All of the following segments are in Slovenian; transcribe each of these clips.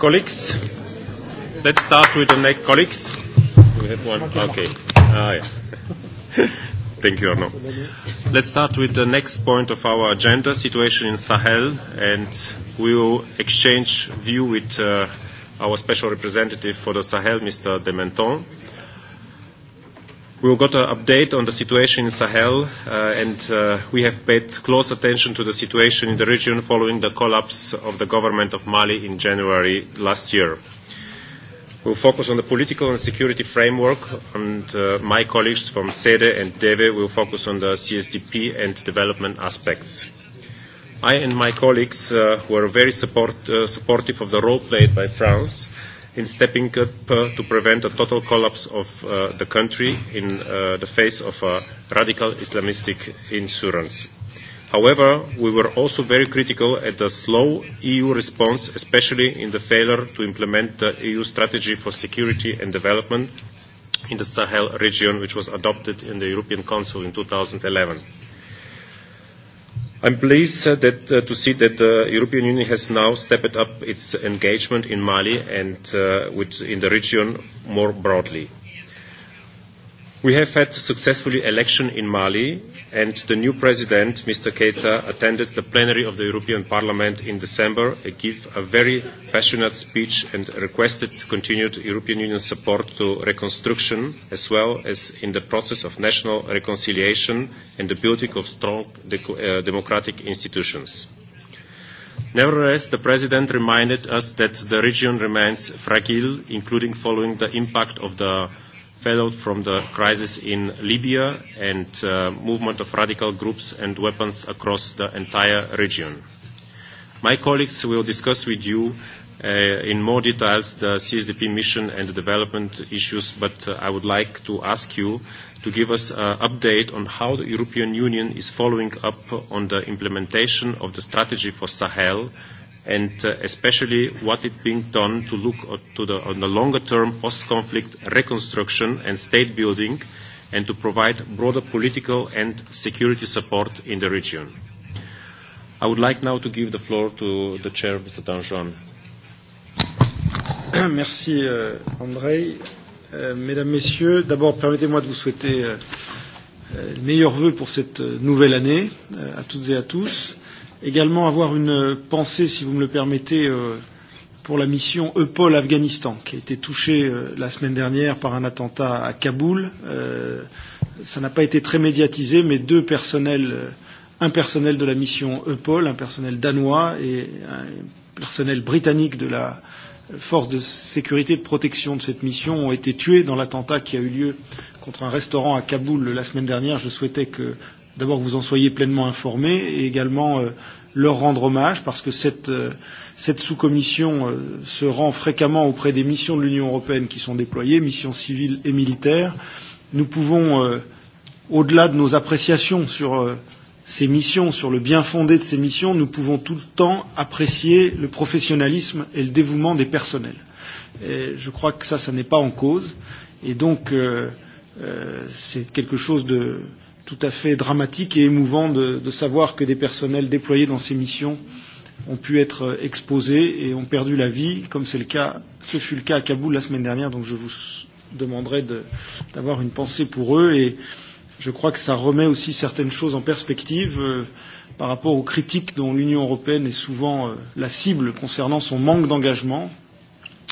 colleagues. Let's start with the next colleagues. We have one. Okay. Ah, yeah. Thank you, Arno. Let's start with the next point of our agenda, situation in Sahel, and we will exchange view with uh, our special representative for the Sahel, Mr. Dementon we will got an update on the situation in Sahel, uh, and uh, we have paid close attention to the situation in the region following the collapse of the government of Mali in January last year. We will focus on the political and security framework, and uh, my colleagues from SEDE and DEVE will focus on the CSDP and development aspects. I and my colleagues uh, were very support, uh, supportive of the role played by France in stepping up uh, to prevent a total collapse of uh, the country in uh, the face of a radical Islamistic insurance. However, we were also very critical at the slow EU response, especially in the failure to implement the EU strategy for security and development in the Sahel region, which was adopted in the European Council in 2011. I'm pleased uh, that, uh, to see that the uh, European Union has now stepped up its engagement in Mali and uh, with, in the region more broadly. We have had successful election in Mali and the new president, Mr. Keita, attended the plenary of the European Parliament in December, gave a very passionate speech and requested continued European Union support to reconstruction as well as in the process of national reconciliation and the building of strong de uh, democratic institutions. Nevertheless, the President reminded us that the region remains fragile, including following the impact of the followed from the crisis in Libya and uh, movement of radical groups and weapons across the entire region. My colleagues will discuss with you uh, in more details the CSDP mission and the development issues, but uh, I would like to ask you to give us an update on how the European Union is following up on the implementation of the strategy for Sahel and uh, especially what is being done to look to the, on the longer term post-conflict reconstruction and state building and to provide broader political and security support in the region. I would like now to give the floor to the chair, Mr. Danjon. Merci, uh, André. Uh, mesdames, Messieurs, d'abord, permettez-moi de vous souhaiter euh, uh, les meilleurs voeux pour cette euh, nouvelle année uh, à toutes et à tous. Uh, également avoir une pensée, si vous me le permettez, euh, pour la mission EPOL Afghanistan, qui a été touchée euh, la semaine dernière par un attentat à Kaboul. Euh, ça n'a pas été très médiatisé, mais deux personnels, un personnel de la mission EPOL, un personnel danois et un personnel britannique de la force de sécurité et de protection de cette mission ont été tués dans l'attentat qui a eu lieu contre un restaurant à Kaboul la semaine dernière. Je souhaitais que d'abord que vous en soyez pleinement informés et également euh, leur rendre hommage parce que cette, euh, cette sous-commission euh, se rend fréquemment auprès des missions de l'Union européenne qui sont déployées, missions civiles et militaires. Nous pouvons, au-delà de nos appréciations sur ces missions, sur le bien fondé de ces missions, nous pouvons tout le temps apprécier le professionnalisme et le dévouement des personnels. Et je crois que ça, ça n'est pas en cause. Et donc, euh, euh, c'est quelque chose de, euh, tout à fait dramatique et émouvant de, de savoir que des personnels déployés dans ces missions ont pu être exposés et ont perdu la vie, comme c'est le cas, ce fut le cas à Kaboul la semaine dernière. Donc je vous demanderai d'avoir de, une pensée pour eux et je crois que ça remet aussi certaines choses en perspective euh, par rapport aux critiques dont l'Union européenne est souvent euh, la cible concernant son manque d'engagement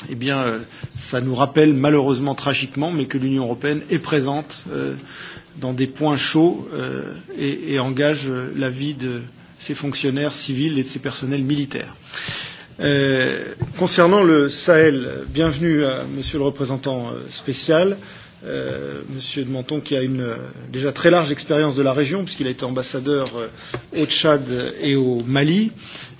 eh bien, euh, ça nous rappelle malheureusement, tragiquement, mais que l'Union européenne est présente euh, dans des points chauds euh, et, et engage euh, la vie de ses fonctionnaires civils et de ses personnels militaires. Euh, concernant le Sahel, bienvenue à Monsieur le représentant euh, spécial. Euh, Euh, Monsieur de Menton, qui a une euh, déjà très large expérience de la région, puisqu'il a été ambassadeur euh, au Tchad et au Mali.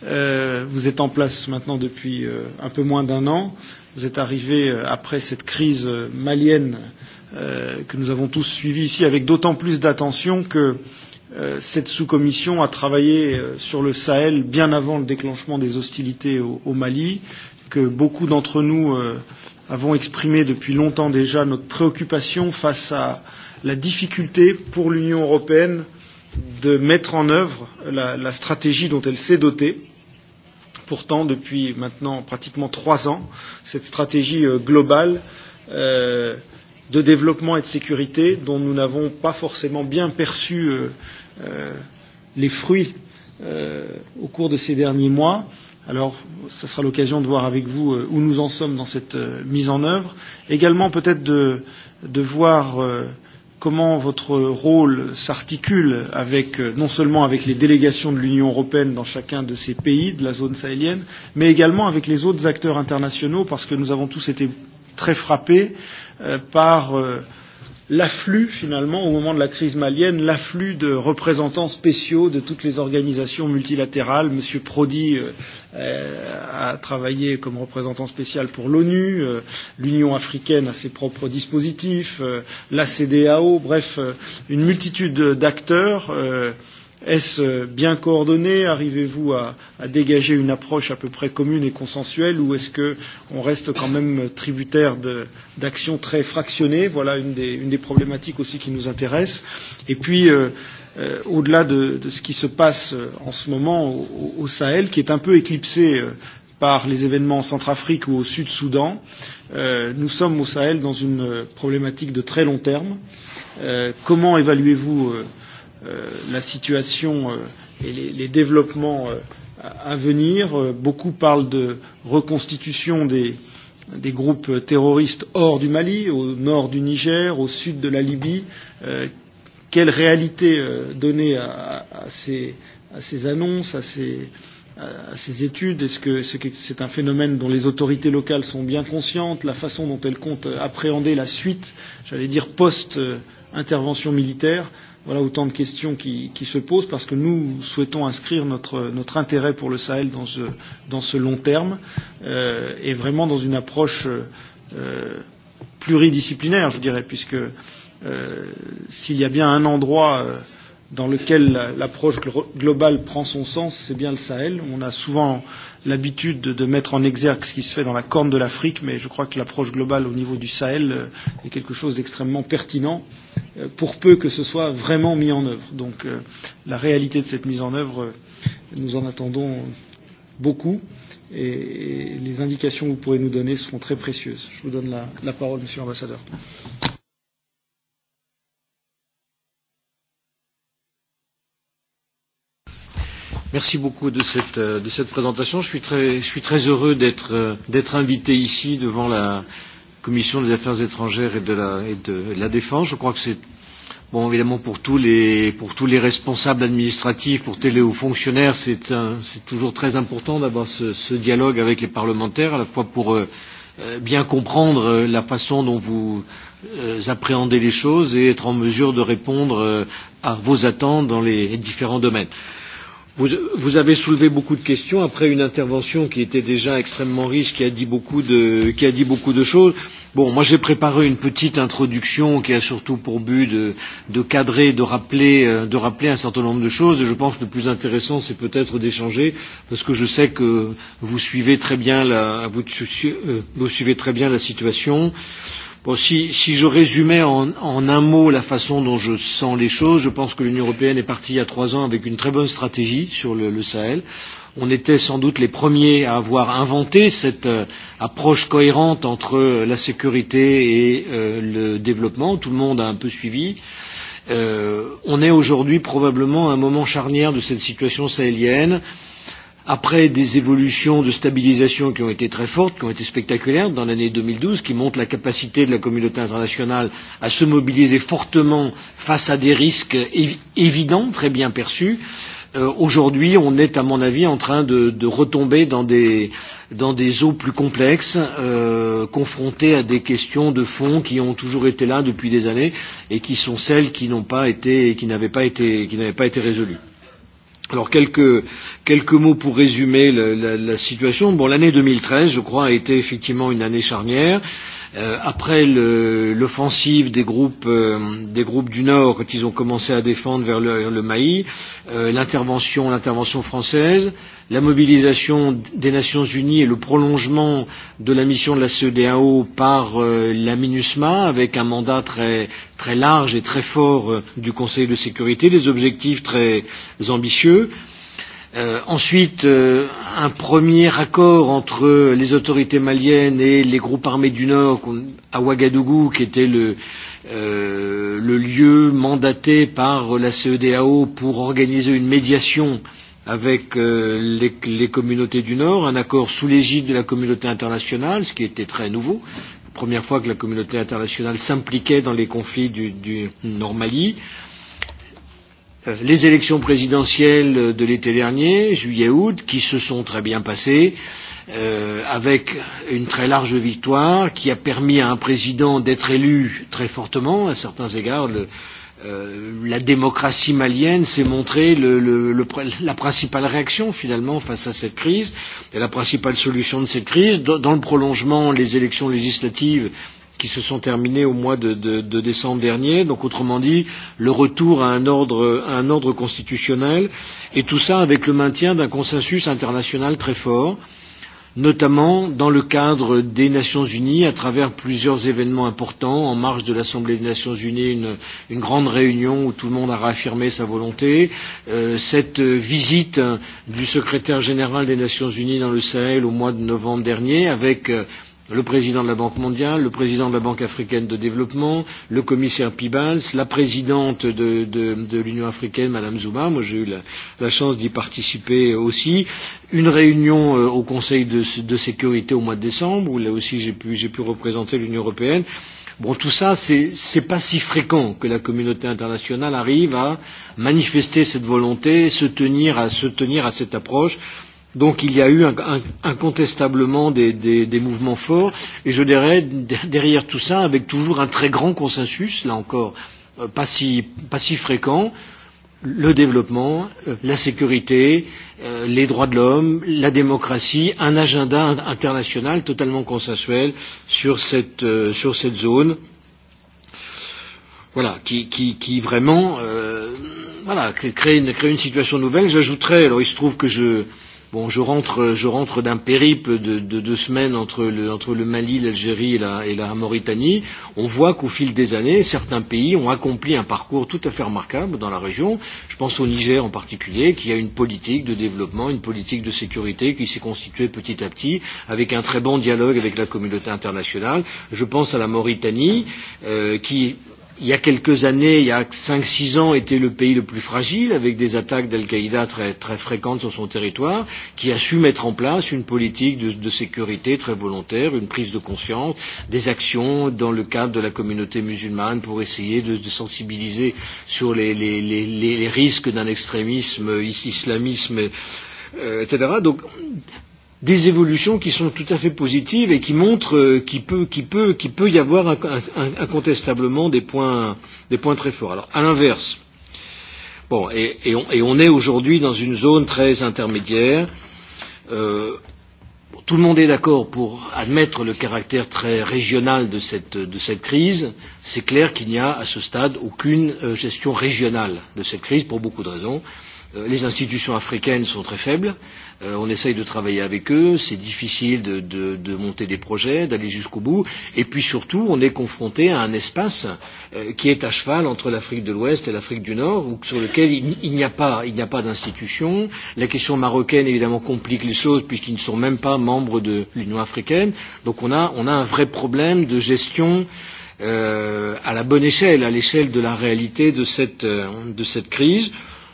Euh, vous êtes en place maintenant depuis euh, un peu moins d'un an. Vous êtes arrivé euh, après cette crise euh, malienne euh, que nous avons tous suivie ici avec d'autant plus d'attention que euh, cette sous-commission a travaillé euh, sur le Sahel bien avant le déclenchement des hostilités au, au Mali, que beaucoup d'entre nous. Euh, avons exprimé depuis longtemps déjà notre préoccupation face à la difficulté pour l'Union européenne de mettre en œuvre la, la stratégie dont elle s'est dotée. Pourtant, depuis maintenant pratiquement trois ans, cette stratégie euh, globale euh, de développement et de sécurité, dont nous n'avons pas forcément bien perçu euh, euh, les fruits euh, au cours de ces derniers mois, euh, Alors, ce sera l'occasion de voir avec vous euh, où nous en sommes dans cette euh, mise en œuvre. Également, peut-être de, de voir euh, comment votre rôle s'articule avec euh, non seulement avec les délégations de l'Union européenne dans chacun de ces pays de la zone sahélienne, mais également avec les autres acteurs internationaux, parce que nous avons tous été très frappés euh, par euh, l'afflux finalement au moment de la crise malienne, l'afflux de représentants spéciaux de toutes les organisations multilatérales. Monsieur Prodi euh, euh a travaillé comme représentant spécial pour l'ONU, euh, l'Union africaine a ses propres dispositifs, euh, la CDAO, bref, euh, une multitude d'acteurs. Euh, Est-ce euh, bien coordonné Arrivez-vous à, à dégager une approche à peu près commune et consensuelle Ou est-ce qu'on reste quand même tributaire d'actions très fractionnées Voilà une des, une des problématiques aussi qui nous intéresse. Et puis, euh, euh, au-delà de, de ce qui se passe euh, en ce moment au, au Sahel, qui est un peu éclipsé euh, par les événements en Centrafrique ou au Sud-Soudan, euh, nous sommes au Sahel dans une euh, problématique de très long terme. Euh, comment évaluez-vous euh, Euh, la situation euh, et les, les développements euh, à venir. Euh, beaucoup parlent de reconstitution des, des groupes terroristes hors du Mali, au nord du Niger, au sud de la Libye. Euh, quelle réalité euh, donner à, à, ces, à ces annonces, à ces, à ces études Est-ce que c'est un phénomène dont les autorités locales sont bien conscientes La façon dont elles comptent appréhender la suite, j'allais dire, post-intervention euh, militaire euh, voilà autant de questions qui, qui se posent parce que nous souhaitons inscrire notre, notre intérêt pour le Sahel dans ce, dans ce long terme euh, et vraiment dans une approche euh, pluridisciplinaire, je dirais, puisque euh, s'il y a bien un endroit euh, dans lequel l'approche globale prend son sens, c'est bien le Sahel. On a souvent l'habitude de mettre en exergue ce qui se fait dans la corne de l'Afrique, mais je crois que l'approche globale au niveau du Sahel euh, est quelque chose d'extrêmement pertinent, euh, pour peu que ce soit vraiment mis en œuvre. Donc euh, la réalité de cette mise en œuvre, nous en attendons beaucoup, et les indications que vous pourrez nous donner seront très précieuses. Je vous donne la, la parole, Monsieur l'Ambassadeur. Merci beaucoup de cette, euh, de cette présentation. Je suis très, je suis très heureux euh, d'être invité ici devant la Commission des Affaires étrangères et de la, et de, et de la Défense. Je crois que c'est, bon, évidemment, pour tous, les, pour tous les responsables administratifs, pour télé ou fonctionnaires, c'est toujours très important d'avoir ce, ce dialogue avec les parlementaires, à la fois pour euh, euh bien comprendre la façon dont vous euh, appréhendez les choses et être en mesure de répondre euh, à vos attentes dans les différents domaines. Vous, vous avez soulevé beaucoup de questions après une intervention qui était déjà extrêmement riche, qui a dit beaucoup de, qui a dit beaucoup de choses. Bon, moi j'ai préparé une petite introduction qui a surtout pour but de, de cadrer, de rappeler, euh, de rappeler un certain nombre de choses. Et je pense que le plus intéressant, c'est peut-être d'échanger, parce que je sais que vous suivez très bien la, vous, euh, vous suivez très bien la situation. Euh, Bon, si, si je résumais en, en un mot la façon dont je sens les choses, je pense que l'Union européenne est partie il y a trois ans avec une très bonne stratégie sur le, le Sahel. On était sans doute les premiers à avoir inventé cette euh, approche cohérente entre la sécurité et euh, le développement. Tout le monde a un peu suivi. Euh, on est aujourd'hui probablement à un moment charnière de cette situation sahélienne. Euh, après des évolutions de stabilisation qui ont été très fortes, qui ont été spectaculaires dans l'année 2012, qui montrent la capacité de la communauté internationale à se mobiliser fortement face à des risques évi évidents, très bien perçus, euh, aujourd'hui on est, à mon avis, en train de, de retomber dans des, dans des eaux plus complexes, euh, confrontées à des questions de fond qui ont toujours été là depuis des années et qui sont celles qui n'ont pas été, qui n'avaient pas, pas été résolues. Alors quelques, quelques mots pour résumer la, la, la situation. Bon, l'année 2013, je crois, a été effectivement une année charnière. Euh, après le, l'offensive des groupes, euh, des groupes du Nord, quand ils ont commencé à défendre vers le, le Maï, euh, l'intervention, l'intervention française, la mobilisation des Nations Unies et le prolongement de la mission de la CEDAO par euh, la MINUSMA, avec un mandat très, très large et très fort euh, du Conseil de sécurité, des objectifs très ambitieux. Euh, ensuite, euh, un premier accord entre les autorités maliennes et les groupes armés du Nord à Ouagadougou, qui était le, euh, le lieu mandaté par la CEDAO pour organiser une médiation avec euh, les, les communautés du Nord, un accord sous l'égide de la communauté internationale, ce qui était très nouveau, première fois que la communauté internationale s'impliquait dans les conflits du, du Nord Mali. Euh, Euh, les élections présidentielles euh, de l'été dernier, juillet août, qui se sont très bien passées, euh, avec une très large victoire, qui a permis à un président d'être élu très fortement à certains égards. Le, euh, la démocratie malienne s'est montrée le, le, le, la principale réaction finalement face à cette crise et la principale solution de cette crise. Dans, dans le prolongement, les élections législatives qui se sont terminées au mois de, de, de décembre dernier. Donc, autrement dit, le retour à un ordre, à un ordre constitutionnel. Et tout ça avec le maintien d'un consensus international très fort notamment dans le cadre des Nations Unies, à travers plusieurs événements importants, en marge de l'Assemblée des Nations Unies, une, une grande réunion où tout le monde a réaffirmé sa volonté, euh, cette visite du secrétaire général des Nations Unies dans le Sahel au mois de novembre dernier, avec euh, le président de la Banque mondiale, le président de la Banque africaine de développement, le commissaire Pibals, la présidente de, de, de l'Union africaine, Madame Zuma. Moi, j'ai eu la, la chance d'y participer aussi. Une réunion euh, au Conseil de, de sécurité au mois de décembre, où là aussi j'ai pu, pu représenter l'Union européenne. Bon, tout ça, c'est pas si fréquent que la communauté internationale arrive à manifester cette volonté, se tenir à, se tenir à cette approche. Donc il y a eu incontestablement des, des, des mouvements forts, et je dirais derrière tout ça, avec toujours un très grand consensus, là encore, euh, pas si, pas si fréquent, le développement, euh, la sécurité, euh, les droits de l'homme, la démocratie, un agenda international totalement consensuel sur cette, sur cette zone, voilà, qui, qui, qui vraiment euh, voilà, crée, une, crée une situation nouvelle. J'ajouterais, alors il se trouve que je. Bon, je rentre, je rentre d'un périple de, de deux semaines entre le, entre le Mali, l'Algérie et la, et la Mauritanie. On voit qu'au fil des années, certains pays ont accompli un parcours tout à fait remarquable dans la région. Je pense au Niger en particulier, qui a une politique de développement, une politique de sécurité qui s'est constituée petit à petit, avec un très bon dialogue avec la communauté internationale. Je pense à la Mauritanie, euh, qui il y a quelques années, il y a cinq, six ans, était le pays le plus fragile, avec des attaques d'Al-Qaïda très, très fréquentes sur son territoire, qui a su mettre en place une politique de, de sécurité très volontaire, une prise de conscience, des actions dans le cadre de la communauté musulmane pour essayer de, de sensibiliser sur les, les, les, les, les risques d'un extrémisme islamisme, euh, etc. Donc, des évolutions qui sont tout à fait positives et qui montrent euh, qu'il peut, qu peut, qu peut y avoir incontestablement des points, des points très forts. Alors, à l'inverse, bon, et, et, on, et on est aujourd'hui dans une zone très intermédiaire. Euh, tout le monde est d'accord pour admettre le caractère très régional de cette, de cette crise. C'est clair qu'il n'y a à ce stade aucune euh, gestion régionale de cette crise pour beaucoup de raisons. Euh, les institutions africaines sont très faibles. Euh, on essaye de travailler avec eux. C'est difficile de, de, de monter des projets, d'aller jusqu'au bout. Et puis surtout, on est confronté à un espace euh, qui est à cheval entre l'Afrique de l'Ouest et l'Afrique du Nord, où, sur lequel il n'y a pas, pas d'institutions. La question marocaine, évidemment, complique les choses puisqu'ils ne sont même pas membres de l'Union africaine. Donc on a, on a un vrai problème de gestion. Euh, à la bonne échelle, à l'échelle de la réalité de cette, euh, de cette crise.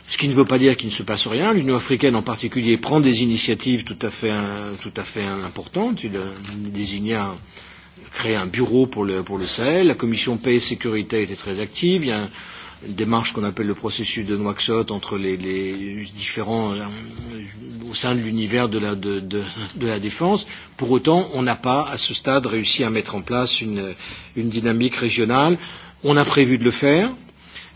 Ce qui ne veut pas dire qu'il ne se passe rien. L'Union africaine en particulier prend des initiatives tout à fait, tout à fait importantes. Il euh, désigna créer un bureau pour le, pour le Sahel. La commission paix et sécurité était très active. Il y a une démarche qu'on appelle le processus de Nouakchott entre les, les différents euh, au sein de l'univers de la, de, de, de la défense. Pour autant, on n'a pas à ce stade réussi à mettre en place une, une dynamique régionale. On a prévu de le faire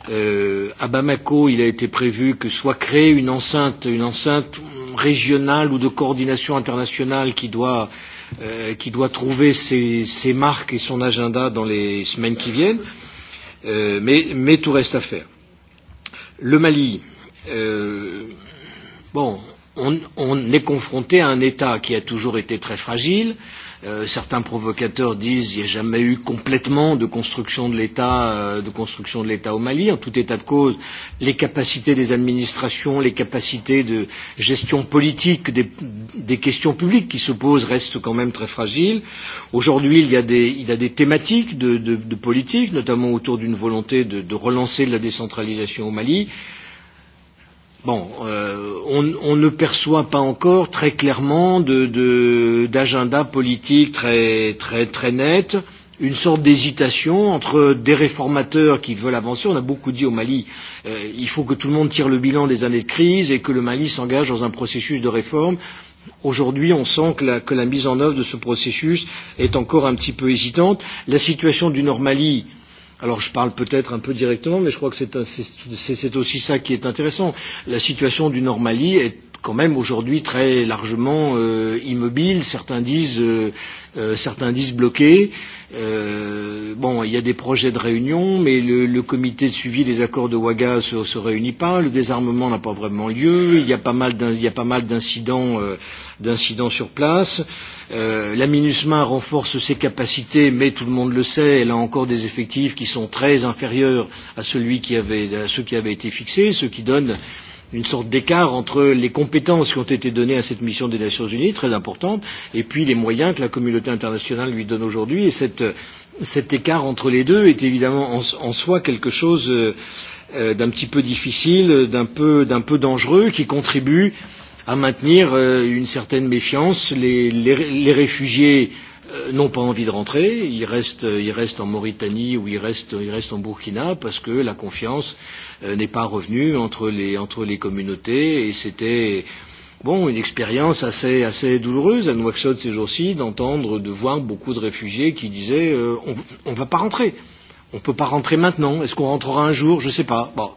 euh, à Bamako, il a été prévu que soit créée une enceinte, une enceinte régionale ou de coordination internationale qui doit, euh, qui doit trouver ses, ses marques et son agenda dans les semaines qui viennent. Euh, mais, mais tout reste à faire. Le Mali, euh, bon, on, on est confronté à un État qui a toujours été très fragile, euh, Euh, certains provocateurs disent qu'il n'y a jamais eu complètement de construction de l'État euh, de de au Mali. En tout état de cause, les capacités des administrations, les capacités de gestion politique des, des questions publiques qui se posent restent quand même très fragiles. Aujourd'hui, il, il y a des thématiques de, de, de politique, notamment autour d'une volonté de, de relancer de la décentralisation au Mali. Bon, euh, on, on ne perçoit pas encore très clairement d'agenda de, de, politique très, très, très net, une sorte d'hésitation entre des réformateurs qui veulent avancer. On a beaucoup dit au Mali, euh, il faut que tout le monde tire le bilan des années de crise et que le Mali s'engage dans un processus de réforme. Aujourd'hui, on sent que la, que la mise en œuvre de ce processus est encore un petit peu hésitante. La situation du Nord-Mali, euh, Alors je parle peut-être un peu directement, mais je crois que c'est aussi ça qui est intéressant. La situation du Normalie est quand même aujourd'hui très largement euh, immobile, certains disent, euh, euh, certains disent bloqué. Euh, bon, il y a des projets de réunion, mais le, le comité de suivi des accords de Ouaga ne se, se réunit pas, le désarmement n'a pas vraiment lieu, il y a pas mal, d'in, il y a pas mal d'incidents, euh, d'incidents sur place. Euh, la MINUSMA renforce ses capacités, mais tout le monde le sait, elle a encore des effectifs qui sont très inférieurs à, celui qui avait, à ceux qui avaient été fixés, ce qui donne une sorte d'écart entre les compétences qui ont été données à cette mission des Nations Unies, très importante, et puis les moyens que la communauté internationale lui donne aujourd'hui. Et cette, cet écart entre les deux est évidemment en, en soi quelque chose euh, euh, d'un petit peu difficile, d'un peu, peu dangereux, qui contribue à maintenir euh, une certaine méfiance. Les, les, les réfugiés euh, Euh, n'ont pas envie de rentrer, ils restent, ils restent en Mauritanie ou ils restent, ils restent en Burkina parce que la confiance euh, n'est pas revenue entre les, entre les communautés et c'était bon, une expérience assez, assez douloureuse à Nouakchott ces jours-ci d'entendre, de voir beaucoup de réfugiés qui disaient euh, on ne va pas rentrer, on ne peut pas rentrer maintenant, est-ce qu'on rentrera un jour, je ne sais pas. Bon.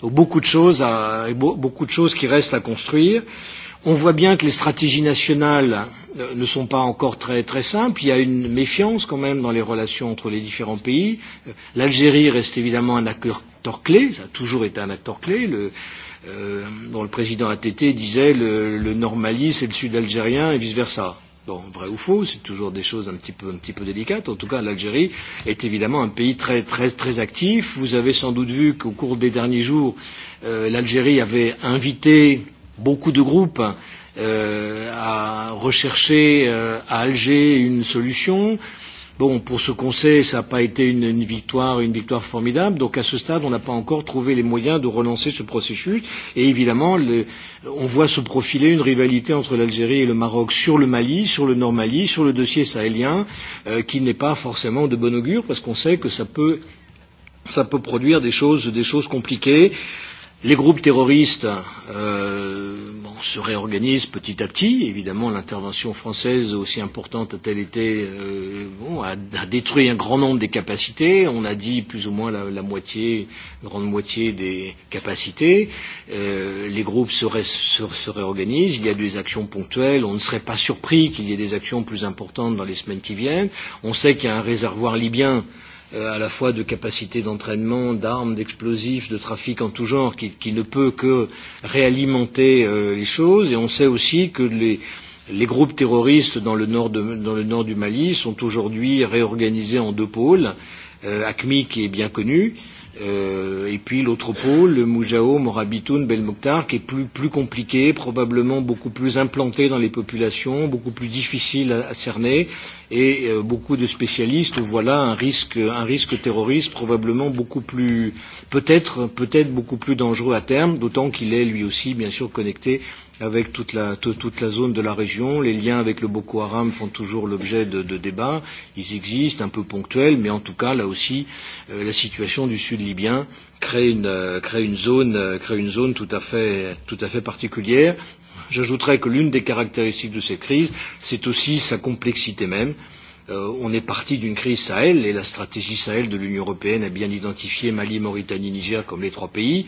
Donc beaucoup de, choses à, beaucoup de choses qui restent à construire. Euh, On voit bien que les stratégies nationales euh, ne sont pas encore très, très simples. Il y a une méfiance quand même dans les relations entre les différents pays. Euh, L'Algérie reste évidemment un acteur clé, ça a toujours été un acteur clé. Le, euh, bon, le président ATT disait le, le Nord Mali, c'est le sud algérien et vice-versa. Bon, vrai ou faux, c'est toujours des choses un petit, peu, un petit peu délicates. En tout cas, l'Algérie est évidemment un pays très, très, très actif. Vous avez sans doute vu qu'au cours des derniers jours, euh, l'Algérie avait invité euh, beaucoup de groupes euh, à rechercher euh, à Alger une solution. Bon, pour ce conseil, ça n'a pas été une, une victoire, une victoire formidable. Donc, à ce stade, on n'a pas encore trouvé les moyens de relancer ce processus. Et évidemment, le, on voit se profiler une rivalité entre l'Algérie et le Maroc sur le Mali, sur le Nord Mali, sur le dossier sahélien, euh, qui n'est pas forcément de bon augure, parce qu'on sait que ça peut, ça peut produire des choses, des choses compliquées. Euh, Les groupes terroristes euh, bon, se réorganisent petit à petit. Évidemment, l'intervention française, aussi importante a-t-elle été, euh, bon, a, a détruit un grand nombre des capacités. On a dit plus ou moins la, la moitié, grande moitié des capacités. Euh, les groupes se, ré, se, se réorganisent. Il y a des actions ponctuelles. On ne serait pas surpris qu'il y ait des actions plus importantes dans les semaines qui viennent. On sait qu'il y a un réservoir libyen euh, euh, à la fois de capacités d'entraînement, d'armes, d'explosifs, de trafic en tout genre, qui, qui ne peut que réalimenter euh, les choses. Et on sait aussi que les, les groupes terroristes dans le, nord de, dans le nord du Mali sont aujourd'hui réorganisés en deux pôles. Euh, ACMI qui est bien connu, euh, et puis l'autre pôle, le Moujao, Morabitoun, Belmokhtar, qui est plus, plus compliqué, probablement beaucoup plus implanté dans les populations, beaucoup plus difficile à, à cerner, et euh, beaucoup de spécialistes voient là un risque, un risque terroriste probablement beaucoup plus, peut-être, peut-être beaucoup plus dangereux à terme, d'autant qu'il est lui aussi bien sûr connecté avec toute la, toute, toute la zone de la région. Les liens avec le Boko Haram font toujours l'objet de, de débats. Ils existent, un peu ponctuels, mais en tout cas, là aussi, euh, la situation du sud libyen crée une, euh, crée une zone, euh, crée une zone tout, à fait, tout à fait particulière. J'ajouterais que l'une des caractéristiques de cette crise, c'est aussi sa complexité même. Euh, on est parti d'une crise Sahel et la stratégie Sahel de l'Union européenne a bien identifié Mali, Mauritanie, Niger comme les trois pays.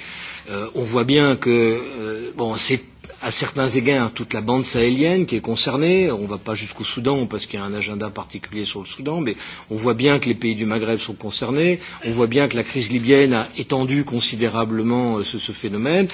Euh, on voit bien que euh, bon, c'est à certains égards toute la bande sahélienne qui est concernée. On ne va pas jusqu'au Soudan parce qu'il y a un agenda particulier sur le Soudan, mais on voit bien que les pays du Maghreb sont concernés. On voit bien que la crise libyenne a étendu considérablement euh, ce, ce phénomène.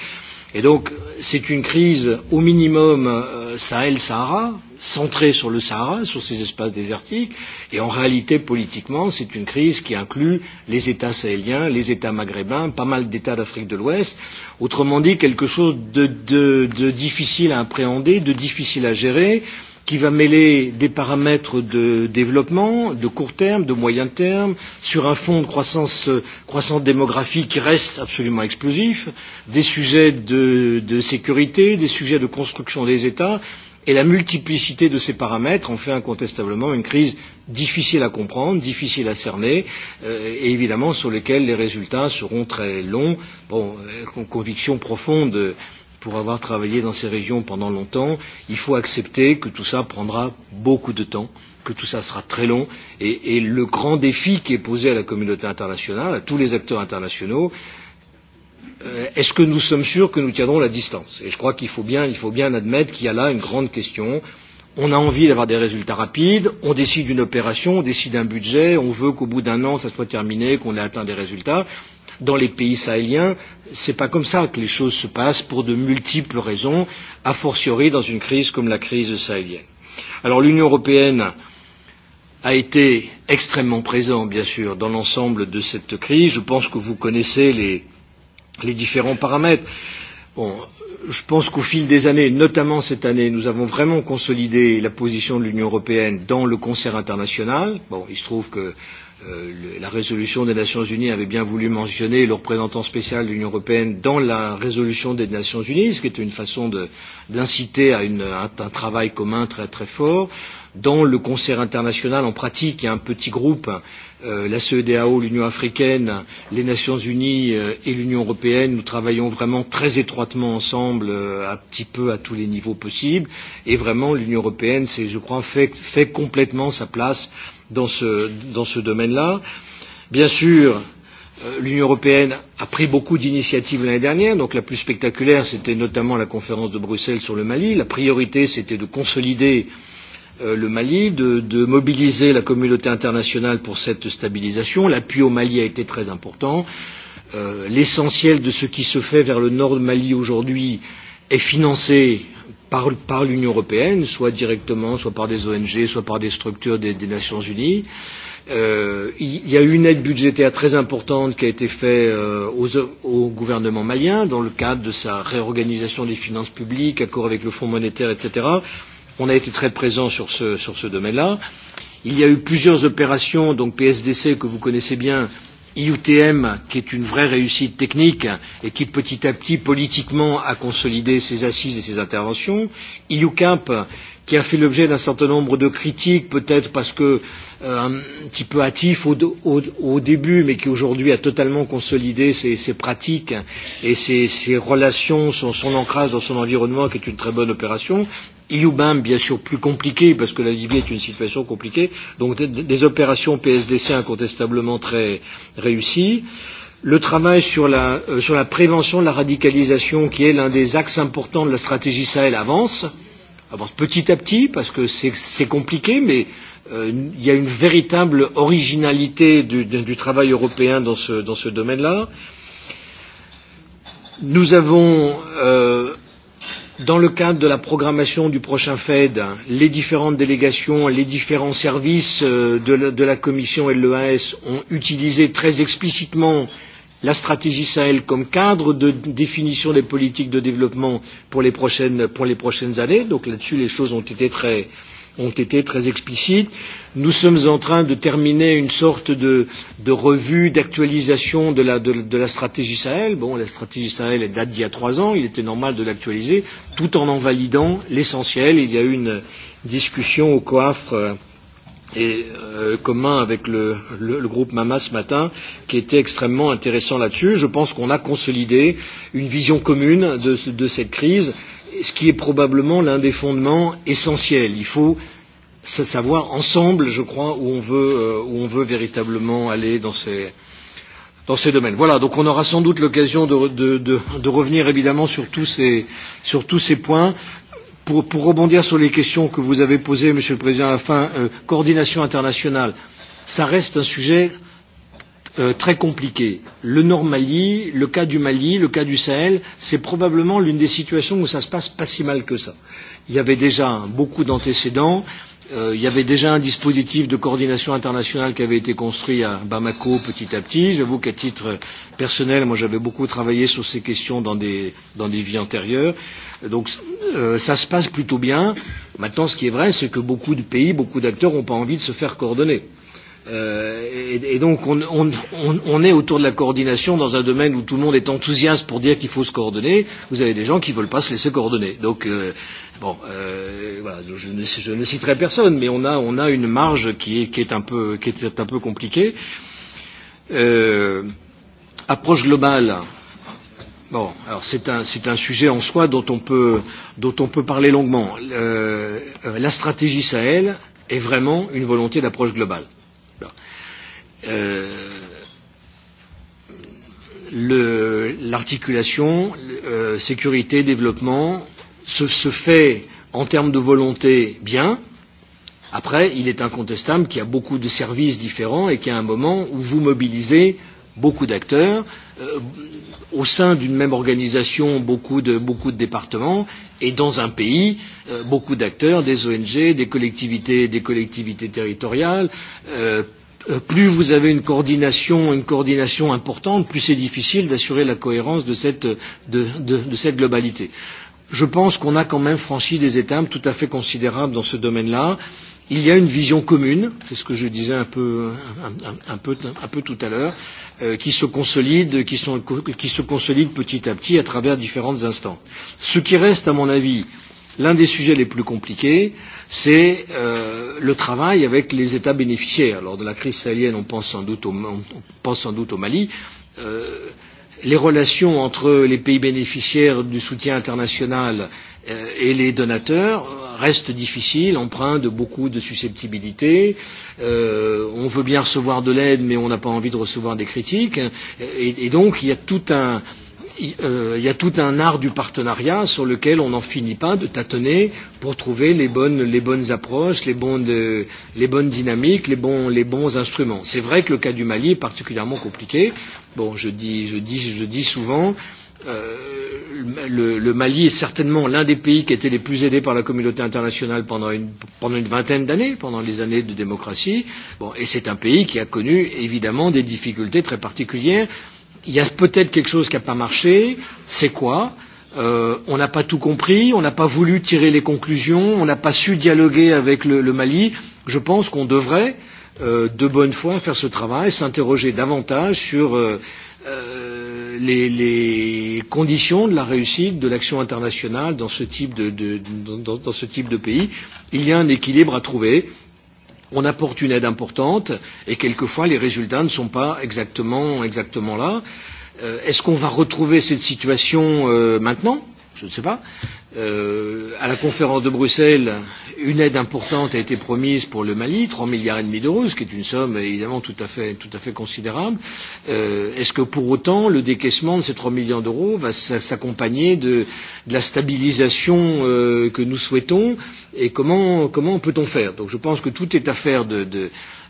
Et donc, c'est une crise au minimum euh, Sahel-Sahara, centrée sur le Sahara, sur ces espaces désertiques, et en réalité, politiquement, c'est une crise qui inclut les États sahéliens, les États maghrébins, pas mal d'États d'Afrique de l'Ouest, autrement dit, quelque chose de, de, de de difficile à appréhender, de difficile à gérer, qui va mêler des paramètres de développement, de court terme, de moyen terme, sur un fonds de croissance, croissance démographique qui reste absolument explosif, des sujets de, de sécurité, des sujets de construction des États, et la multiplicité de ces paramètres en fait incontestablement une crise difficile à comprendre, difficile à cerner, euh, et évidemment sur lequel les résultats seront très longs. Bon, euh, conviction profonde. Euh, pour avoir travaillé dans ces régions pendant longtemps, il faut accepter que tout ça prendra beaucoup de temps, que tout ça sera très long. Et, et le grand défi qui est posé à la communauté internationale, à tous les acteurs internationaux, euh, est-ce que nous sommes sûrs que nous tiendrons la distance Et je crois qu'il faut bien, il faut bien admettre qu'il y a là une grande question. On a envie d'avoir des résultats rapides, on décide une opération, on décide un budget, on veut qu'au bout d'un an, ça soit terminé, qu'on ait atteint des résultats dans les pays sahéliens. Ce n'est pas comme ça que les choses se passent pour de multiples raisons, a fortiori dans une crise comme la crise sahélienne. Alors l'Union européenne a été extrêmement présente, bien sûr, dans l'ensemble de cette crise. Je pense que vous connaissez les, les différents paramètres. Bon, je pense qu'au fil des années, notamment cette année, nous avons vraiment consolidé la position de l'Union européenne dans le concert international. Bon, il se trouve que euh, euh, le, la résolution des Nations Unies avait bien voulu mentionner le représentant spécial de l'Union Européenne dans la résolution des Nations Unies, ce qui était une façon d'inciter à une, un, un travail commun très très fort dans le concert international en pratique, il y a un petit groupe, euh, la CEDAO, l'Union africaine, les Nations unies euh, et l'Union européenne. Nous travaillons vraiment très étroitement ensemble, euh, un petit peu à tous les niveaux possibles. Et vraiment, l'Union européenne, c'est, je crois, fait, fait complètement sa place dans ce, dans ce domaine-là. Bien sûr, euh, L'Union européenne a pris beaucoup d'initiatives l'année dernière, donc la plus spectaculaire, c'était notamment la conférence de Bruxelles sur le Mali. La priorité, c'était de consolider euh, Euh, le Mali, de, de mobiliser la communauté internationale pour cette stabilisation. L'appui au Mali a été très important. Euh, L'essentiel de ce qui se fait vers le nord du Mali aujourd'hui est financé par, par l'Union européenne, soit directement, soit par des ONG, soit par des structures des, des Nations unies. Euh, il y a eu une aide budgétaire très importante qui a été faite euh, au gouvernement malien dans le cadre de sa réorganisation des finances publiques, accord avec le Fonds monétaire, etc on a été très présent sur ce, sur ce domaine-là. Il y a eu plusieurs opérations, donc PSDC que vous connaissez bien, IUTM qui est une vraie réussite technique et qui petit à petit politiquement a consolidé ses assises et ses interventions, IUCAP qui a fait l'objet d'un certain nombre de critiques, peut-être parce que euh, un petit peu hâtif au, au, au début, mais qui aujourd'hui a totalement consolidé ses, ses pratiques et ses, ses relations, son, son ancrage dans son environnement, qui est une très bonne opération, IUBAM, bien sûr, plus compliqué, parce que la Libye est une situation compliquée. Donc, des, des opérations PSDC incontestablement très réussies. Le travail sur la, euh, sur la prévention de la radicalisation, qui est l'un des axes importants de la stratégie Sahel, avance. Avance petit à petit, parce que c'est compliqué, mais euh, il euh, y a une véritable originalité du, du, du travail européen dans ce, dans ce domaine-là. Nous avons. Euh, Dans le cadre de la programmation du prochain Fed, les différentes délégations, les différents services euh, de, de la Commission et de l'EAS ont utilisé très explicitement la stratégie Sahel comme cadre de définition des politiques de développement pour les prochaines, pour les prochaines années. Donc là-dessus, les choses ont été très, ont été très explicites. Nous sommes en train de terminer une sorte de, de revue d'actualisation de la, de, de la stratégie Sahel. Bon, la stratégie Sahel est date d'il y a trois ans, il était normal de l'actualiser, tout en en validant l'essentiel. Il y a eu une discussion au coiffre euh, et, euh, commun avec le, le, le groupe Mama ce matin, qui était extrêmement intéressant là-dessus. Je pense qu'on a consolidé une vision commune de, de cette crise ce qui est probablement l'un des fondements essentiels. Il faut savoir ensemble, je crois, où on veut, euh, où on veut véritablement aller dans ces, dans ces domaines. Voilà, donc on aura sans doute l'occasion de, de, de, de revenir évidemment sur tous ces, sur tous ces points. Pour, pour rebondir sur les questions que vous avez posées, Monsieur le Président, à la fin, euh, coordination internationale, ça reste un sujet Euh, très compliqué. Le Nord Mali, le cas du Mali, le cas du Sahel, c'est probablement l'une des situations où ça se passe pas si mal que ça. Il y avait déjà beaucoup d'antécédents. Euh, il y avait déjà un dispositif de coordination internationale qui avait été construit à Bamako petit à petit. J'avoue qu'à titre personnel, moi j'avais beaucoup travaillé sur ces questions dans des, dans des vies antérieures. Donc euh, ça se passe plutôt bien. Maintenant, ce qui est vrai, c'est que beaucoup de pays, beaucoup d'acteurs n'ont pas envie de se faire coordonner. Euh, Euh, et, et donc on, on, on, on est autour de la coordination dans un domaine où tout le monde est enthousiaste pour dire qu'il faut se coordonner. Vous avez des gens qui ne veulent pas se laisser coordonner. Donc euh, bon, euh, voilà, je, ne, je ne citerai personne, mais on a, on a une marge qui est, qui est un peu, qui est un peu compliquée. Euh, approche globale. Bon, alors c'est un, un sujet en soi dont on peut, dont on peut parler longuement. Euh, la stratégie Sahel est vraiment une volonté d'approche globale. Euh, l'articulation euh, sécurité développement se, se fait en termes de volonté bien. Après, il est incontestable qu'il y a beaucoup de services différents et qu'il y a un moment où vous mobilisez beaucoup d'acteurs euh, au sein d'une même organisation, beaucoup de, beaucoup de départements et dans un pays, euh, beaucoup d'acteurs, des ONG, des collectivités, des collectivités territoriales, euh, Euh, plus vous avez une coordination, une coordination importante, plus c'est difficile d'assurer la cohérence de cette, de, de, de cette globalité. Je pense qu'on a quand même franchi des étapes tout à fait considérables dans ce domaine-là. Il y a une vision commune, c'est ce que je disais un peu, un, un, un peu, un peu tout à l'heure, euh, qui, se consolide, qui, sont, qui se consolide petit à petit à travers différentes instances. Ce qui reste, à mon avis, euh, L'un des sujets les plus compliqués, c'est euh, le travail avec les États bénéficiaires. Lors de la crise sahélienne, on pense sans doute au, on pense sans doute au Mali. Euh, les relations entre les pays bénéficiaires du soutien international euh, et les donateurs restent difficiles, empreintes de beaucoup de susceptibilité. Euh, on veut bien recevoir de l'aide, mais on n'a pas envie de recevoir des critiques. Et, et donc, il y a tout un, euh, il euh, y a tout un art du partenariat sur lequel on n'en finit pas de tâtonner pour trouver les bonnes, les bonnes approches, les bonnes, de, euh, les bonnes dynamiques, les bons, les bons instruments. C'est vrai que le cas du Mali est particulièrement compliqué. Bon, je dis, je dis, je dis souvent, euh, le, le Mali est certainement l'un des pays qui a été les plus aidés par la communauté internationale pendant une, pendant une vingtaine d'années, pendant les années de démocratie. Bon, et c'est un pays qui a connu évidemment des difficultés très particulières il y a peut-être quelque chose qui n'a pas marché, c'est quoi euh, On n'a pas tout compris, on n'a pas voulu tirer les conclusions, on n'a pas su dialoguer avec le, le Mali. Je pense qu'on devrait, euh, de bonne foi, faire ce travail, s'interroger davantage sur euh, euh, les, les conditions de la réussite de l'action internationale dans ce, type de, de, dans, dans ce type de pays. Il y a un équilibre à trouver on apporte une aide importante et quelquefois les résultats ne sont pas exactement, exactement là. Euh, Est-ce qu'on va retrouver cette situation euh, maintenant Je ne sais pas euh, à la conférence de Bruxelles, une aide importante a été promise pour le Mali, trois milliards et demi d'euros, ce qui est une somme évidemment tout à fait, tout à fait considérable. Euh, Est-ce que pour autant le décaissement de ces trois millions d'euros va s'accompagner de, de la stabilisation euh, que nous souhaitons et comment, comment peut-on faire Donc je pense que tout est affaire de, de,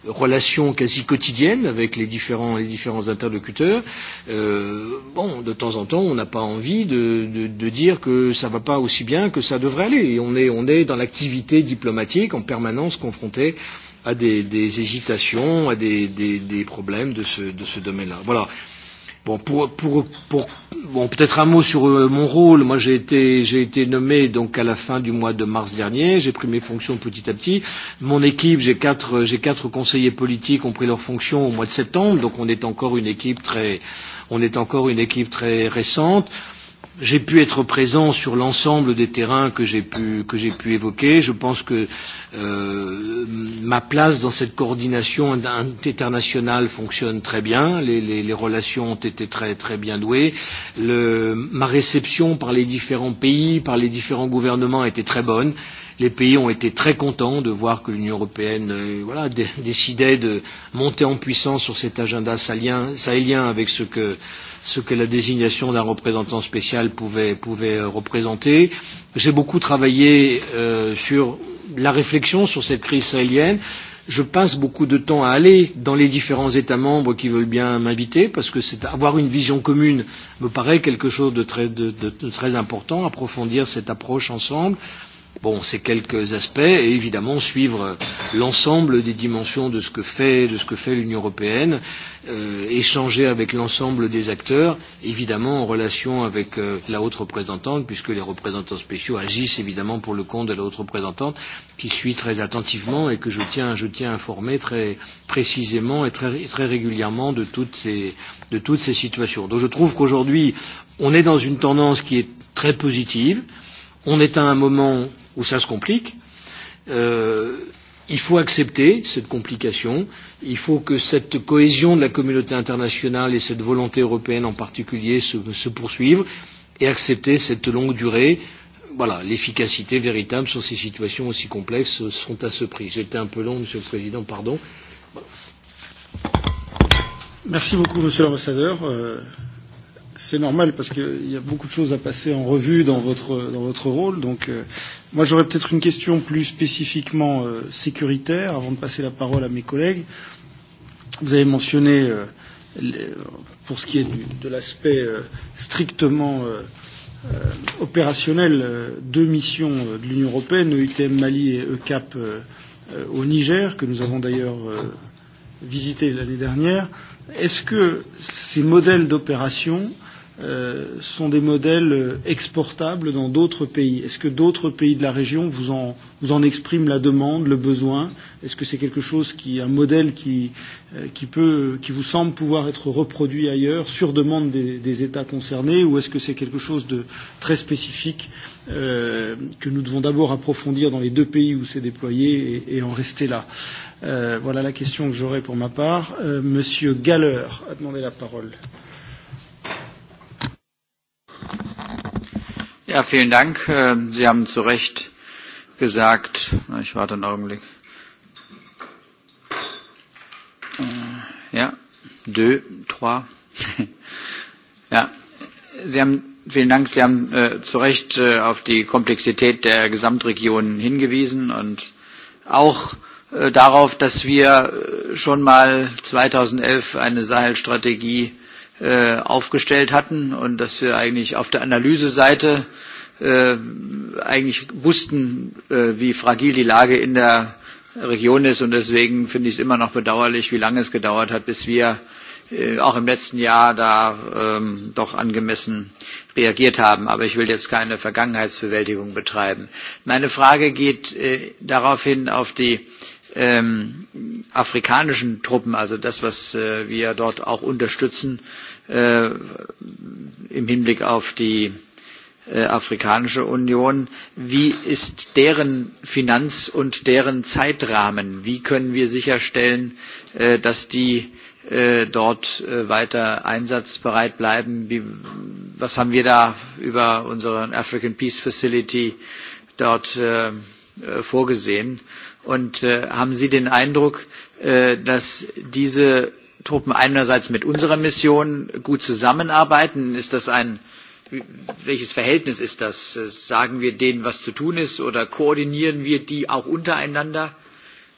relation quasi quotidienne avec les différents, les différents interlocuteurs, euh, bon, de temps en temps, on n'a pas envie de, de, de dire que ça ne va pas aussi bien que ça devrait aller. Et on, est, on est dans l'activité diplomatique en permanence confronté à des, des hésitations, à des, des, des problèmes de ce, de ce domaine-là. Voilà. Bon, pour, pour, pour, bon peut-être un mot sur euh, mon rôle. Moi, j'ai été, j'ai été nommé donc à la fin du mois de mars dernier. J'ai pris mes fonctions petit à petit. Mon équipe, j'ai quatre, euh, j'ai quatre conseillers politiques ont pris leurs fonctions au mois de septembre. Donc, on est encore une équipe très, on est encore une équipe très récente. Euh, j'ai pu être présent sur l'ensemble des terrains que j'ai pu, pu évoquer. Je pense que euh, ma place dans cette coordination internationale fonctionne très bien. Les, les, les relations ont été très, très bien douées. Le, ma réception par les différents pays, par les différents gouvernements était très bonne les pays ont été très contents de voir que l'Union européenne euh, voilà, d- décidait de monter en puissance sur cet agenda sahélien, sahélien avec ce que, ce que la désignation d'un représentant spécial pouvait, pouvait euh, représenter. J'ai beaucoup travaillé euh, sur la réflexion sur cette crise sahélienne. Je passe beaucoup de temps à aller dans les différents États membres qui veulent bien m'inviter, parce que c'est, avoir une vision commune me paraît quelque chose de très, de, de, de très important, approfondir cette approche ensemble. Bon, ces quelques aspects, et évidemment suivre l'ensemble des dimensions de ce que fait, de ce que fait l'Union européenne, euh, échanger avec l'ensemble des acteurs, évidemment en relation avec euh, la haute représentante, puisque les représentants spéciaux agissent évidemment pour le compte de la haute représentante, qui suit très attentivement et que je tiens, je tiens à informer très précisément et très, très régulièrement de toutes, ces, de toutes ces situations. Donc je trouve qu'aujourd'hui, on est dans une tendance qui est très positive. On est à un moment où ça se complique. Euh, il faut accepter cette complication. Il faut que cette cohésion de la communauté internationale et cette volonté européenne en particulier se, se poursuivent et accepter cette longue durée. Voilà, l'efficacité véritable sur ces situations aussi complexes sont à ce prix. J'étais un peu long, Monsieur le Président, pardon. Merci beaucoup, Monsieur l'Ambassadeur. Euh... C'est normal parce qu'il y a beaucoup de choses à passer en revue dans votre, dans votre rôle. Donc, euh, moi, j'aurais peut-être une question plus spécifiquement euh, sécuritaire avant de passer la parole à mes collègues. Vous avez mentionné, euh, les, pour ce qui est du, de l'aspect euh, strictement euh, euh, opérationnel, euh, deux missions euh, de l'Union européenne, EUTM Mali et ECAP euh, euh, au Niger, que nous avons d'ailleurs euh, visité l'année dernière. Euh, est ce que ces modèles d'opérations Euh, sont des modèles euh, exportables dans d'autres pays Est-ce que d'autres pays de la région vous en, vous en expriment la demande, le besoin Est-ce que c'est quelque chose qui, un modèle qui, euh, qui, peut, qui vous semble pouvoir être reproduit ailleurs sur demande des, des États concernés ou est-ce que c'est quelque chose de très spécifique euh, que nous devons d'abord approfondir dans les deux pays où c'est déployé et, et en rester là euh, Voilà la question que j'aurais pour ma part. Euh, Monsieur Galler a demandé la parole. Euh, Ja, vielen Dank. Äh, Sie haben zu Recht gesagt, ich warte einen Augenblick. Äh, ja, deux, trois. Ja, Sie haben, vielen Dank. Sie haben äh, zu Recht äh, auf die Komplexität der Gesamtregion hingewiesen und auch äh, darauf, dass wir äh, schon mal 2011 eine Sahelstrategie strategie Äh, aufgestellt hatten und dass wir eigentlich auf der Analyseseite äh, eigentlich wussten, äh, wie fragil die Lage in der Region ist. Und deswegen finde ich es immer noch bedauerlich, wie lange es gedauert hat, bis wir äh, auch im letzten Jahr da ähm, doch angemessen reagiert haben. Aber ich will jetzt keine Vergangenheitsbewältigung betreiben. Meine Frage geht äh, daraufhin auf die äh, ähm, afrikanischen Truppen, also das, was äh, wir dort auch unterstützen äh, im Hinblick auf die äh, Afrikanische Union, wie ist deren Finanz- und deren Zeitrahmen? Wie können wir sicherstellen, äh, dass die äh, dort äh, weiter einsatzbereit bleiben? Wie, was haben wir da über unseren African Peace Facility dort äh, äh vorgesehen? Und äh, haben Sie den Eindruck, äh, dass diese Truppen einerseits mit unserer Mission gut zusammenarbeiten? Ist das ein welches Verhältnis ist das? Äh, sagen wir denen, was zu tun ist, oder koordinieren wir die auch untereinander?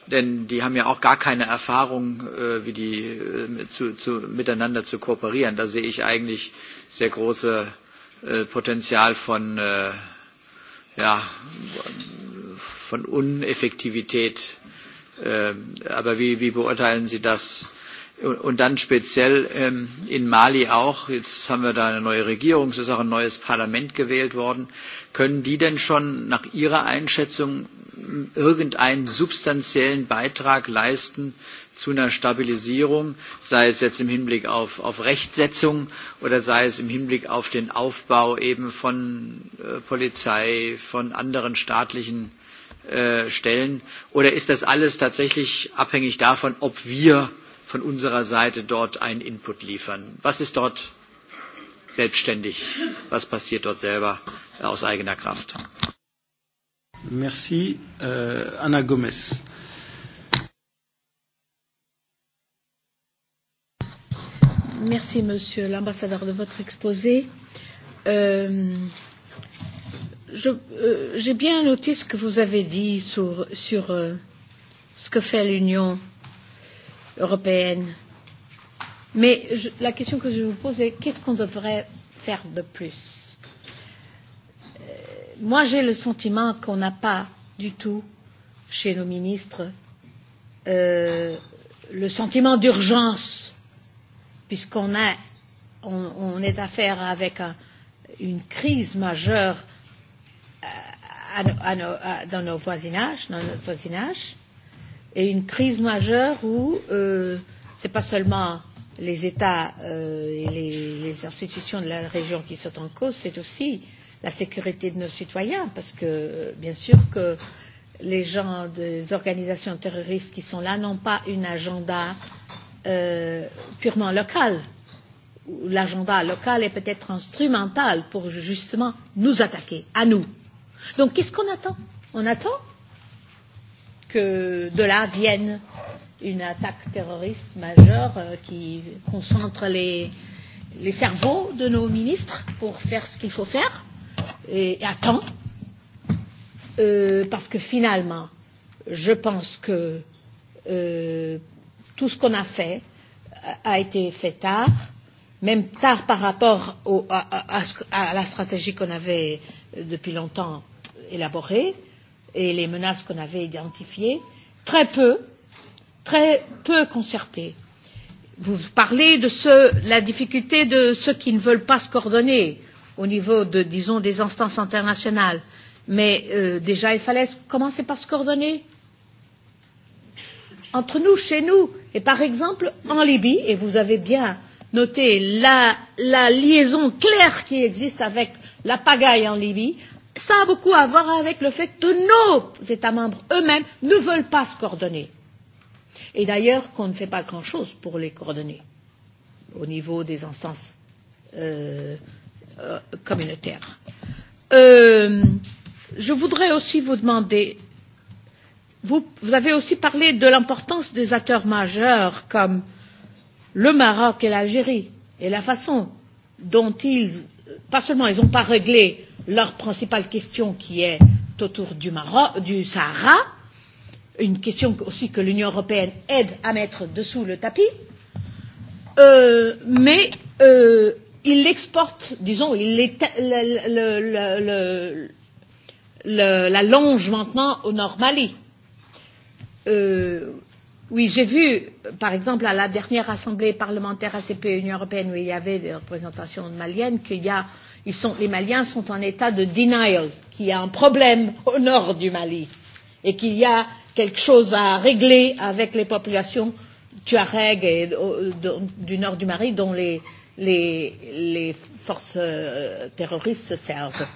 Denn die haben ja auch gar keine Erfahrung, äh, wie die äh, zu, zu, miteinander zu kooperieren. Da sehe ich eigentlich sehr große äh, Potenzial von äh, ja, von Uneffektivität. Ähm, aber wie, wie beurteilen Sie das? Und dann speziell ähm, in Mali auch. Jetzt haben wir da eine neue Regierung, es ist auch ein neues Parlament gewählt worden. Können die denn schon nach Ihrer Einschätzung irgendeinen substanziellen Beitrag leisten zu einer Stabilisierung, sei es jetzt im Hinblick auf, auf Rechtsetzung oder sei es im Hinblick auf den Aufbau eben von äh, Polizei, von anderen staatlichen äh, Äh, stellen oder ist das alles tatsächlich abhängig davon ob wir von unserer seite dort einen input liefern? was ist dort selbstständig was passiert dort selber aus eigener kraft? Merci, äh, Anna Gomez. Merci, Monsieur l'Ambassadeur, de votre exposé. Euh, Euh, j'ai euh, bien noté ce que vous avez dit sur, sur euh, ce que fait l'Union européenne. Mais je, la question que je vous pose est qu'est-ce qu'on devrait faire de plus euh, Moi, j'ai le sentiment qu'on n'a pas du tout, chez nos ministres, euh, le sentiment d'urgence, puisqu'on on, on est affaire avec un, une crise majeure à, à nos, à, dans nos voisinages, dans notre voisinage, et une crise majeure où euh, ce n'est pas seulement les États euh, et les, les institutions de la région qui sont en cause, c'est aussi la sécurité de nos citoyens, parce que euh, bien sûr que les gens des organisations terroristes qui sont là n'ont pas une agenda euh, purement locale. L'agenda local est peut-être instrumental pour justement nous attaquer, à nous. Donc qu'est-ce qu'on attend On attend que de là vienne une attaque terroriste majeure euh, qui concentre les, les cerveaux de nos ministres pour faire ce qu'il faut faire et, et attend. Euh, parce que finalement, je pense que euh, tout ce qu'on a fait a été fait tard, même tard par rapport au, à, à, à la stratégie qu'on avait euh, depuis longtemps élaboré et les menaces qu'on avait identifiées, très peu, très peu concertées. Vous parlez de ce, la difficulté de ceux qui ne veulent pas se coordonner au niveau de, disons, des instances internationales, mais euh, déjà il fallait commencer par se coordonner entre nous, chez nous, et par exemple en Libye, et vous avez bien noté la, la liaison claire qui existe avec la pagaille en Libye, ça a beaucoup à voir avec le fait que nos États membres eux-mêmes ne veulent pas se coordonner. Et d'ailleurs, qu'on ne fait pas grand-chose pour les coordonner au niveau des instances euh, euh, communautaires. Euh, je voudrais aussi vous demander, vous, vous avez aussi parlé de l'importance des acteurs majeurs comme le Maroc et l'Algérie et la façon dont ils pas seulement ils n'ont pas réglé leur principale question qui est autour du, Maroc, du Sahara, une question aussi que l'Union européenne aide à mettre dessous le tapis, euh, mais euh, ils l'exportent, disons, il le, le, le, le, le, la longe maintenant au Nord Mali. Euh, Oui, j'ai vu, par exemple, à la dernière assemblée parlementaire ACP e, Union européenne, où il y avait des représentations maliennes, qu'il y a, ils sont, les Maliens sont en état de denial, qu'il y a un problème au nord du Mali, et qu'il y a quelque chose à régler avec les populations Tuareg et au, euh, de, du nord du Mali, dont les, les, les forces euh, terroristes se servent.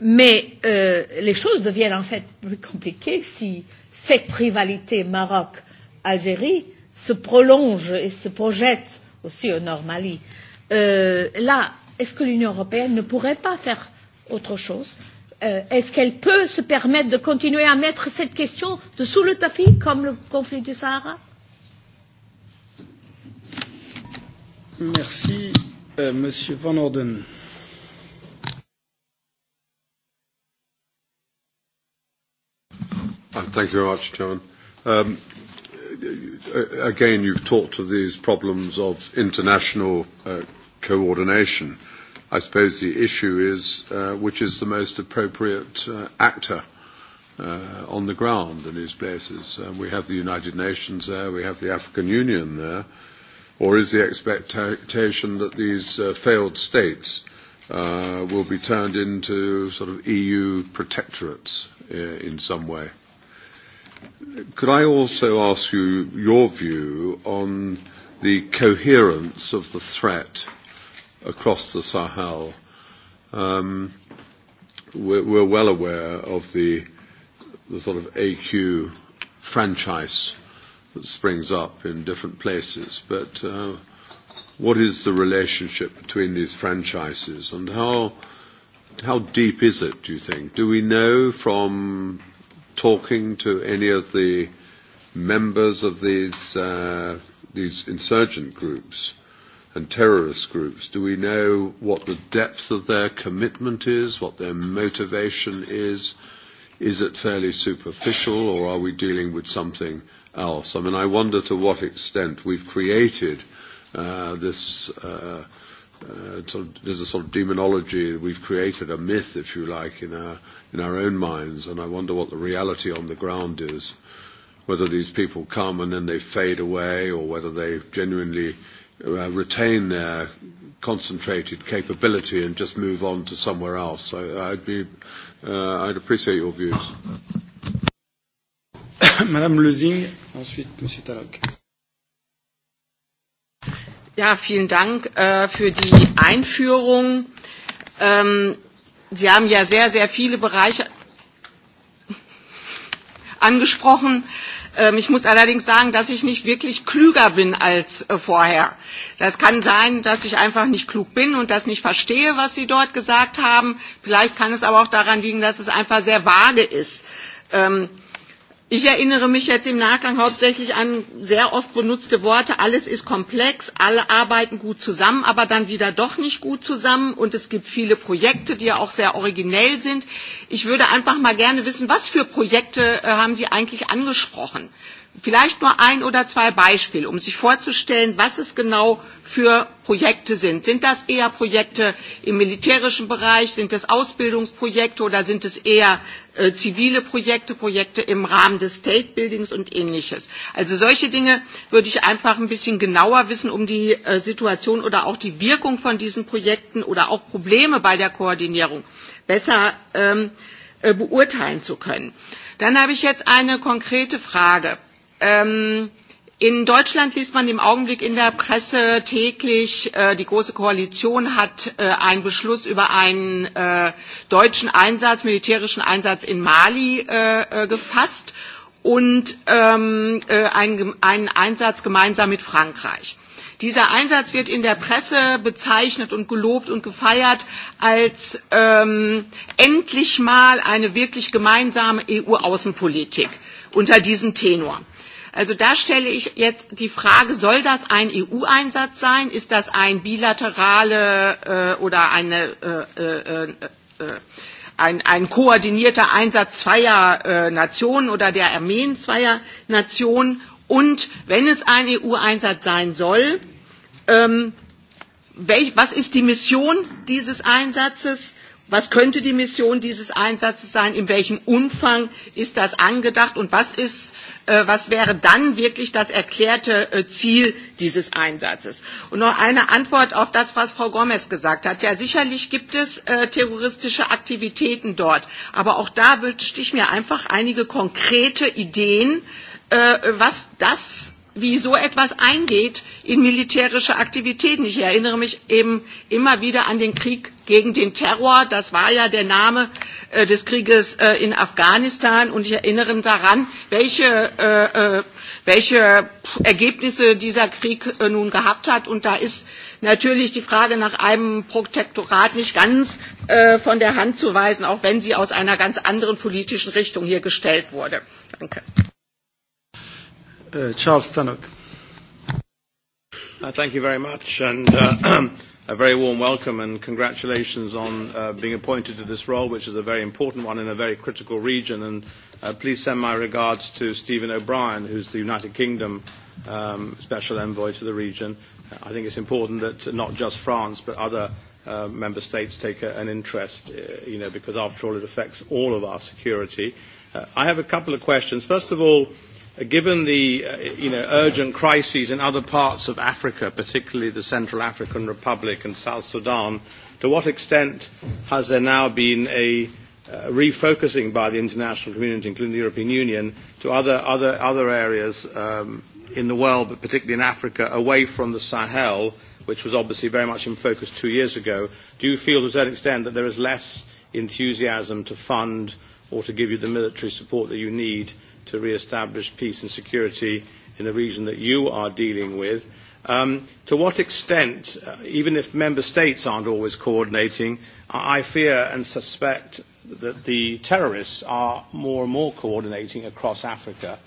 Mais euh, les choses deviennent en fait plus compliquées si cette rivalité Maroc Algérie se prolonge et se projette aussi au nord Mali. Euh, là, est-ce que l'Union européenne ne pourrait pas faire autre chose euh, Est-ce qu'elle peut se permettre de continuer à mettre cette question de sous le tapis comme le conflit du Sahara Merci, euh, Monsieur Van Orden. Ah, thank you very much, John. Um, again, you've talked to these problems of international uh, coordination. I suppose the issue is uh, which is the most appropriate uh, actor uh, on the ground in these places. Uh, we have the United Nations there, we have the African Union there, or is the expectation that these uh, failed states uh, will be turned into sort of EU protectorates uh, in some way? Could I also ask you your view on the coherence of the threat across the Sahel? Um, we're, we're well aware of the, the sort of AQ franchise that springs up in different places, but uh, what is the relationship between these franchises and how, how deep is it, do you think? Do we know from talking to any of the members of these, uh, these insurgent groups and terrorist groups? Do we know what the depth of their commitment is, what their motivation is? Is it fairly superficial or are we dealing with something else? I mean, I wonder to what extent we've created uh, this. Uh, uh, sort of, there's a sort of demonology we've created a myth, if you like, in our in our own minds. And I wonder what the reality on the ground is, whether these people come and then they fade away, or whether they genuinely uh, retain their concentrated capability and just move on to somewhere else. So uh, I'd be uh, I'd appreciate your views. Madame Lezing, ensuite Monsieur Talok. Ja, vielen Dank äh, für die Einführung. Ähm, Sie haben ja sehr, sehr viele Bereiche angesprochen. Ähm, ich muss allerdings sagen, dass ich nicht wirklich klüger bin als äh, vorher. Das kann sein, dass ich einfach nicht klug bin und das nicht verstehe, was Sie dort gesagt haben. Vielleicht kann es aber auch daran liegen, dass es einfach sehr vage ist. Ähm, Ich erinnere mich jetzt im Nachgang hauptsächlich an sehr oft benutzte Worte, alles ist komplex, alle arbeiten gut zusammen, aber dann wieder doch nicht gut zusammen und es gibt viele Projekte, die ja auch sehr originell sind. Ich würde einfach mal gerne wissen, was für Projekte äh, haben Sie eigentlich angesprochen? Vielleicht nur ein oder zwei Beispiele, um sich vorzustellen, was es genau für Projekte sind. Sind das eher Projekte im militärischen Bereich, sind das Ausbildungsprojekte oder sind es eher äh, zivile Projekte, Projekte im Rahmen des State Buildings und ähnliches. Also solche Dinge würde ich einfach ein bisschen genauer wissen, um die äh, Situation oder auch die Wirkung von diesen Projekten oder auch Probleme bei der Koordinierung besser ähm, äh, beurteilen zu können. Dann habe ich jetzt eine konkrete Frage. Ähm, in Deutschland liest man im Augenblick in der Presse täglich, äh, die Große Koalition hat äh, einen Beschluss über einen äh, deutschen Einsatz, militärischen Einsatz in Mali äh, äh, gefasst und ähm, äh, einen, einen Einsatz gemeinsam mit Frankreich. Dieser Einsatz wird in der Presse bezeichnet und gelobt und gefeiert als ähm, endlich mal eine wirklich gemeinsame EU-Außenpolitik unter diesem Tenor. Also da stelle ich jetzt die Frage, soll das ein EU-Einsatz sein? Ist das ein bilaterale äh, oder eine, äh, äh, äh, ein, ein koordinierter Einsatz zweier äh, Nationen oder der Armeen zweier Nationen? Und wenn es ein EU-Einsatz sein soll, ähm, welch, was ist die Mission dieses Einsatzes? was könnte die Mission dieses Einsatzes sein, in welchem Umfang ist das angedacht und was, ist, äh, was wäre dann wirklich das erklärte äh, Ziel dieses Einsatzes. Und noch eine Antwort auf das, was Frau Gomez gesagt hat. Ja, sicherlich gibt es äh, terroristische Aktivitäten dort, aber auch da wünschte ich mir einfach einige konkrete Ideen, äh, was das wie so etwas eingeht in militärische Aktivitäten. Ich erinnere mich eben immer wieder an den Krieg gegen den Terror. Das war ja der Name äh, des Krieges äh, in Afghanistan. Und ich erinnere daran, welche, äh, äh, welche Ergebnisse dieser Krieg äh, nun gehabt hat. Und da ist natürlich die Frage nach einem Protektorat nicht ganz äh, von der Hand zu weisen, auch wenn sie aus einer ganz anderen politischen Richtung hier gestellt wurde. Danke. Uh, Charles Stanhope. Uh, thank you very much, and uh, a very warm welcome and congratulations on uh, being appointed to this role, which is a very important one in a very critical region. And uh, please send my regards to Stephen O'Brien, who's the United Kingdom um, special envoy to the region. I think it's important that not just France, but other uh, member states take a, an interest, uh, you know, because after all it affects all of our security. Uh, I have a couple of questions. First of all, uh, given the uh, you know, urgent crises in other parts of Africa, particularly the Central African Republic and South Sudan, to what extent has there now been a uh, refocusing by the international community, including the European Union, to other, other, other areas um, in the world, but particularly in Africa, away from the Sahel, which was obviously very much in focus two years ago? Do you feel to a certain extent that there is less enthusiasm to fund or to give you the military support that you need to re establish peace and security in the region that you are dealing with. Um, to what extent, uh, even if member states aren't always coordinating, I fear and suspect that the terrorists are more and more coordinating across Africa,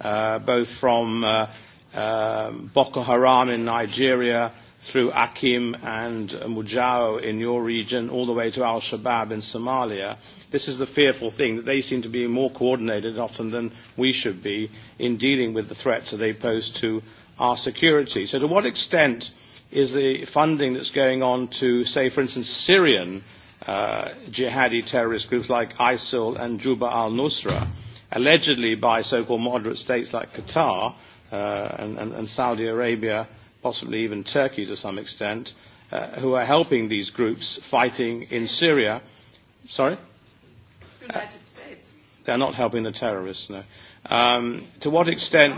uh, both from uh, um, Boko Haram in Nigeria through akim and uh, mujao in your region all the way to al-shabaab in somalia. this is the fearful thing that they seem to be more coordinated often than we should be in dealing with the threats that they pose to our security. so to what extent is the funding that's going on to, say, for instance, syrian uh, jihadi terrorist groups like isil and juba al-nusra, allegedly by so-called moderate states like qatar uh, and, and, and saudi arabia, possibly even Turkey to some extent, uh, who are helping these groups fighting in Syria. Sorry? United States. Uh, they're not helping the terrorists, no. Um, to what extent.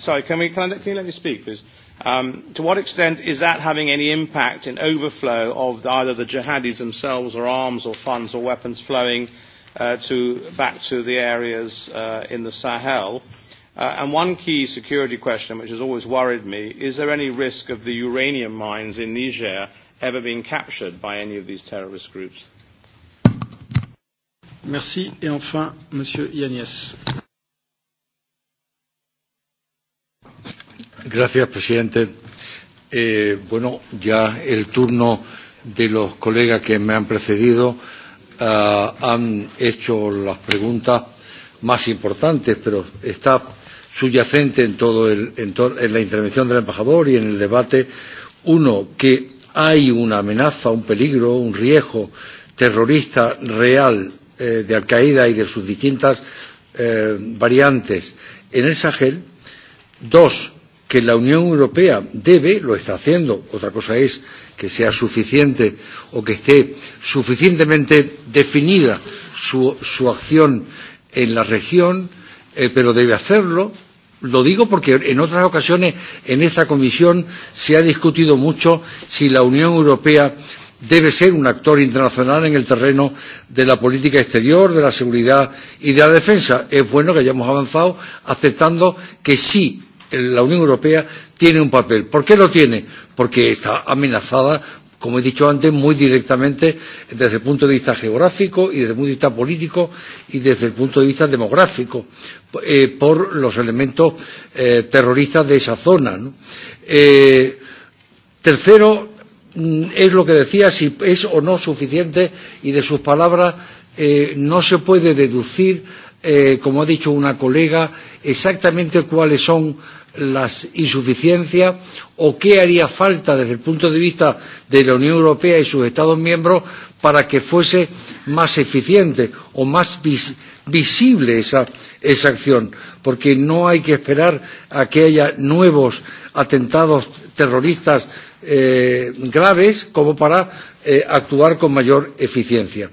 Sorry, can, we, can, I, can you let me speak, please? Um, to what extent is that having any impact in overflow of either the jihadis themselves or arms or funds or weapons flowing uh, to, back to the areas uh, in the Sahel? Uh, Uh, and one key security question which has always worried me is there any risk of the uranium mines in niger ever being captured by any of these terrorist groups? Merci. Et enfin, Monsieur Yanis. Gracias, Presidente. Eh, bueno, ya el turno de los colegas que me han precedido uh, han hecho las preguntas más importantes, pero está subyacente en, todo el, en, to, en la intervención del embajador y en el debate. Uno, que hay una amenaza, un peligro, un riesgo terrorista real eh, de Al-Qaeda y de sus distintas eh, variantes en el Sahel. Dos, que la Unión Europea debe, lo está haciendo, otra cosa es que sea suficiente o que esté suficientemente definida su, su acción en la región, eh, pero debe hacerlo Lo digo porque en otras ocasiones en esta comisión se ha discutido mucho si la Unión Europea debe ser un actor internacional en el terreno de la política exterior, de la seguridad y de la defensa. Es bueno que hayamos avanzado aceptando que sí, la Unión Europea tiene un papel. ¿Por qué lo tiene? Porque está amenazada como he dicho antes, muy directamente desde el punto de vista geográfico y desde el punto de vista político y desde el punto de vista demográfico eh, por los elementos eh, terroristas de esa zona. ¿no? Eh, tercero, mm, es lo que decía, si es o no suficiente y de sus palabras eh, no se puede deducir, eh, como ha dicho una colega, exactamente cuáles son las insuficiencias o qué haría falta desde el punto de vista de la Unión Europea y sus Estados miembros para que fuese más eficiente o más vis visible esa, esa acción, porque no hay que esperar a que haya nuevos atentados terroristas eh, graves como para eh, actuar con mayor eficiencia.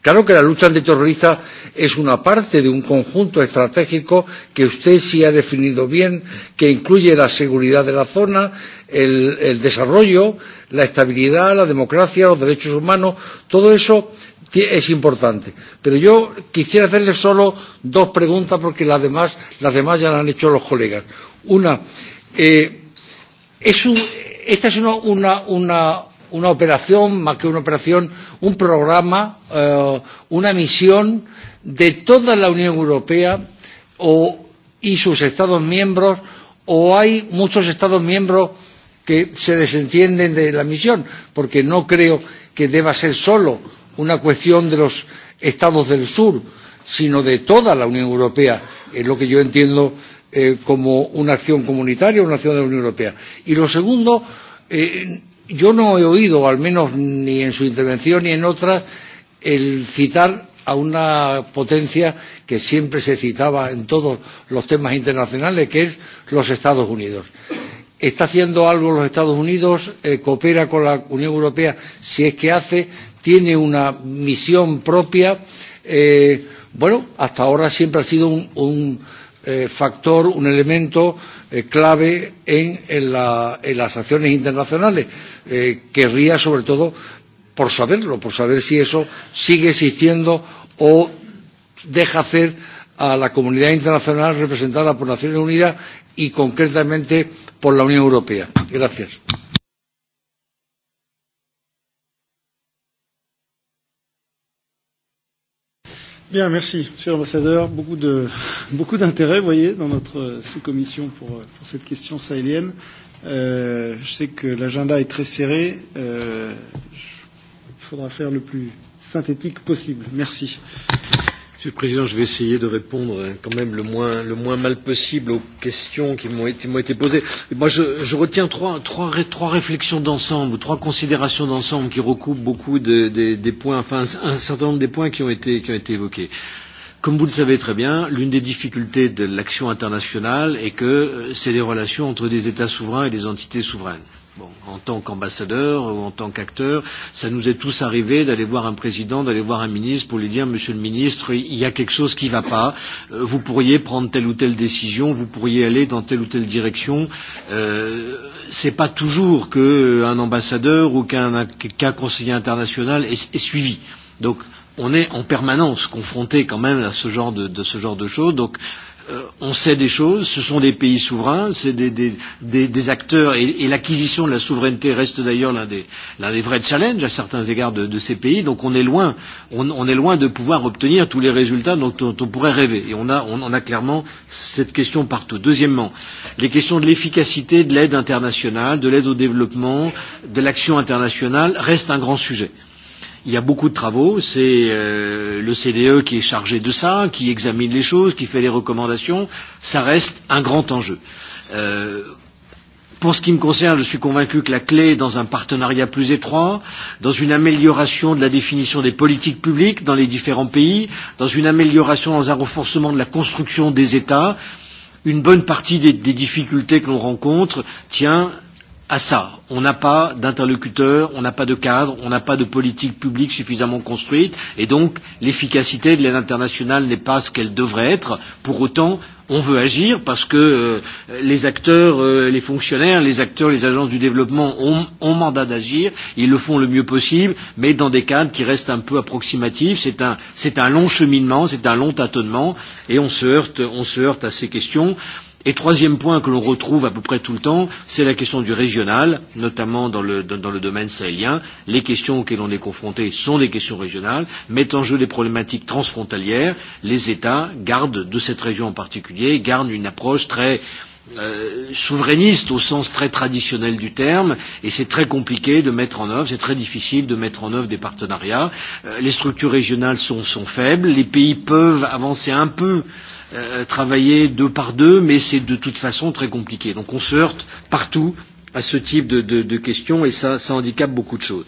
Claro que la lucha antiterrorista es una parte de un conjunto estratégico que usted sí ha definido bien, que incluye la seguridad de la zona, el, el desarrollo, la estabilidad, la democracia, los derechos humanos, todo eso es importante. Pero yo quisiera hacerle solo dos preguntas porque las demás, las demás ya las han hecho los colegas. Una, eh, es un, esta es una, una, una una operación, más que una operación, un programa, eh, una misión de toda la Unión Europea o, y sus Estados miembros, o hay muchos Estados miembros que se desentienden de la misión, porque no creo que deba ser solo una cuestión de los Estados del Sur, sino de toda la Unión Europea, es lo que yo entiendo eh, como una acción comunitaria, una acción de la Unión Europea. Y lo segundo, eh, yo no he oído, al menos ni en su intervención ni en otra, el citar a una potencia que siempre se citaba en todos los temas internacionales, que es los Estados Unidos. ¿Está haciendo algo los Estados Unidos? Eh, ¿Coopera con la Unión Europea? Si es que hace, tiene una misión propia. Eh, bueno, hasta ahora siempre ha sido un, un, eh, factor, un elemento eh, clave en, en, la, en las acciones internacionales. Eh, querría, sobre todo, por saberlo, por saber si eso sigue existiendo o deja hacer a la comunidad internacional representada por Naciones Unidas y, concretamente, por la Unión Europea. Gracias. Bien, merci, Monsieur l'Ambassadeur. Beaucoup de beaucoup d'intérêt, vous voyez, dans notre euh, sous-commission pour, euh, pour cette question sahélienne. Euh, je sais que l'agenda est très serré. Euh, il faudra faire le plus synthétique possible. Merci. Monsieur le Président, je vais essayer de répondre quand même le moins, le moins mal possible aux questions qui m'ont été, été posées. Et moi, je, je retiens trois, trois, trois réflexions d'ensemble, trois considérations d'ensemble qui recoupent beaucoup de, de, des points, enfin un, un certain nombre des points qui ont été, qui ont été évoqués. Comme vous le savez très bien, l'une des difficultés de l'action internationale est que euh, c'est les relations entre des États souverains et des entités souveraines. Bon, en tant qu'ambassadeur ou en tant qu'acteur, ça nous est tous arrivé d'aller voir un président, d'aller voir un ministre pour lui dire Monsieur le ministre, il y a quelque chose qui ne va pas, euh, vous pourriez prendre telle ou telle décision, vous pourriez aller dans telle ou telle direction. Euh, Ce n'est pas toujours qu'un euh, ambassadeur ou qu'un qu conseiller international est, est suivi. Donc on est en permanence confronté quand même à ce genre de, de, ce genre de choses. Donc, euh, on sait des choses, ce sont des pays souverains, c'est des, des, des, des acteurs, et, et l'acquisition de la souveraineté reste d'ailleurs l'un des, l'un des vrais challenges à certains égards de, de ces pays, donc on est, loin, on, on est loin de pouvoir obtenir tous les résultats dont, dont on pourrait rêver. Et on a, on, on a clairement cette question partout. Deuxièmement, les questions de l'efficacité de l'aide internationale, de l'aide au développement, de l'action internationale restent un grand sujet. Il y a beaucoup de travaux, c'est euh, le CDE qui est chargé de ça, qui examine les choses, qui fait les recommandations, ça reste un grand enjeu. Euh, pour ce qui me concerne, je suis convaincu que la clé est dans un partenariat plus étroit, dans une amélioration de la définition des politiques publiques dans les différents pays, dans une amélioration, dans un renforcement de la construction des États, une bonne partie des, des difficultés que l'on rencontre tient à ça. On n'a pas d'interlocuteur, on n'a pas de cadre, on n'a pas de politique publique suffisamment construite, et donc l'efficacité de l'aide internationale n'est pas ce qu'elle devrait être. Pour autant, on veut agir parce que euh, les acteurs, euh, les fonctionnaires, les acteurs, les agences du développement ont, ont mandat d'agir, ils le font le mieux possible, mais dans des cadres qui restent un peu approximatifs. C'est un, c'est un long cheminement, c'est un long tâtonnement, et on se heurte, on se heurte à ces questions. Et troisième point que l'on retrouve à peu près tout le temps, c'est la question du régional, notamment dans le, dans, dans le domaine sahélien. Les questions auxquelles on est confronté sont des questions régionales, mettent en jeu des problématiques transfrontalières. Les États gardent, de cette région en particulier, gardent une approche très euh, souverainiste au sens très traditionnel du terme, et c'est très compliqué de mettre en œuvre, c'est très difficile de mettre en œuvre des partenariats. Euh, les structures régionales sont, sont faibles, les pays peuvent avancer un peu euh, Euh, travailler deux par deux, mais c'est de toute façon très compliqué. Donc on se heurte partout à ce type de, de, de questions et ça, ça handicape beaucoup de choses.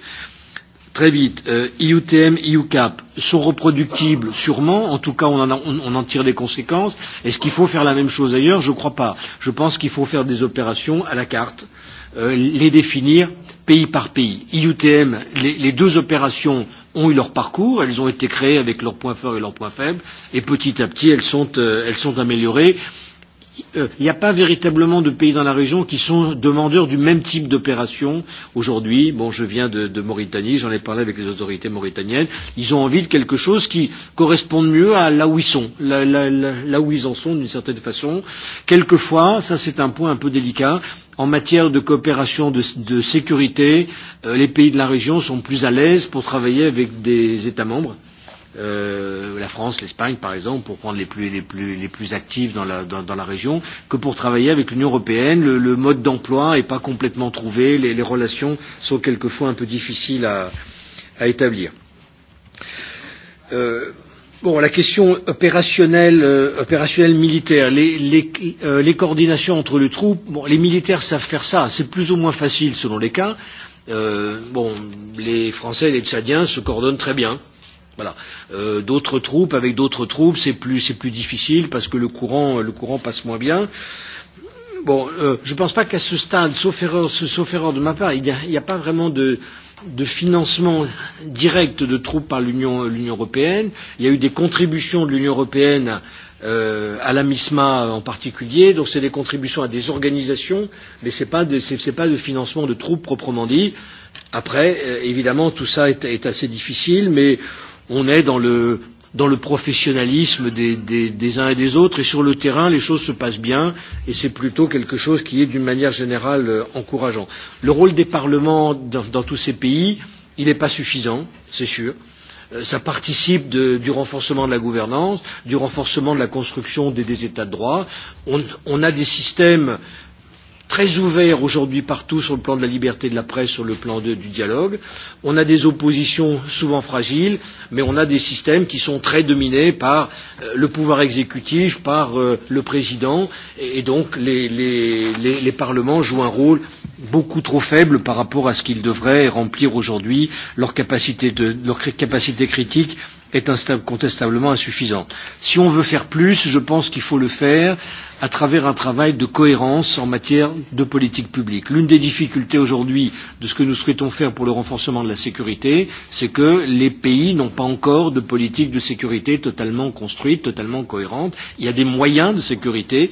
Très vite, euh, IUTM, IUCAP sont reproductibles sûrement, en tout cas on en, a, on, on en tire des conséquences. Est-ce qu'il faut faire la même chose ailleurs Je ne crois pas. Je pense qu'il faut faire des opérations à la carte, euh, les définir pays par pays. IUTM, les, les deux opérations ont eu leur parcours, elles ont été créées avec leurs points forts et leurs points faibles, et petit à petit, elles sont, euh, elles sont améliorées. Il euh, n'y a pas véritablement de pays dans la région qui sont demandeurs du même type d'opération aujourd'hui. Bon, je viens de, de Mauritanie, j'en ai parlé avec les autorités mauritaniennes. Ils ont envie de quelque chose qui corresponde mieux à là où ils sont, là, là, là, là où ils en sont d'une certaine façon. Quelquefois, ça c'est un point un peu délicat, en matière de coopération de, de sécurité, euh, les pays de la région sont plus à l'aise pour travailler avec des États membres. Euh, la France, l'Espagne, par exemple, pour prendre les plus, les plus, les plus actifs dans la, dans, dans la région, que pour travailler avec l'Union européenne, le, le mode d'emploi n'est pas complètement trouvé, les, les relations sont quelquefois un peu difficiles à, à établir. Euh, Bon, la question opérationnelle, euh, opérationnelle militaire, les, les, euh, les coordinations entre les troupes, bon, les militaires savent faire ça, c'est plus ou moins facile selon les cas. Euh, bon, les Français et les Tchadiens se coordonnent très bien. Voilà. Euh, d'autres troupes, avec d'autres troupes, c'est plus, c'est plus difficile parce que le courant, euh, le courant passe moins bien. Bon, euh, je ne pense pas qu'à ce stade, sauf erreur, sauf erreur de ma part, il n'y a, a pas vraiment de, euh, de financement direct de troupes par l'Union, l'Union européenne. Il y a eu des contributions de l'Union européenne euh, à la MISMA en particulier. Donc c'est des contributions à des organisations, mais ce n'est pas, c'est, c'est pas de financement de troupes proprement dit. Après, euh, évidemment, tout ça est, est assez difficile, mais on est dans le, dans le professionnalisme des, des, des uns et des autres, et sur le terrain, les choses se passent bien, et c'est plutôt quelque chose qui est, d'une manière générale, euh, encourageant. Le rôle des parlements dans, dans tous ces pays, il n'est pas suffisant, c'est sûr. Euh, ça participe de, du renforcement de la gouvernance, du renforcement de la construction des, des États de droit. On, on a des systèmes euh, très ouvert aujourd'hui partout sur le plan de la liberté de la presse, sur le plan de, du dialogue. On a des oppositions souvent fragiles, mais on a des systèmes qui sont très dominés par euh, le pouvoir exécutif, par euh, le président, et, et donc les, les, les, les parlements jouent un rôle beaucoup trop faible par rapport à ce qu'ils devraient remplir aujourd'hui leur, de, leur capacité critique est incontestablement insuffisante. Si on veut faire plus, je pense qu'il faut le faire à travers un travail de cohérence en matière de politique publique. L'une des difficultés aujourd'hui de ce que nous souhaitons faire pour le renforcement de la sécurité, c'est que les pays n'ont pas encore de politique de sécurité totalement construite, totalement cohérente. Il y a des moyens de sécurité,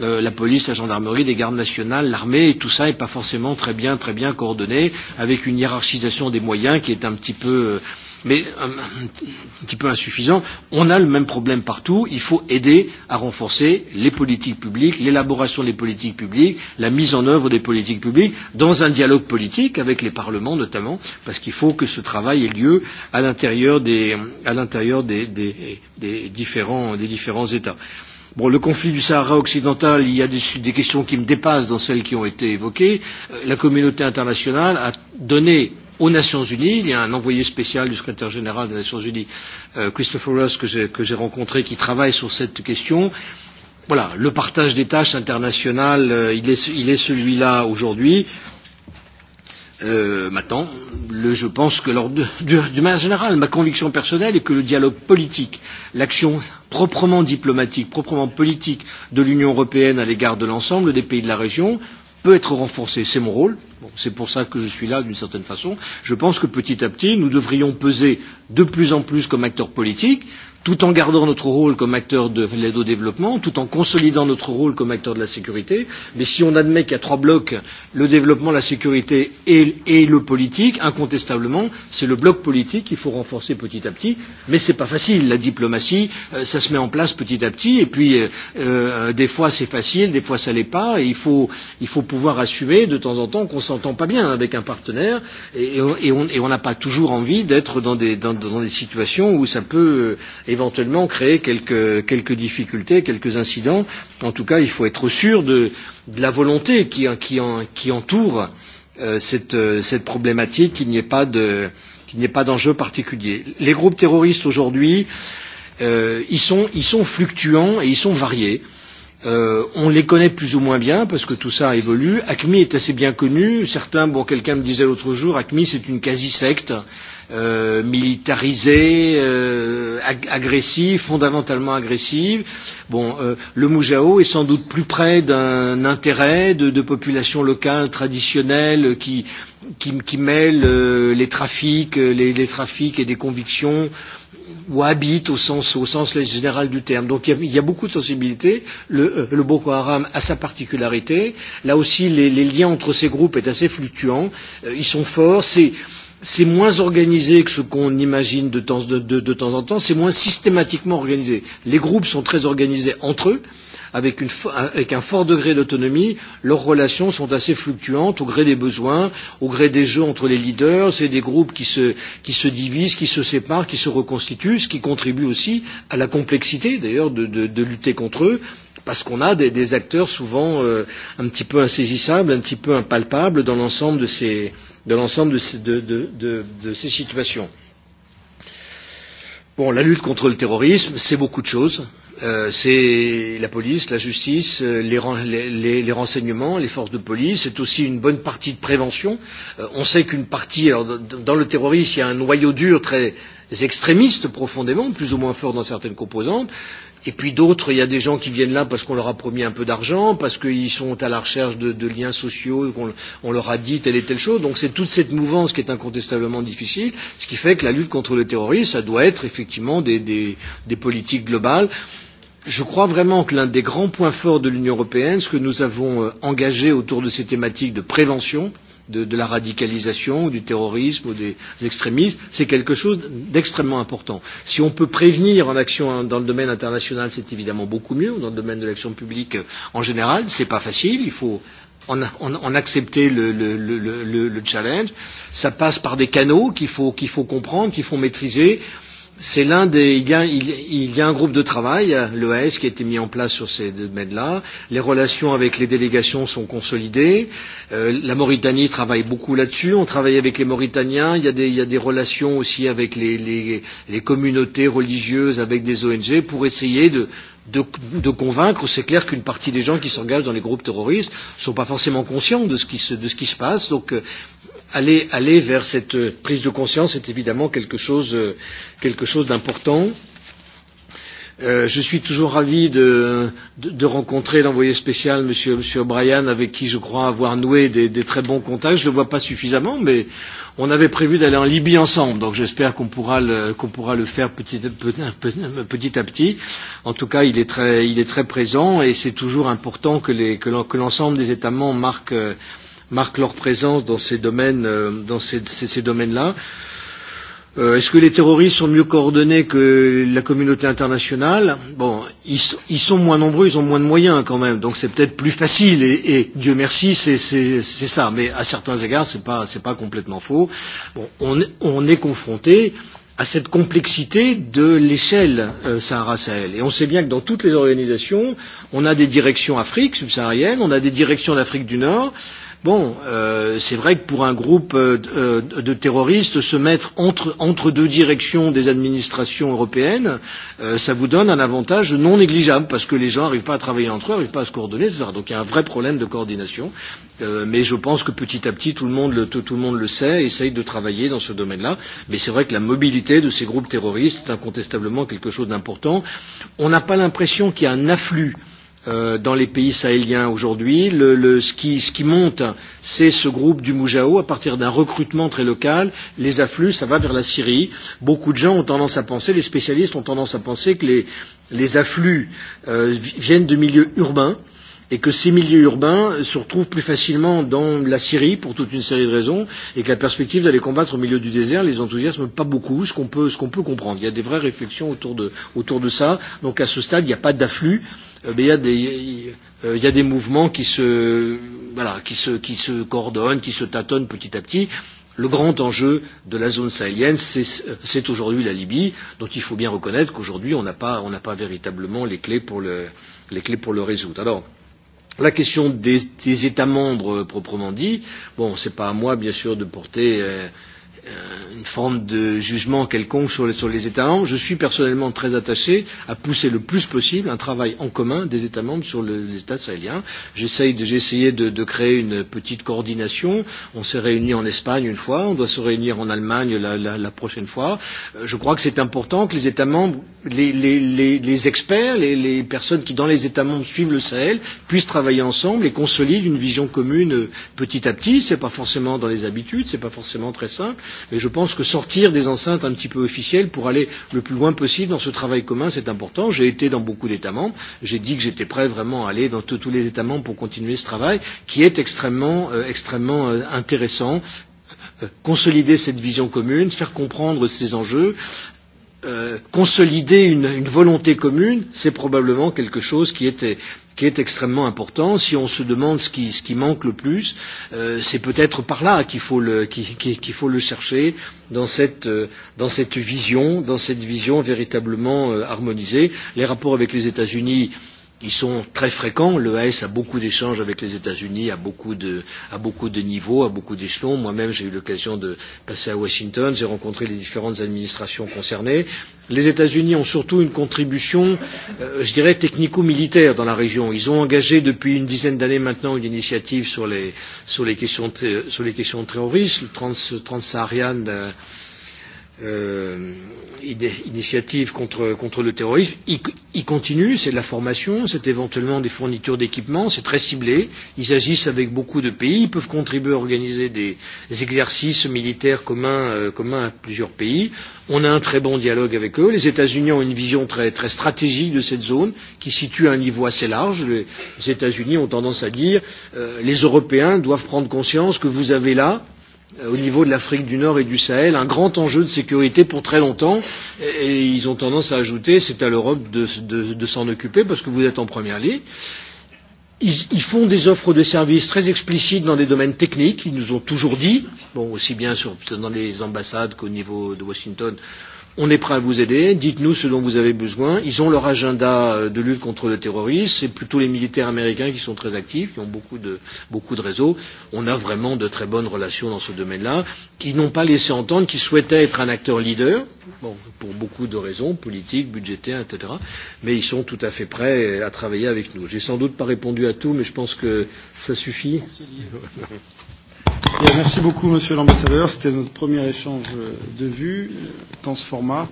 euh, la police, la gendarmerie, les gardes nationales, l'armée, et tout ça n'est pas forcément très bien, très bien coordonné, avec une hiérarchisation des moyens qui est un petit peu. Euh, mais un, euh, un petit peu insuffisant. On a le même problème partout. Il faut aider à renforcer les politiques publiques, l'élaboration des politiques publiques, la mise en œuvre des politiques publiques, dans un dialogue politique avec les parlements notamment, parce qu'il faut que ce travail ait lieu à l'intérieur des, à l'intérieur des, des, des, différents, des différents États. Bon, le conflit du Sahara occidental, il y a des, des questions qui me dépassent dans celles qui ont été évoquées. Euh, la communauté internationale a donné aux Nations Unies. Il y a un envoyé spécial du secrétaire général des Nations Unies, euh, Christopher Ross, que j'ai rencontré, qui travaille sur cette question. Voilà, le partage des tâches internationales, euh, il est, il est celui-là aujourd'hui. Euh, maintenant, le, je pense que, lors de, de, de manière générale, ma conviction personnelle est que le dialogue politique, l'action proprement diplomatique, proprement politique de l'Union européenne à l'égard de l'ensemble des pays de la région, peut être renforcée. C'est mon rôle. Bon, c'est pour ça que je suis là d'une certaine façon. Je pense que petit à petit, nous devrions peser de plus en plus comme acteurs politiques tout en gardant notre rôle comme acteur de l'aide au développement, tout en consolidant notre rôle comme acteur de la sécurité, mais si on admet qu'il y a trois blocs, le développement, la sécurité et, et le politique, incontestablement, c'est le bloc politique qu'il faut renforcer petit à petit, mais ce n'est pas facile. La diplomatie, euh, ça se met en place petit à petit, et puis euh, euh, des fois c'est facile, des fois ça ne l'est pas, et il faut, il faut pouvoir assumer de temps en temps qu'on ne s'entend pas bien avec un partenaire, et, et on n'a pas toujours envie d'être dans des, dans, dans des situations où ça peut. Euh, éventuellement créer quelques, quelques difficultés, quelques incidents. En tout cas, il faut être sûr de, de la volonté qui, qui, en, qui entoure euh, cette, euh, cette problématique, qu'il n'y ait pas de qu'il n'y ait pas d'enjeu particulier. Les groupes terroristes aujourd'hui, euh, ils, sont, ils sont fluctuants et ils sont variés. Euh, Euh, on les connaît plus ou moins bien parce que tout ça évolue. ACMI est assez bien connu. Certains, bon, quelqu'un me disait l'autre jour, ACMI c'est une quasi-secte euh, militarisée, euh, ag agressive, fondamentalement agressive. Bon, euh, le Moujao est sans doute plus près d'un intérêt de, de population locale traditionnelle qui, qui, qui mêle euh, les trafics, les, les trafics et des convictions euh, ou habite au sens, au sens général du terme. Donc il y a, il y a beaucoup de sensibilités. Le, euh, le Boko Haram a sa particularité. Là aussi, les, les liens entre ces groupes sont assez fluctuants. Euh, ils sont forts. C'est, c'est moins organisé que ce qu'on imagine de temps, de, de, de temps en temps. C'est moins systématiquement organisé. Les groupes sont très organisés entre eux avec, une, avec un fort degré d'autonomie, leurs relations sont assez fluctuantes au gré des besoins, au gré des jeux entre les leaders, c'est des groupes qui se, qui se divisent, qui se séparent, qui se reconstituent, ce qui contribue aussi à la complexité d'ailleurs de, de, de lutter contre eux, parce qu'on a des, des acteurs souvent euh, un petit peu insaisissables, un petit peu impalpables dans l'ensemble de ces, de l'ensemble de ces, de, de, de, de ces situations. Bon, la lutte contre le terrorisme, c'est beaucoup de choses. Euh, c'est la police, la justice, euh, les, ren les, les renseignements, les forces de police. C'est aussi une bonne partie de prévention. Euh, on sait qu'une partie, alors, dans le terrorisme, il y a un noyau dur très extrémiste profondément, plus ou moins fort dans certaines composantes. Et puis d'autres, il y a des gens qui viennent là parce qu'on leur a promis un peu d'argent, parce qu'ils sont à la recherche de, de liens sociaux, qu'on on leur a dit telle et telle chose. Donc c'est toute cette mouvance qui est incontestablement difficile, ce qui fait que la lutte contre le terrorisme, ça doit être effectivement des, des, des politiques globales. Je crois vraiment que l'un des grands points forts de l'Union européenne, ce que nous avons euh, engagé autour de ces thématiques de prévention, euh, de, de la radicalisation, du terrorisme ou des extrémistes, c'est quelque chose d'extrêmement important. Si on peut prévenir en action dans le domaine international, c'est évidemment beaucoup mieux. Dans le domaine de l'action publique euh, en général, ce n'est pas facile. Il faut en, en, en accepter le, le, le, le, le challenge. Ça passe par des canaux qu'il faut, qu faut comprendre, qu'il faut maîtriser. C'est l'un des. Il y, a, il, il y a un groupe de travail, l'ES, qui a été mis en place sur ces domaines-là. Les relations avec les délégations sont consolidées. Euh, la Mauritanie travaille beaucoup là-dessus. On travaille avec les Mauritaniens. Il y a des, il y a des relations aussi avec les, les, les communautés religieuses, avec des ONG, pour essayer de, de, de convaincre. C'est clair qu'une partie des gens qui s'engagent dans les groupes terroristes ne sont pas forcément conscients de ce qui se, de ce qui se passe. Donc, euh, aller, aller vers cette euh, prise de conscience est évidemment quelque chose, euh, quelque chose d'important. Euh, je suis toujours ravi de, de, de rencontrer l'envoyé spécial, Monsieur, Monsieur Brian, avec qui je crois avoir noué des, des très bons contacts. Je ne le vois pas suffisamment, mais on avait prévu d'aller en Libye ensemble, donc j'espère qu'on pourra, qu pourra le faire petit, petit, petit à petit. En tout cas, il est très, il est très présent et c'est toujours important que l'ensemble que, que des États membres marquent euh, marquent leur présence dans ces domaines, euh, dans ces, ces, ces domaines-là. Euh, est-ce que les terroristes sont mieux coordonnés que la communauté internationale Bon, ils, ils sont moins nombreux, ils ont moins de moyens quand même, donc c'est peut-être plus facile. Et, et Dieu merci, c'est, c'est, c'est ça. Mais à certains égards, c'est pas, c'est pas complètement faux. Bon, on, on est confronté à cette complexité de l'échelle euh, Sahara-Sahel. Et on sait bien que dans toutes les organisations, on a des directions Afrique subsaharienne, on a des directions d'Afrique du Nord, Bon, euh, c'est vrai que pour un groupe euh, euh, de terroristes, se mettre entre, entre deux directions des administrations européennes, euh, ça vous donne un avantage non négligeable, parce que les gens n'arrivent pas à travailler entre eux, n'arrivent pas à se coordonner, etc. Donc il y a un vrai problème de coordination. Euh, mais je pense que petit à petit, tout le monde le, tout, tout le, monde le sait, essaye de travailler dans ce domaine-là. Mais c'est vrai que la mobilité de ces groupes terroristes est incontestablement quelque chose d'important. On n'a pas l'impression qu'il y a un afflux euh, Euh, dans les pays sahéliens aujourd'hui. Le, le, ce, qui, ce qui monte, c'est ce groupe du Moujao à partir d'un recrutement très local. Les afflux, ça va vers la Syrie. Beaucoup de gens ont tendance à penser, les spécialistes ont tendance à penser que les, les afflux euh, viennent de milieux urbains et que ces milieux urbains se retrouvent plus facilement dans la Syrie pour toute une série de raisons et que la perspective d'aller combattre au milieu du désert les enthousiasme pas beaucoup, ce qu'on peut, qu peut comprendre. Il y a des vraies réflexions autour de, autour de ça. Donc à ce stade, il n'y a pas d'afflux, euh, mais il y a des, euh, il y a des mouvements qui se, voilà, qui, se, qui se coordonnent, qui se tâtonnent petit à petit. Le grand enjeu de la zone sahélienne, c'est aujourd'hui la Libye, dont il faut bien reconnaître qu'aujourd'hui, on n'a pas, pas véritablement les clés pour le, les clés pour le résoudre. Alors, À la question des, des États membres euh, proprement dit, bon, ce n'est pas à moi, bien sûr, de porter euh, Euh, une forme de jugement quelconque sur les, sur les États membres. Je suis personnellement très attaché à pousser le plus possible un travail en commun des États membres sur le, les États sahéliens. J'ai essayé de, de créer une petite coordination. On s'est réunis en Espagne une fois, on doit se réunir en Allemagne la, la, la prochaine fois. Euh, je crois que c'est important que les États membres, les, les, les, les experts, les, les personnes qui dans les États membres suivent le Sahel, puissent travailler ensemble et consolident une vision commune euh, petit à petit. Ce n'est pas forcément dans les habitudes, ce n'est pas forcément très simple. Mais je pense que sortir des enceintes un petit peu officielles pour aller le plus loin possible dans ce travail commun, c'est important. J'ai été dans beaucoup d'États membres. J'ai dit que j'étais prêt vraiment à aller dans tous les États membres pour continuer ce travail, qui est extrêmement, euh, extrêmement euh, intéressant euh, euh, consolider cette vision commune, faire comprendre ces enjeux, Euh, consolider une, une volonté commune, c'est probablement quelque chose qui est, qui est extrêmement important. Si on se demande ce qui, ce qui manque le plus, euh, c'est peut-être par là qu'il faut, qui, qui, qu faut le chercher dans cette, euh, dans cette vision, dans cette vision véritablement euh, harmonisée. Les rapports avec les États-Unis. Ils sont très fréquents. L'EAS a beaucoup d'échanges avec les États-Unis à beaucoup de, à beaucoup de niveaux, à beaucoup d'échelons. Moi-même, j'ai eu l'occasion de passer à Washington. J'ai rencontré les différentes administrations concernées. Les États-Unis ont surtout une contribution, euh, je dirais, technico-militaire dans la région. Ils ont engagé depuis une dizaine d'années maintenant une initiative sur les, sur les questions, sur les questions terroristes, le trans, transsaharian. Euh, euh, initiatives contre, contre le terrorisme, il, il continue, c'est de la formation, c'est éventuellement des fournitures d'équipements, c'est très ciblé, ils agissent avec beaucoup de pays, ils peuvent contribuer à organiser des exercices militaires communs, euh, communs à plusieurs pays, on a un très bon dialogue avec eux, les États-Unis ont une vision très, très stratégique de cette zone, qui situe à un niveau assez large, les États-Unis ont tendance à dire, euh, les Européens doivent prendre conscience que vous avez là, au niveau de l'Afrique du Nord et du Sahel un grand enjeu de sécurité pour très longtemps et ils ont tendance à ajouter c'est à l'Europe de, de, de s'en occuper parce que vous êtes en première ligne. Ils, ils font des offres de services très explicites dans des domaines techniques, ils nous ont toujours dit, bon, aussi bien sur, dans les ambassades qu'au niveau de Washington, on est prêt à vous aider, dites-nous ce dont vous avez besoin. Ils ont leur agenda euh, de lutte contre le terrorisme, c'est plutôt les militaires américains qui sont très actifs, qui ont beaucoup de, beaucoup de réseaux. On a vraiment de très bonnes relations dans ce domaine-là, qui n'ont pas laissé entendre qu'ils souhaitaient être un acteur leader, bon, pour beaucoup de raisons, politiques, budgétaires, etc. Mais ils sont tout à fait prêts à travailler avec nous. J'ai sans doute pas répondu à tout, mais je pense que ça suffit. Merci, Bien, merci beaucoup, Monsieur l'ambassadeur. C'était notre premier échange euh, de vues euh, dans ce format.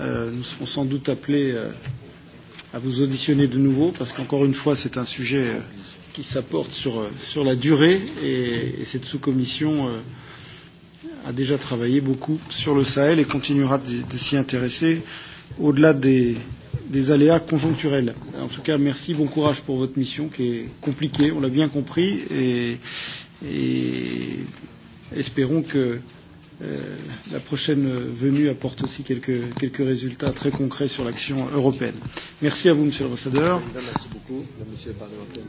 Euh, nous serons sans doute appelés euh, à vous auditionner de nouveau, parce qu'encore une fois, c'est un sujet euh, qui s'apporte sur, euh, sur la durée, et, et cette sous-commission euh, a déjà travaillé beaucoup sur le Sahel et continuera de, de s'y intéresser au-delà des, des aléas conjoncturels. En tout cas, merci, bon courage pour votre mission qui est compliquée, on l'a bien compris, et, et espérons que euh, la prochaine venue apporte aussi quelques, quelques résultats très concrets sur l'action européenne. Merci à vous, Monsieur le Rassadeur. Merci beaucoup, Monsieur le Parlementaire.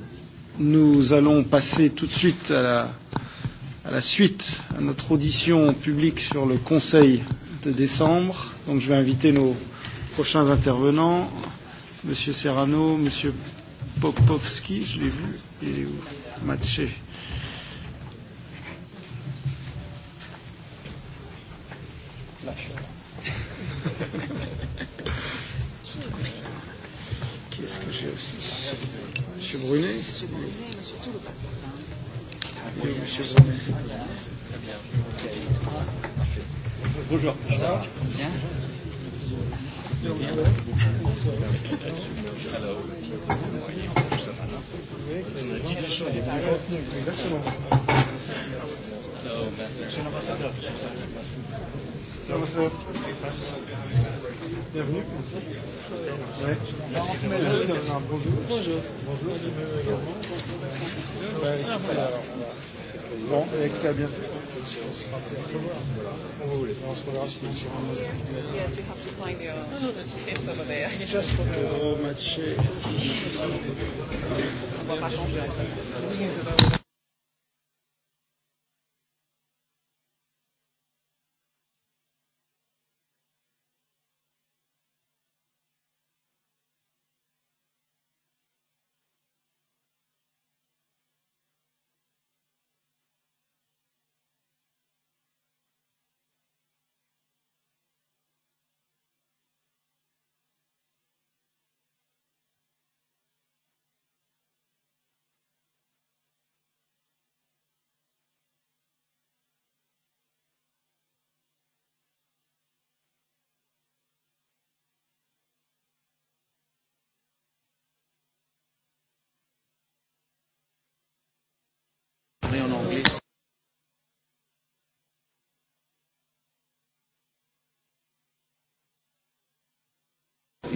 Nous allons passer tout de suite à la, à la suite à notre audition publique sur le Conseil de décembre. Donc, je vais inviter nos prochains intervenants, Monsieur Serrano, Monsieur Popovski, je l'ai vu, et Matche. Monsieur Brunet. Monsieur Brunet, Bonjour. Ça va Bien. Alors, Monsieur l'ambassadeur lassen. Servus. Bienvenue. Bon, et très bien. On va pas changer.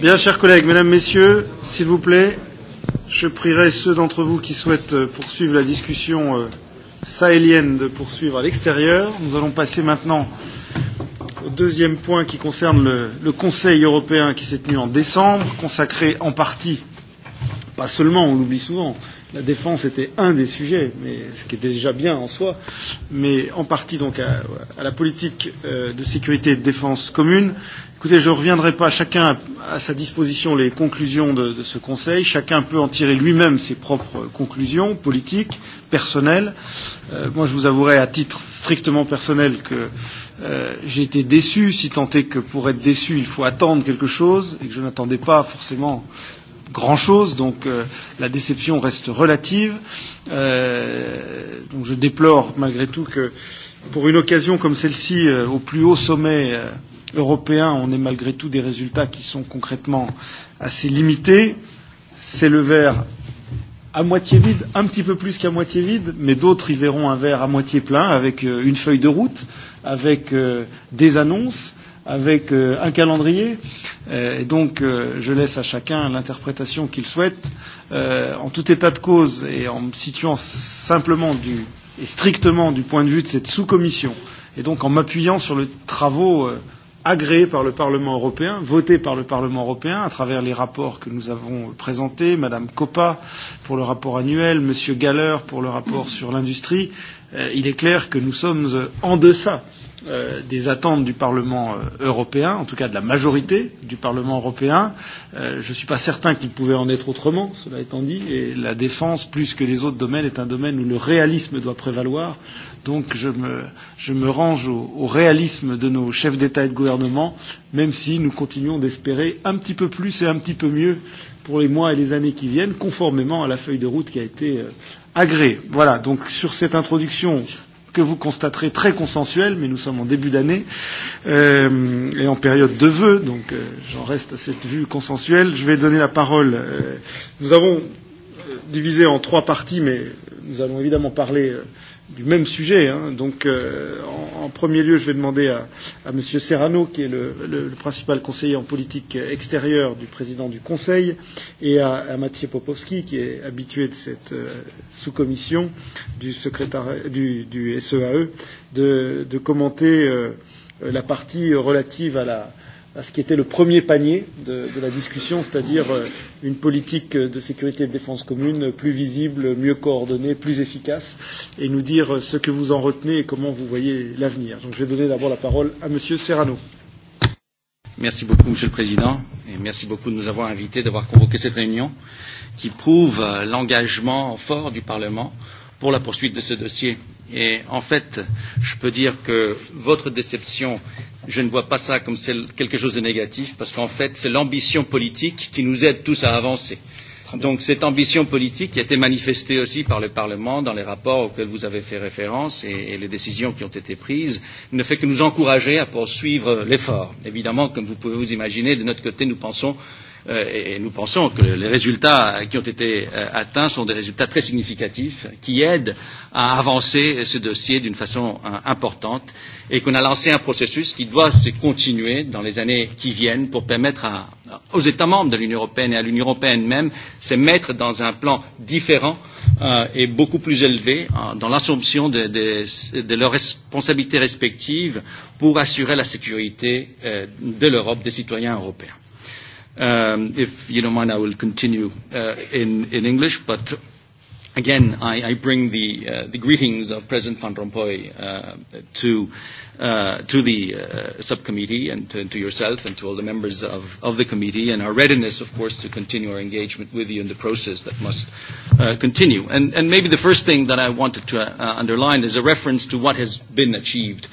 Bien, chers collègues, mesdames, messieurs, s'il vous plaît, je prierai ceux d'entre vous qui souhaitent euh, poursuivre la discussion euh, sahélienne de poursuivre à l'extérieur. Nous allons passer maintenant au deuxième point qui concerne le, le Conseil européen qui s'est tenu en décembre, consacré en partie, pas seulement, on l'oublie souvent, la défense était un des sujets, mais ce qui était déjà bien en soi, mais en partie donc à, à la politique euh, de sécurité et de défense commune. Écoutez, je ne reviendrai pas. Chacun a à sa disposition les conclusions de, de ce Conseil. Chacun peut en tirer lui-même ses propres conclusions politiques, personnelles. Euh, moi, je vous avouerai à titre strictement personnel que euh, j'ai été déçu, si tant est que pour être déçu, il faut attendre quelque chose et que je n'attendais pas forcément grand chose, donc euh, la déception reste relative. Euh, donc je déplore malgré tout que pour une occasion comme celle-ci, euh, au plus haut sommet euh, européen, on ait malgré tout des résultats qui sont concrètement assez limités. C'est le verre à moitié vide, un petit peu plus qu'à moitié vide, mais d'autres y verront un verre à moitié plein avec euh, une feuille de route, avec euh, des annonces avec euh, un calendrier. Euh, et donc, euh, je laisse à chacun l'interprétation qu'il souhaite. Euh, en tout état de cause et en me situant simplement du, et strictement du point de vue de cette sous-commission, et donc en m'appuyant sur les travaux euh, agréés par le Parlement européen, votés par le Parlement européen à travers les rapports que nous avons présentés, Madame Coppa pour le rapport annuel, Monsieur Galler pour le rapport mmh. sur l'industrie, euh, il est clair que nous sommes euh, en deçà euh, Euh, des attentes du Parlement euh, européen, en tout cas de la majorité du Parlement européen. Euh, je ne suis pas certain qu'il pouvait en être autrement, cela étant dit, et la défense, plus que les autres domaines, est un domaine où le réalisme doit prévaloir. Donc je me, je me range au, au réalisme de nos chefs d'État et de gouvernement, même si nous continuons d'espérer un petit peu plus et un petit peu mieux pour les mois et les années qui viennent, conformément à la feuille de route qui a été agréée. Voilà, donc sur cette introduction. Euh, que vous constaterez très consensuel, mais nous sommes en début d'année euh, et en période de vœux, donc euh, j'en reste à cette vue consensuelle. Je vais donner la parole. Euh, nous avons euh, divisé en trois parties, mais nous allons évidemment parler. Euh, du même sujet. Hein. Donc, euh, en, en premier lieu, je vais demander à, à M. Serrano, qui est le, le, le principal conseiller en politique extérieure du président du Conseil, et à, à Mathieu Popowski, qui est habitué de cette euh, sous-commission du, du, du SEAE, e, de, de commenter euh, la partie relative à la, euh, à ce qui était le premier panier de, de la discussion, c'est-à-dire euh, une politique de sécurité et de défense commune plus visible, mieux coordonnée, plus efficace, et nous dire ce que vous en retenez et comment vous voyez l'avenir. Donc je vais donner d'abord la parole à Monsieur Serrano. Merci beaucoup, Monsieur le Président, et merci beaucoup de nous avoir invités, d'avoir convoqué cette réunion, qui prouve euh, l'engagement fort du Parlement pour la poursuite de ce dossier. Et en fait, je peux dire que votre déception je ne vois pas ça comme quelque chose de négatif, parce qu'en fait, c'est l'ambition politique qui nous aide tous à avancer. Donc cette ambition politique qui a été manifestée aussi par le Parlement dans les rapports auxquels vous avez fait référence et, et les décisions qui ont été prises ne fait que nous encourager à poursuivre l'effort. Évidemment, comme vous pouvez vous imaginer, de notre côté, nous pensons Euh, et, et nous pensons que les résultats qui ont été euh, atteints sont des résultats très significatifs qui aident à avancer ce dossier d'une façon euh, importante et qu'on a lancé un processus qui doit se continuer dans les années qui viennent pour permettre à, aux États membres de l'Union européenne et à l'Union européenne même se mettre dans un plan différent euh, et beaucoup plus élevé euh, dans l'assumption de, de, de leurs responsabilités respectives pour assurer la sécurité euh, de l'Europe, des citoyens européens. Um, if you don't mind, I will continue uh, in, in English. But again, I, I bring the, uh, the greetings of President Van Rompuy uh, to, uh, to the uh, subcommittee and to, to yourself and to all the members of, of the committee and our readiness, of course, to continue our engagement with you in the process that must uh, continue. And, and maybe the first thing that I wanted to uh, underline is a reference to what has been achieved.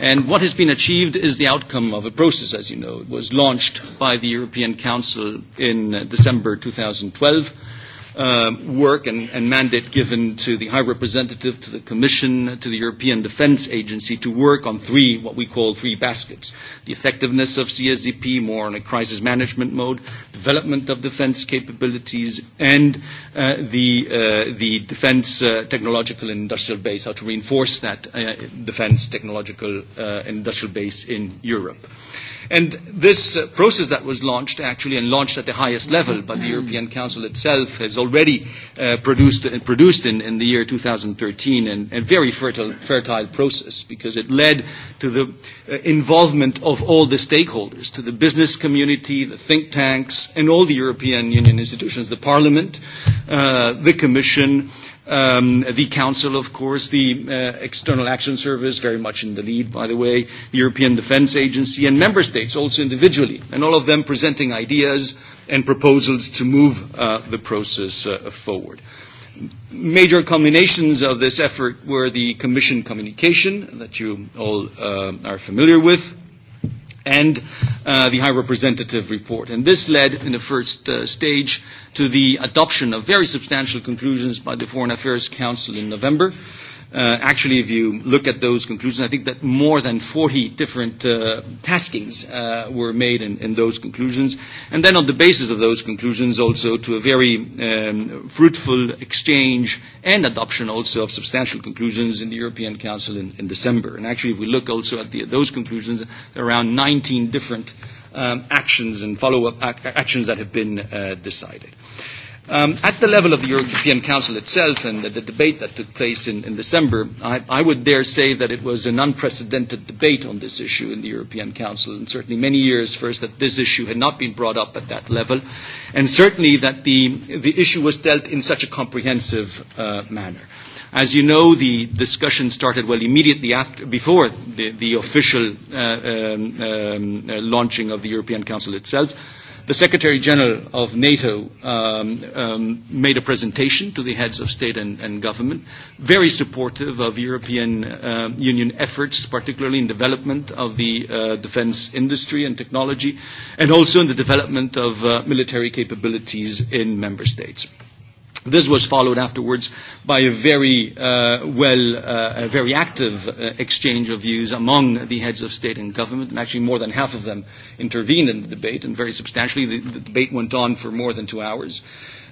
And what has been achieved is the outcome of a process, as you know. It was launched by the European Council in uh, December 2012 uh, work and, and mandate given to the High Representative, to the Commission, to the European Defense Agency to work on three, what we call three baskets. The effectiveness of CSDP, more on a crisis management mode, development of defense capabilities, and uh, the, uh, the defense uh, technological and industrial base, how to reinforce that uh, defense technological uh, industrial base in Europe. And this uh, process that was launched, actually, and launched at the highest level by the mm-hmm. European Council itself, has already uh, produced, uh, produced in, in the year 2013 and a very fertile, fertile process because it led to the uh, involvement of all the stakeholders, to the business community, the think tanks, and all the European Union institutions, the Parliament, uh, the Commission, uh, Um, the Council, of course, the uh, External Action Service, very much in the lead, by the way, the European Defense Agency, and member states also individually, and all of them presenting ideas and proposals to move uh, the process uh, forward. Major culminations of this effort were the Commission communication that you all uh, are familiar with, and uh, the High Representative report. And this led, in the first uh, stage, to the adoption of very substantial conclusions by the Foreign Affairs Council in November uh, actually, if you look at those conclusions, I think that more than 40 different uh, taskings uh, were made in, in those conclusions. And then, on the basis of those conclusions, also to a very um, fruitful exchange and adoption also of substantial conclusions in the European Council in, in December. And actually, if we look also at the, those conclusions, there are around 19 different um, actions and follow up ac- actions that have been uh, decided. Uh, Um, at the level of the European Council itself and the, the debate that took place in, in December, I, I would dare say that it was an unprecedented debate on this issue in the European Council, and certainly many years first that this issue had not been brought up at that level, and certainly that the, the issue was dealt in such a comprehensive uh, manner. As you know, the discussion started well immediately after, before the, the official uh, um, um, uh, launching of the European Council itself the Secretary General of NATO um, um, made a presentation to the heads of state and, and government, very supportive of European uh, Union efforts, particularly in development of the uh, defense industry and technology, and also in the development of uh, military capabilities in member states. This was followed afterwards by a very uh, well, uh, a very active uh, exchange of views among the heads of state and government, and actually more than half of them intervened in the debate, and very substantially the, the debate went on for more than two hours.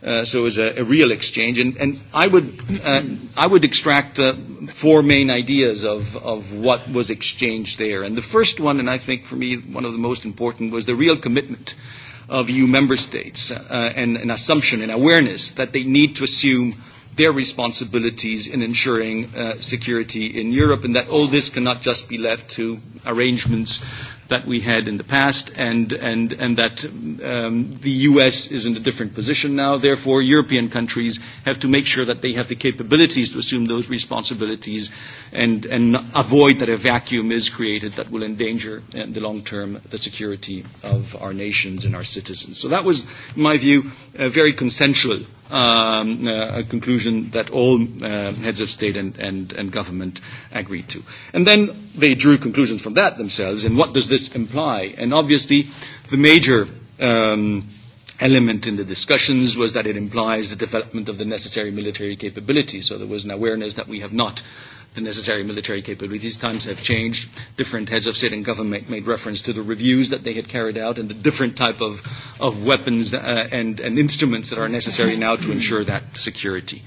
Uh, so it was a, a real exchange, and, and I would uh, I would extract uh, four main ideas of of what was exchanged there. And the first one, and I think for me one of the most important, was the real commitment uh, of EU member states uh, and an assumption and awareness that they need to assume their responsibilities in ensuring uh, security in Europe, and that all this cannot just be left to arrangements that we had in the past, and, and, and that um, the U.S. is in a different position now. Therefore, European countries have to make sure that they have the capabilities to assume those responsibilities and, and avoid that a vacuum is created that will endanger in uh, the long term the security of our nations and our citizens. So that was, in my view, a very consensual um, uh, a conclusion that all uh, heads of state and, and, and government agreed to. And then they drew conclusions from that themselves, and what does this imply? And obviously, the major um, element in the discussions was that it implies the development of the necessary military capability, so there was an awareness that we have not the necessary military capabilities. Times have changed. Different heads of state and government made reference to the reviews that they had carried out and the different type of, of weapons uh, and, and instruments that are necessary now to ensure that security.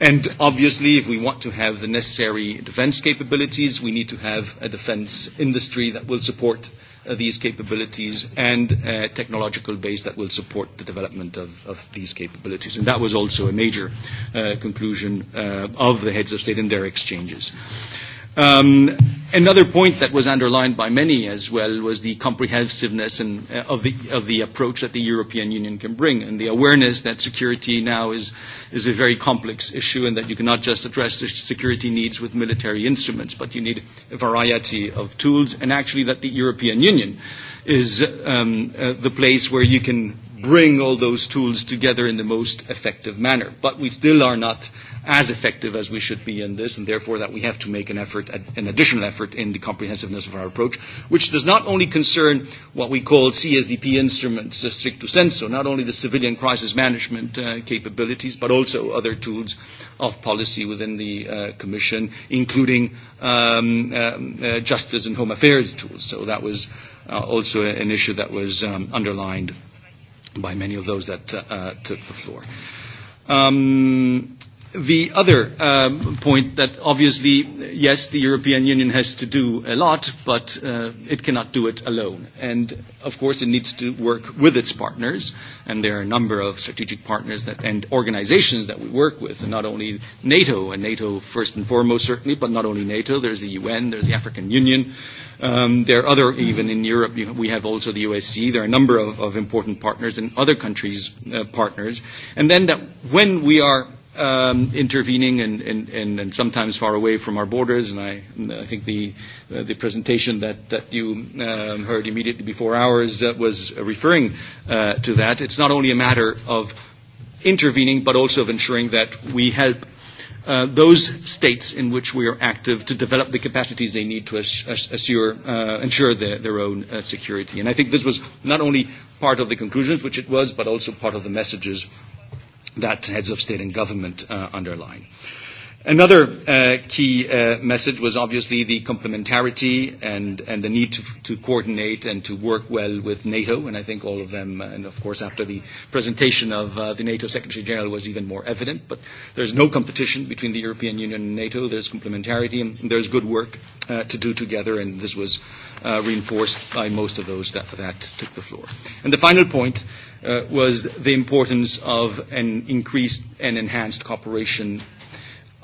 And obviously, if we want to have the necessary defense capabilities, we need to have a defense industry that will support uh, Uh, these capabilities and a technological base that will support the development of, of these capabilities. And that was also a major uh, conclusion uh, of the heads of state in their exchanges. Uh, Um, another point that was underlined by many as well was the comprehensiveness and, uh, of, the, of the approach that the European Union can bring and the awareness that security now is, is a very complex issue and that you cannot just address the security needs with military instruments, but you need a variety of tools, and actually that the European Union is um, uh, the place where you can bring all those tools together in the most effective manner. But we still are not as effective as we should be in this, and therefore that we have to make an effort, an additional effort in the comprehensiveness of our approach, which does not only concern what we call CSDP instruments, uh, stricto sensu, not only the civilian crisis management uh, capabilities, but also other tools of policy within the uh, Commission, including um, uh, uh, justice and home affairs tools. So that was uh, also an issue that was um, underlined by many of those that uh, uh took the floor. Um, the other um, point that obviously, yes, the European Union has to do a lot, but uh, it cannot do it alone. And of course, it needs to work with its partners. And there are a number of strategic partners that, and organizations that we work with, and not only NATO, and NATO first and foremost, certainly, but not only NATO. There's the UN, there's the African Union. Um, there are other, even in Europe, we have also the OSCE. There are a number of, of important partners and other countries' uh, partners. And then that when we are um, intervening and, and, and, and sometimes far away from our borders. And I, I think the, uh, the presentation that, that you um, heard immediately before ours uh, was referring uh, to that. It's not only a matter of intervening, but also of ensuring that we help uh, those states in which we are active to develop the capacities they need to assure, assure, uh, ensure their, their own uh, security. And I think this was not only part of the conclusions, which it was, but also part of the messages that heads of state and government uh, underline. Uh, Another uh, key uh, message was obviously the complementarity and, and the need to, to coordinate and to work well with NATO. And I think all of them, and of course, after the presentation of uh, the NATO Secretary General, was even more evident. But there's no competition between the European Union and NATO. There's complementarity and there's good work uh, to do together. And this was uh, reinforced by most of those that, that took the floor. And the final point. Uh, was the importance of an increased and enhanced cooperation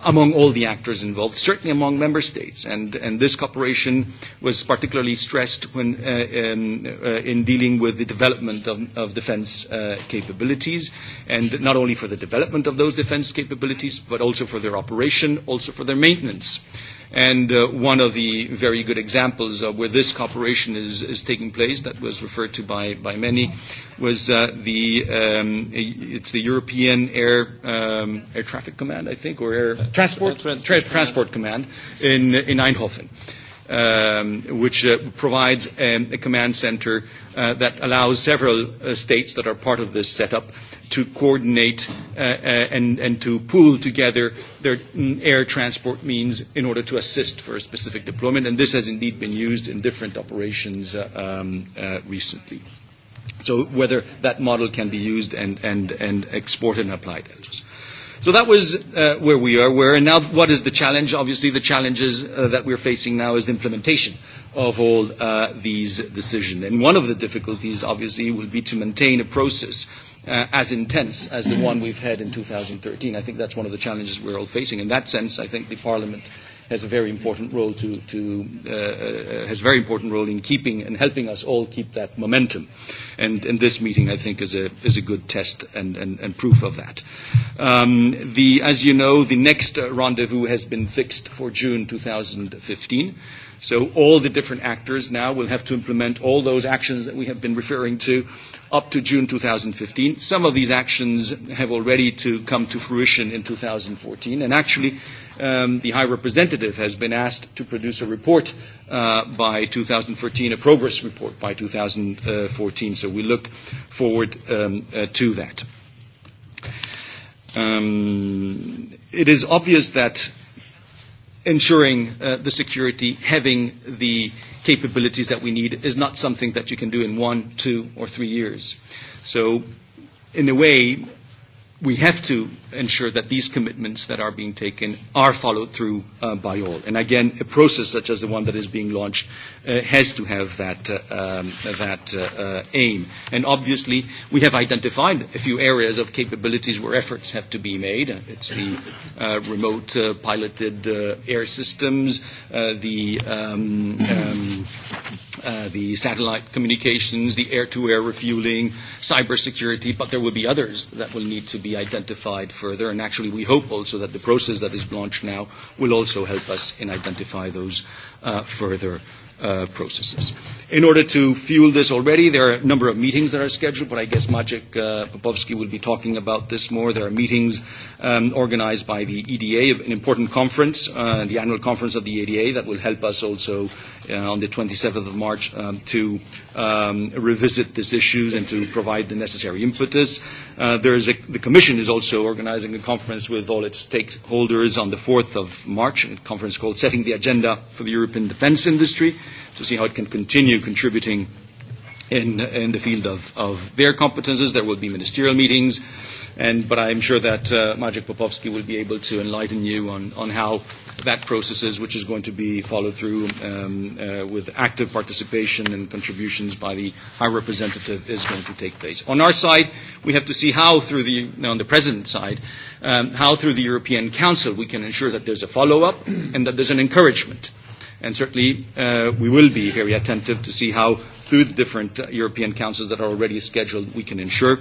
among all the actors involved, certainly among member states. And, and this cooperation was particularly stressed when, uh, um, uh, in dealing with the development of, of defense uh, capabilities, and not only for the development of those defense capabilities, but also for their operation, also for their maintenance. Uh, And uh, one of the very good examples of where this cooperation is, is taking place, that was referred to by, by many, was uh, the um, it's the European Air um, Air Traffic Command, I think, or Air uh, Transport Transport, Transport, Transport Command in in Eindhoven um, which uh, provides um, a command center uh, that allows several uh, states that are part of this setup to coordinate uh, uh, and, and to pool together their mm, air transport means in order to assist for a specific deployment. And this has indeed been used in different operations uh, um, uh, recently. So whether that model can be used and, and, and exported and applied elsewhere. So that was uh, where we are, where, and now what is the challenge? Obviously, the challenges uh, that we're facing now is the implementation of all uh, these decisions. And one of the difficulties, obviously, will be to maintain a process uh, as intense as the one we've had in 2013. I think that's one of the challenges we're all facing. In that sense, I think the Parliament has a very important role to, to uh, uh, has a very important role in keeping and helping us all keep that momentum. And, and this meeting, I think, is a, is a good test and, and, and proof of that. Um, the, as you know, the next rendezvous has been fixed for June 2015. So all the different actors now will have to implement all those actions that we have been referring to up to June 2015. Some of these actions have already to come to fruition in 2014. And actually, um, the High Representative has been asked to produce a report uh, by 2014, a progress report by 2014. So we look forward um, uh, to that. Um, it is obvious that ensuring uh, the security, having the capabilities that we need, is not something that you can do in one, two, or three years. So, in a way, we have to ensure that these commitments that are being taken are followed through uh, by all. And again, a process such as the one that is being launched uh, has to have that, uh, um, that uh, uh aim. And obviously, we have identified a few areas of capabilities where efforts have to be made. It's the uh, remote uh, piloted uh, air systems, uh, the um, um, Uh, the satellite communications, the air-to-air refueling, cybersecurity, but there will be others that will need to be identified further. And actually, we hope also that the process that is launched now will also help us in identifying those uh, further uh, processes. In order to fuel this already, there are a number of meetings that are scheduled, but I guess Maciek uh, Popovsky will be talking about this more. There are meetings um, organized by the EDA, an important conference, uh, the annual conference of the EDA, that will help us also uh, on the 27th of March um, to um, revisit these issues and to provide the necessary impetus. Uh, there is a, the Commission is also organizing a conference with all its stakeholders on the 4th of March, a conference called Setting the Agenda for the European Defense Industry to see how it can continue contributing in, in the field of, of their competences. There will be ministerial meetings, and, but I'm sure that uh, Majek Popovsky will be able to enlighten you on, on how that process is, which is going to be followed through um, uh, with active participation and contributions by the High Representative is going to take place. On our side, we have to see how through the, on the President's side, um, how through the European Council we can ensure that there's a follow-up and that there's an encouragement. Uh, And certainly, uh, we will be very attentive to see how, through the different uh, European councils that are already scheduled, we can ensure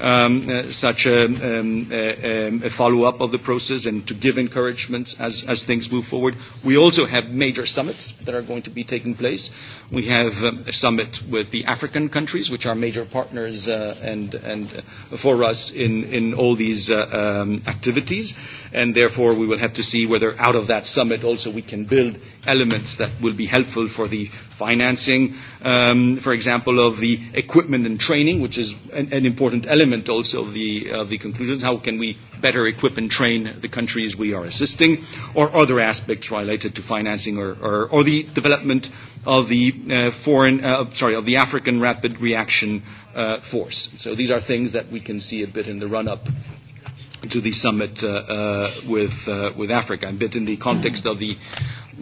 um, uh, such a, um, a, um, a follow up of the process and to give encouragements as, as things move forward. We also have major summits that are going to be taking place. We have um, a summit with the African countries, which are major partners uh, and, and uh, for us in, in all these uh, um, activities. And therefore, we will have to see whether out of that summit also we can build elements that will be helpful for the financing, um, for example, of the equipment and training, which is an, an important element also of the, of the conclusions. How can we better equip and train the countries we are assisting, or other aspects related to financing or, or, or the development of the uh, foreign, uh, sorry, of the African Rapid Reaction uh, Force. So these are things that we can see a bit in the run-up to the summit uh, uh, with, uh, with Africa, a bit in the context of the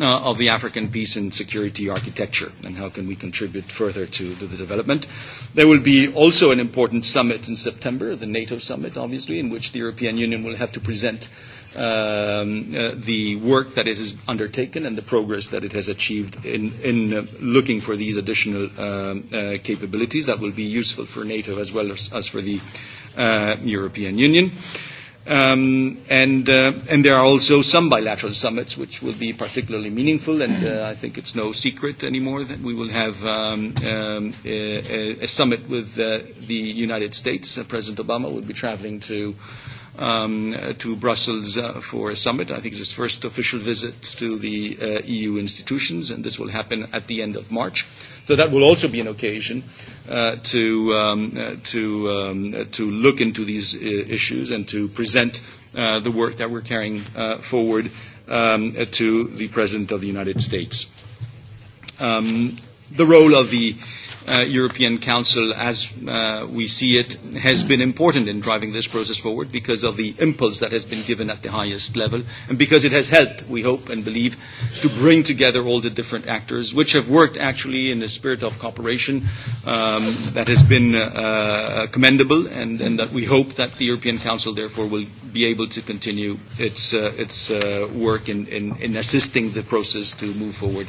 uh, of the African peace and security architecture and how can we contribute further to, to the development. There will be also an important summit in September, the NATO summit, obviously, in which the European Union will have to present um, uh, the work that it has undertaken and the progress that it has achieved in, in uh, looking for these additional um, uh, capabilities that will be useful for NATO as well as, as for the uh, European Union. Uh, um, and, uh, and there are also some bilateral summits which will be particularly meaningful, and uh, I think it's no secret anymore that we will have um, um, a, a summit with uh, the United States. Uh, President Obama will be traveling to uh, um, to Brussels uh, for a summit. I think it's his first official visit to the uh, EU institutions, and this will happen at the end of March. So that will also be an occasion uh, to, um, uh, to, um, uh, to look into these uh, issues and to present uh, the work that we're carrying uh, forward um, uh, to the President of the United States. Um, the role of the uh, uh, European Council, as uh, we see it, has been important in driving this process forward because of the impulse that has been given at the highest level and because it has helped, we hope and believe, to bring together all the different actors, which have worked actually in a spirit of cooperation um, that has been uh, uh, commendable and, and that we hope that the European Council, therefore, will be able to continue its, uh, its uh, work in, in, in assisting the process to move forward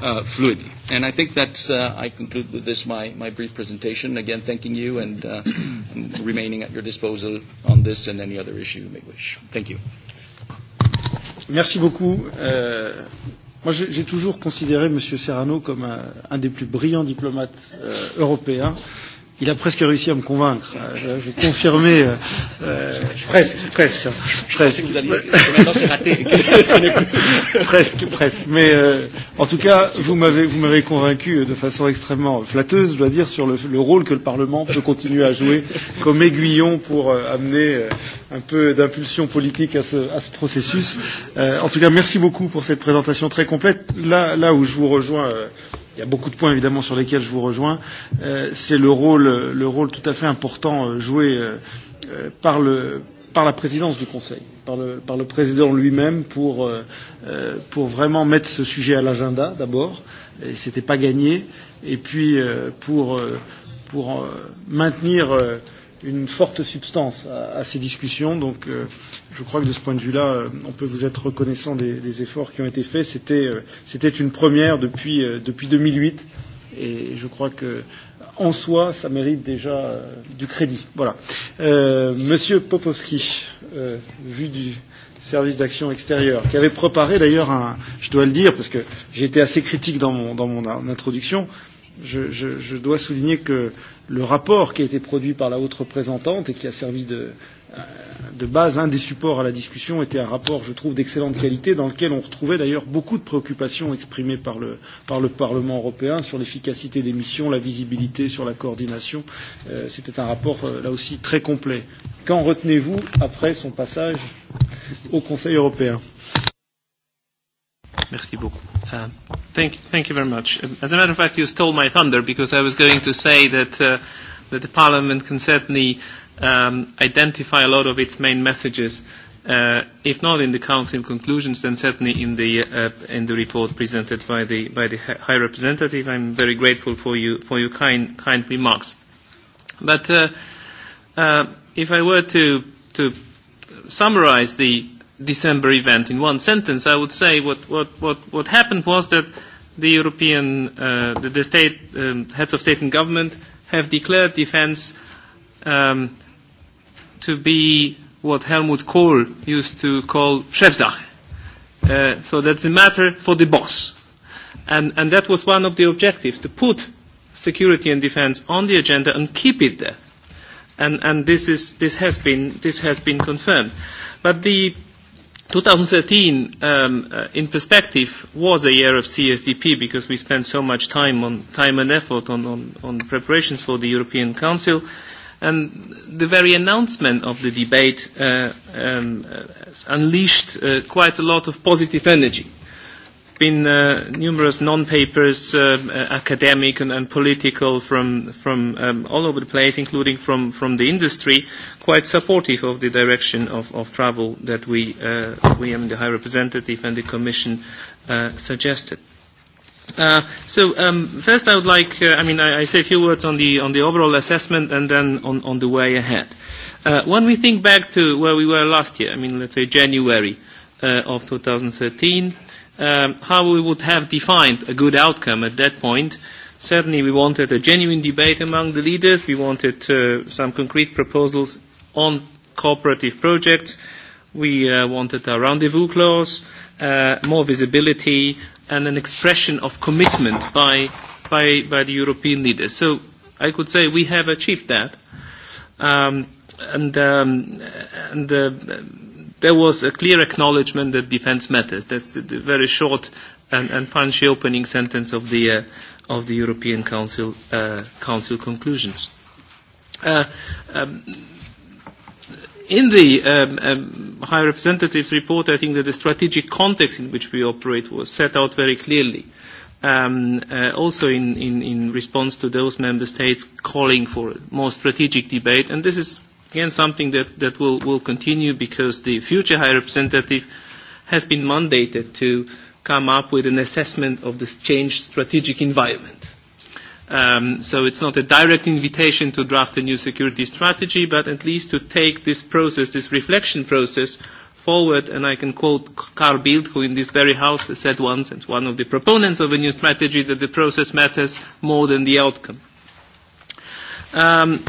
uh, fluidly. And I think that uh, I conclude with this my, my brief presentation. Again, thanking you and uh, remaining at your disposal on this and any other issue you may wish. Thank you. Merci beaucoup. Euh, moi, j'ai toujours considéré M. Serrano comme un, un des plus brillants diplomates euh, européens. Euh, Il a presque réussi à me convaincre. Euh, J'ai confirmé. Euh, euh, presque, presque. Presque. Presque, presque. Mais euh, en tout cas, vous m'avez vous m'avez convaincu de façon extrêmement flatteuse, je dois dire, sur le, le rôle que le Parlement peut continuer à jouer comme aiguillon pour euh, amener euh, un peu d'impulsion politique à ce, à ce processus. Euh, en tout cas, merci beaucoup pour cette présentation très complète. Là, là où je vous rejoins. Euh, il y a beaucoup de points évidemment sur lesquels je vous rejoins, euh, c'est le rôle, le rôle tout à fait important euh, joué euh, euh par, le, par la présidence du Conseil, par le, par le président lui-même pour, euh, euh pour vraiment mettre ce sujet à l'agenda d'abord, et ce n'était pas gagné, et puis euh, pour, euh, pour euh, maintenir. Euh, une forte substance à, à ces discussions. Donc, euh, je crois que de ce point de vue-là, euh, on peut vous être reconnaissant des, des efforts qui ont été faits. C'était euh, une première depuis, euh, depuis 2008. Et je crois que, en soi, ça mérite déjà euh, du crédit. Voilà. Euh, monsieur Popovski, euh, vu du service d'action extérieure, qui avait préparé d'ailleurs un, je dois le dire, parce que j'ai été assez critique dans mon, dans mon introduction, je, je, je dois souligner que le rapport qui a été produit par la haute représentante et qui a servi de, euh, de base, un des supports à la discussion, était un rapport, je trouve, d'excellente qualité, dans lequel on retrouvait d'ailleurs beaucoup de préoccupations exprimées par le, par le Parlement européen sur l'efficacité des missions, la visibilité, sur la coordination. Euh, C'était un rapport, euh, là aussi, très complet. Qu'en retenez-vous après son passage au Conseil européen Merci beaucoup. Uh, thank, thank you very much. Um, as a matter of fact, you stole my thunder because I was going to say that, uh, that the Parliament can certainly um, identify a lot of its main messages, uh, if not in the Council conclusions, then certainly in the, uh, in the report presented by the, by the High Representative. I'm very grateful for, you, for your kind, kind remarks. But uh, uh, if I were to, to summarize the, December event in one sentence, I would say what, what, what, what happened was that the European, uh, the, the state, um, heads of state and government have declared defense um, to be what Helmut Kohl used to call Chefsache. Uh, so that's a matter for the boss. And, and that was one of the objectives, to put security and defense on the agenda and keep it there. And, and this, is, this, has been, this has been confirmed. But the 2013, um, uh, in perspective, was a year of CSDP because we spent so much time, on, time and effort on, on, on preparations for the European Council. And the very announcement of the debate uh, um, uh, unleashed uh, quite a lot of positive energy been uh, numerous non-papers, uh, uh, academic and, and political, from, from um, all over the place, including from, from the industry, quite supportive of the direction of, of travel that we, uh, we and the High Representative and the Commission uh, suggested. Uh, so um, first I would like, uh, I mean, I, I say a few words on the, on the overall assessment and then on, on the way ahead. Uh, when we think back to where we were last year, I mean, let's say January uh, of 2013, um, how we would have defined a good outcome at that point. Certainly, we wanted a genuine debate among the leaders. We wanted uh, some concrete proposals on cooperative projects. We uh, wanted a rendezvous clause, uh, more visibility, and an expression of commitment by, by, by the European leaders. So I could say we have achieved that. Um, and um, and uh, there was a clear acknowledgement that defense matters. That's the, the very short and, and punchy opening sentence of the, uh, of the European Council, uh, Council conclusions. Uh, um, in the um, um, High Representative report, I think that the strategic context in which we operate was set out very clearly. Um, uh, also in, in, in response to those member states calling for a more strategic debate, and this is again something that, that will, will continue because the future high representative has been mandated to come up with an assessment of the changed strategic environment. Um, so it's not a direct invitation to draft a new security strategy, but at least to take this process, this reflection process, forward. And I can quote Carl Bildt, who in this very house has said once, as one of the proponents of a new strategy, that the process matters more than the outcome. Um,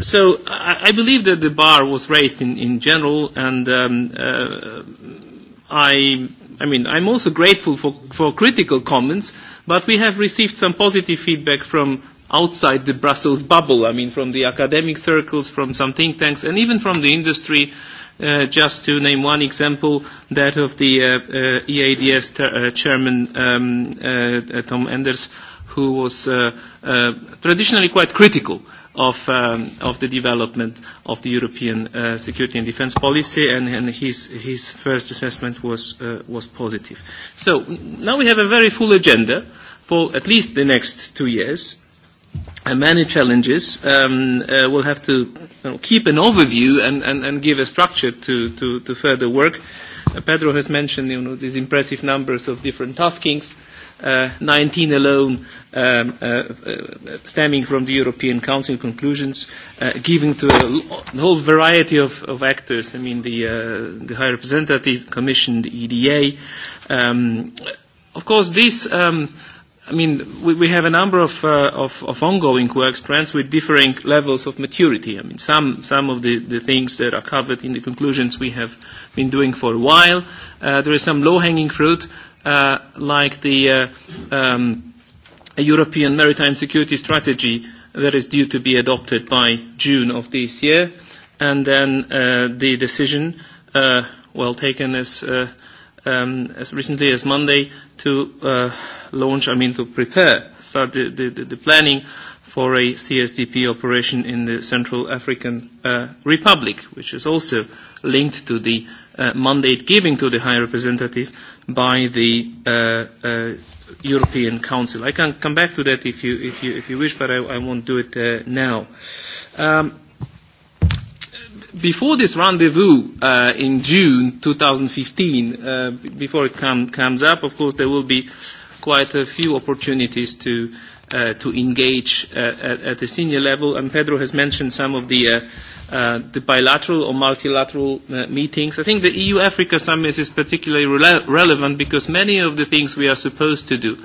So I, I believe that the bar was raised in, in general, and um, uh, I, I mean, I'm also grateful for, for critical comments, but we have received some positive feedback from outside the Brussels bubble, I mean, from the academic circles, from some think tanks, and even from the industry, uh, just to name one example, that of the uh, uh, EADS ter- uh, chairman, um, uh, Tom Enders, who was uh, uh, traditionally quite critical of, um, of the development of the European uh, security and defense policy, and, and his, his first assessment was, uh, was positive. So now we have a very full agenda for at least the next two years. And uh, many challenges. Um, uh, we'll have to you know, keep an overview and, and, and give a structure to, to, to further work. Uh, Pedro has mentioned you know, these impressive numbers of different taskings uh, 19 alone um, uh, uh, stemming from the European Council conclusions, uh, giving to a whole variety of, of actors, I mean the, uh, the High Representative Commission, the EDA. Um, of course, this um, I mean, we, we have a number of, uh, of, of ongoing work strands with differing levels of maturity. I mean, some, some of the, the things that are covered in the conclusions we have been doing for a while. Uh, there is some low-hanging fruit, uh, like the uh, um, a European maritime security strategy that is due to be adopted by June of this year, and then uh, the decision, uh, well taken as... Uh, um, as recently as Monday to uh, launch, I mean, to prepare, start the, the, the planning for a CSDP operation in the Central African uh, Republic, which is also linked to the uh, mandate given to the High Representative by the uh, uh, European Council. I can come back to that if you, if you, if you wish, but I, I won't do it uh, now. Um, before this rendezvous uh, in June 2015, uh, b- before it com- comes up, of course, there will be quite a few opportunities to, uh, to engage uh, at, at the senior level. And Pedro has mentioned some of the, uh, uh, the bilateral or multilateral uh, meetings. I think the EU Africa Summit is particularly rele- relevant because many of the things we are supposed to do,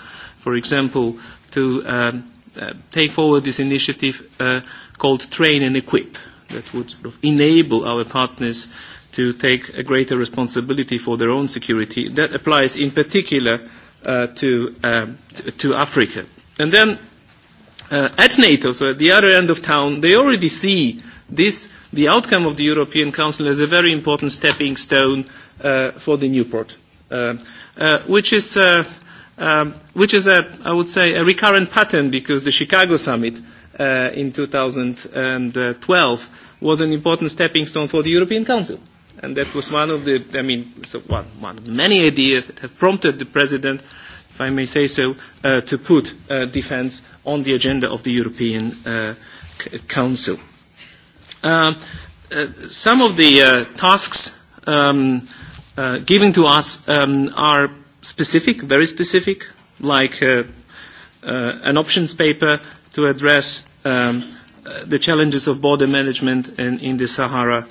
for example, to um, uh, take forward this initiative uh, called Train and Equip that would sort of enable our partners to take a greater responsibility for their own security. That applies in particular uh, to, um, to Africa. And then uh, at NATO, so at the other end of town, they already see this, the outcome of the European Council as a very important stepping stone uh, for the Newport, uh, um, uh, which is, uh, um, which is a, I would say, a recurrent pattern because the Chicago summit uh, uh, in 2012 was an important stepping stone for the European Council. And that was one of the, I mean, so one, one of the many ideas that have prompted the President, if I may say so, uh, to put uh, defense on the agenda of the European uh, c- Council. Uh, uh, some of the uh, tasks um, uh, given to us um, are specific, very specific, like uh, uh, an options paper to address um, uh, the challenges of border management in, in the Sahara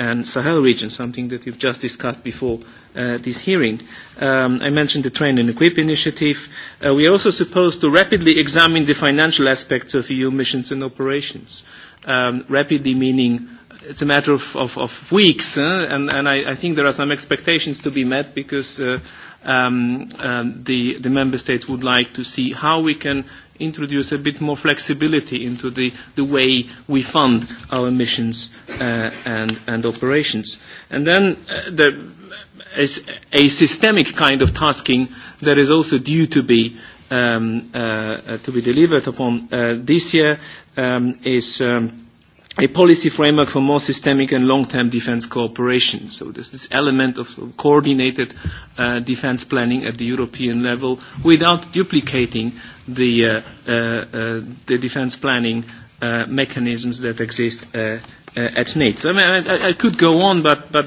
and Sahel region, something that you've just discussed before uh, this hearing. Um, I mentioned the train and equip initiative. Uh, we are also supposed to rapidly examine the financial aspects of EU missions and operations. Um, rapidly meaning it's a matter of, of, of weeks, uh, and, and I, I think there are some expectations to be met because uh, um, um, the, the member states would like to see how we can introduce a bit more flexibility into the, the way we fund our missions uh, and, and operations. And then uh, there is a systemic kind of tasking that is also due to be, um, uh, uh to be delivered upon uh, this year um, is. Um, a policy framework for more systemic and long-term defense cooperation. So there's this element of coordinated uh, defense planning at the European level without duplicating the, uh, uh, uh, the defense planning uh, mechanisms that exist uh, uh, at NATO. So, I, mean, I, I could go on, but, but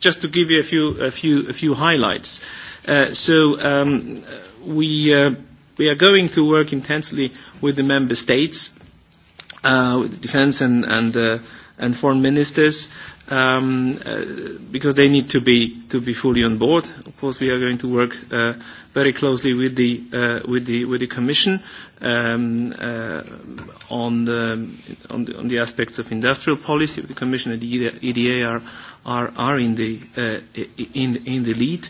just to give you a few, a few, a few highlights. Uh, so um, we, uh, we are going to work intensely with the member states uh, defense and and, uh, and foreign ministers um, uh, because they need to be to be fully on board. Of course, we are going to work uh, very closely with the uh, with the with the Commission um, uh, on the on the on the aspects of industrial policy. The Commission and the EDA e are are are in the uh, in in the lead.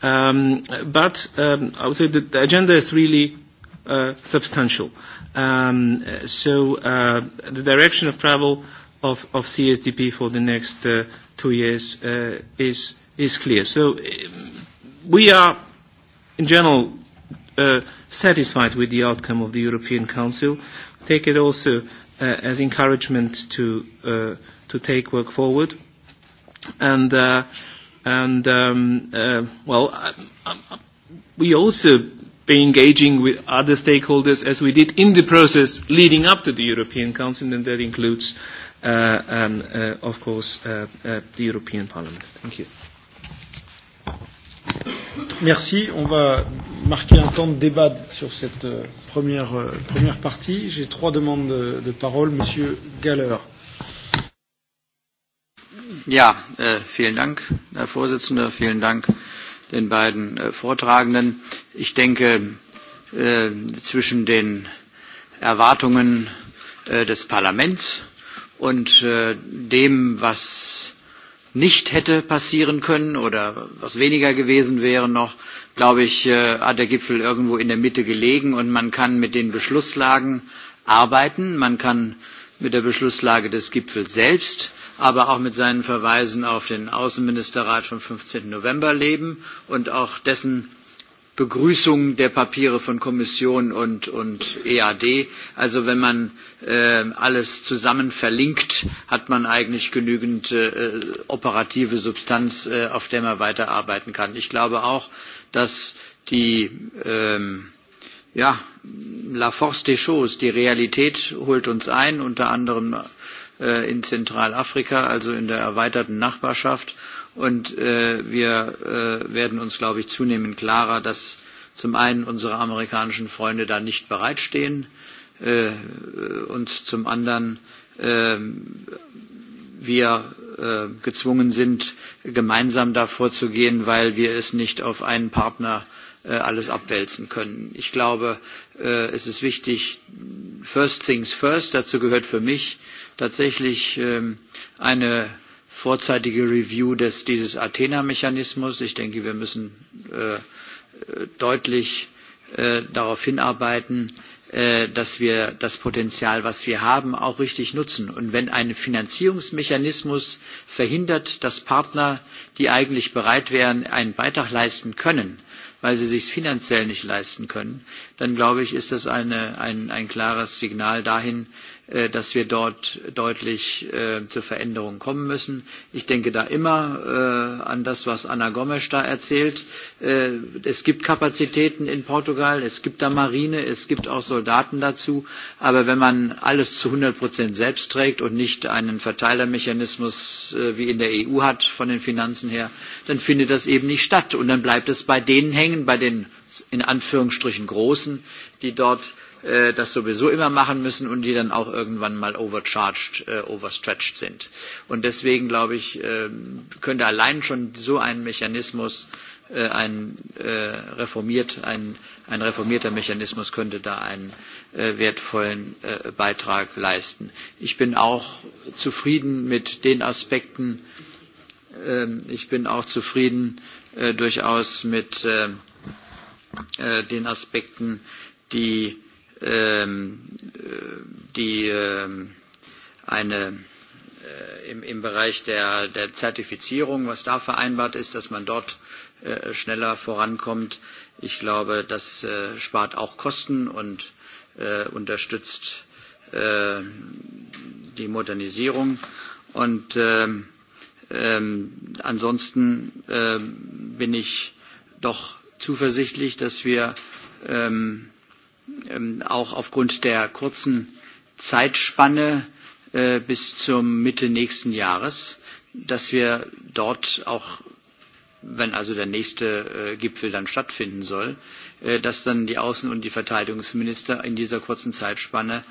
Um, but um, I would say that the agenda is really uh, substantial. Uh, Um, so uh, the direction of travel of, of CSDP for the next uh, two years uh, is, is clear. So um, we are, in general, uh, satisfied with the outcome of the European Council. Take it also uh, as encouragement to, uh, to take work forward. And, uh, and um, uh, well, I, I, we also be engaging with other stakeholders as we did in the process leading up to the European Council, and that includes, uh, um, uh, of course, uh, uh, the European Parliament. Thank you. Merci. On va marquer un temps de débat sur cette euh, première, euh, première partie. J'ai trois demandes de, de parole. Monsieur Galler. Ja, äh, vielen Dank, Herr Vorsitzender. Vielen Dank den beiden äh, Vortragenden. Ich denke, äh, zwischen den Erwartungen äh, des Parlaments und dem, was nicht hätte passieren können oder was weniger gewesen wäre noch, glaube ich, hat der Gipfel irgendwo in der Mitte gelegen und man kann mit den Beschlusslagen arbeiten. Man kann mit der Beschlusslage des Gipfels selbst aber auch mit seinen Verweisen auf den Außenministerrat vom 15. November leben und auch dessen Begrüßung der Papiere von Kommission und, und EAD. Also wenn man äh, alles zusammen verlinkt, hat man eigentlich genügend äh, operative Substanz, äh, auf der man weiterarbeiten kann. Ich glaube auch, dass die äh, ja, La Force des Choses, die Realität holt uns ein, unter anderem äh, in Zentralafrika, also in der erweiterten Nachbarschaft. Und äh, wir äh, werden uns, glaube ich, zunehmend klarer, dass zum einen unsere amerikanischen Freunde da nicht bereitstehen äh, und zum anderen äh, wir äh, gezwungen sind, gemeinsam da vorzugehen, weil wir es nicht auf einen Partner äh, alles abwälzen können. Ich glaube, äh, es ist wichtig, first things first, dazu gehört für mich, tatsächlich ähm, eine vorzeitige Review des, dieses Athena-Mechanismus. Ich denke, wir müssen äh, deutlich äh, darauf hinarbeiten, äh, dass wir das Potenzial, was wir haben, auch richtig nutzen. Und wenn ein Finanzierungsmechanismus verhindert, dass Partner, die eigentlich bereit wären, einen Beitrag leisten können, weil sie sich finanziell nicht leisten können, dann glaube ich, ist das eine, ein, ein klares Signal dahin, äh, Äh, dass wir dort deutlich äh, zu Veränderungen kommen müssen. Ich denke da immer äh, an das, was Anna Gomes da erzählt. Äh, es gibt Kapazitäten in Portugal, es gibt da Marine, es gibt auch Soldaten dazu. Aber wenn man alles zu 100 Prozent selbst trägt und nicht einen Verteilermechanismus äh, wie in der EU hat von den Finanzen her, dann findet das eben nicht statt. Und dann bleibt es bei denen hängen, bei den in Anführungsstrichen Großen, die dort Äh, das sowieso immer machen müssen und die dann auch irgendwann mal overcharged, äh, overstretched sind. Und deswegen glaube ich, äh, könnte allein schon so ein Mechanismus, äh, ein, äh, reformiert, ein, ein reformierter Mechanismus könnte da einen äh, wertvollen äh, Beitrag leisten. Ich bin auch zufrieden mit den Aspekten, äh, ich bin auch zufrieden äh, durchaus mit äh, äh, den Aspekten, die äh, ähm, äh, die ähm, eine äh, im, im Bereich der, der Zertifizierung, was da vereinbart ist, dass man dort äh, schneller vorankommt. Ich glaube, das äh, spart auch Kosten und äh, unterstützt äh, die Modernisierung. Und äh, äh, ansonsten äh, bin ich doch zuversichtlich, dass wir äh, Ähm, auch aufgrund der kurzen Zeitspanne äh, bis zum Mitte nächsten Jahres, dass wir dort auch, wenn also der nächste äh, Gipfel dann stattfinden soll, äh, dass dann die Außen- und die Verteidigungsminister in dieser kurzen Zeitspanne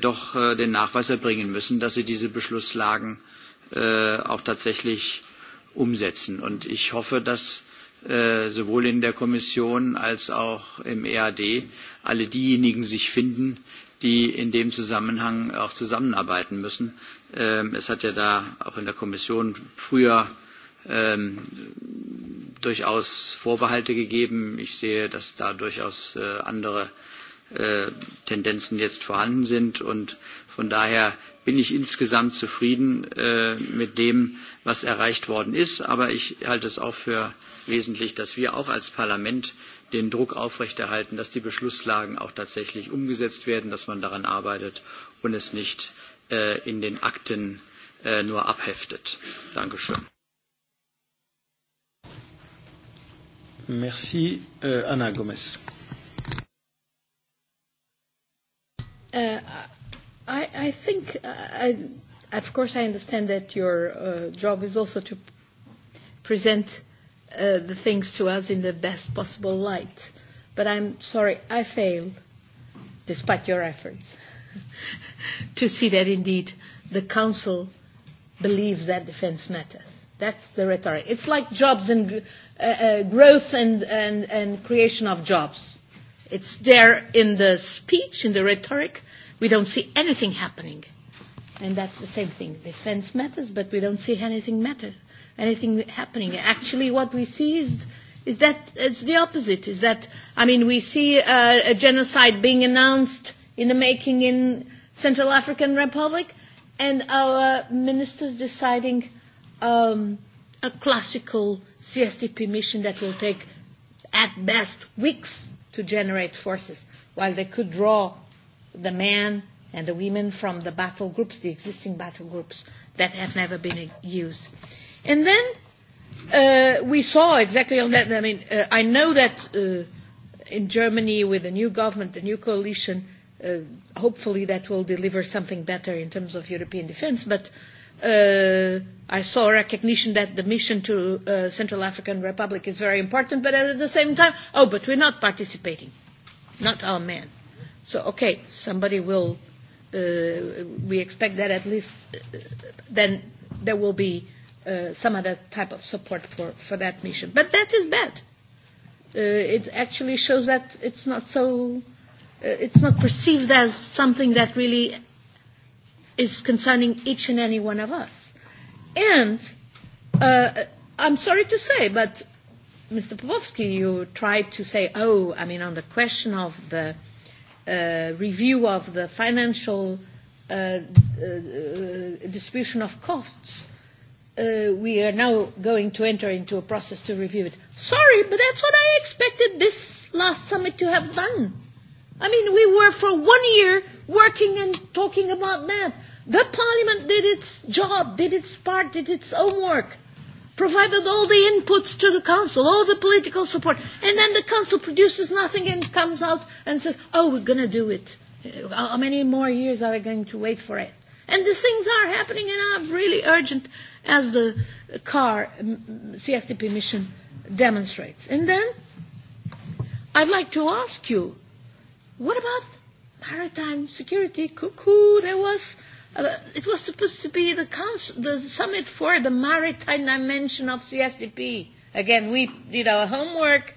doch den Nachweis erbringen müssen, dass sie diese Beschlusslagen auch tatsächlich umsetzen. Und ich hoffe, dass äh, Äh, sowohl in der Kommission als auch im EAD alle diejenigen sich finden, die in dem Zusammenhang auch zusammenarbeiten müssen. Ähm, es hat ja da auch in der Kommission früher ähm, durchaus Vorbehalte gegeben. Ich sehe, dass da durchaus äh, andere äh, Tendenzen jetzt vorhanden sind. Und von daher bin ich insgesamt zufrieden äh, mit dem, was erreicht worden ist. Aber ich halte es auch für äh, wesentlich, dass wir auch als Parlament den Druck aufrechterhalten, dass die Beschlusslagen auch tatsächlich umgesetzt werden, dass man daran arbeitet und es nicht äh, in den Akten äh, nur abheftet. Dankeschön. Merci, äh, Anna Gomez. Uh, I, I think, uh, I, of course, I understand that your uh, job is also to present. Uh, the things to us in the best possible light. But I'm sorry, I fail, despite your efforts, to see that indeed the council believes that defense matters. That's the rhetoric. It's like jobs and uh, uh, growth and, and, and creation of jobs. It's there in the speech, in the rhetoric. We don't see anything happening. And that's the same thing. Defense matters, but we don't see anything matter anything happening. Actually, what we see is, is that it's the opposite. Is that I mean, we see uh, a genocide being announced in the making in Central African Republic, and our ministers deciding um, a classical CSTP mission that will take at best weeks to generate forces, while they could draw the man and the women from the battle groups, the existing battle groups that have never been used. Uh, And then uh, we saw exactly on that. I mean, uh, I know that uh, in Germany, with the new government, the new coalition, uh, hopefully that will deliver something better in terms of European defence. But uh, I saw recognition that the mission to uh, Central African Republic is very important. But at the same time, oh, but we're not participating, not our men. So okay, somebody will. Uh, we expect that at least uh, then there will be uh, Uh, some other type of support for, for that mission. But that is bad. Uh, it actually shows that it's not so, uh, it's not perceived as something that really is concerning each and any one of us. And uh, I'm sorry to say, but Mr. Popovsky, you tried to say, oh, I mean, on the question of the uh, review of the financial uh, uh, uh distribution of costs, uh, uh, we are now going to enter into a process to review it. Sorry, but that's what I expected this last summit to have done. I mean, we were for one year working and talking about that. The Parliament did its job, did its part, did its homework, provided all the inputs to the Council, all the political support, and then the Council produces nothing and comes out and says, oh, we're going to do it. How many more years are we going to wait for it? And these things are happening and are really urgent, as the CAR mm, CSTP mission demonstrates. And then I'd like to ask you what about maritime security? Cuckoo, there was. Uh, it was supposed to be the, council, the summit for the maritime dimension of CSDP. Again, we did our homework.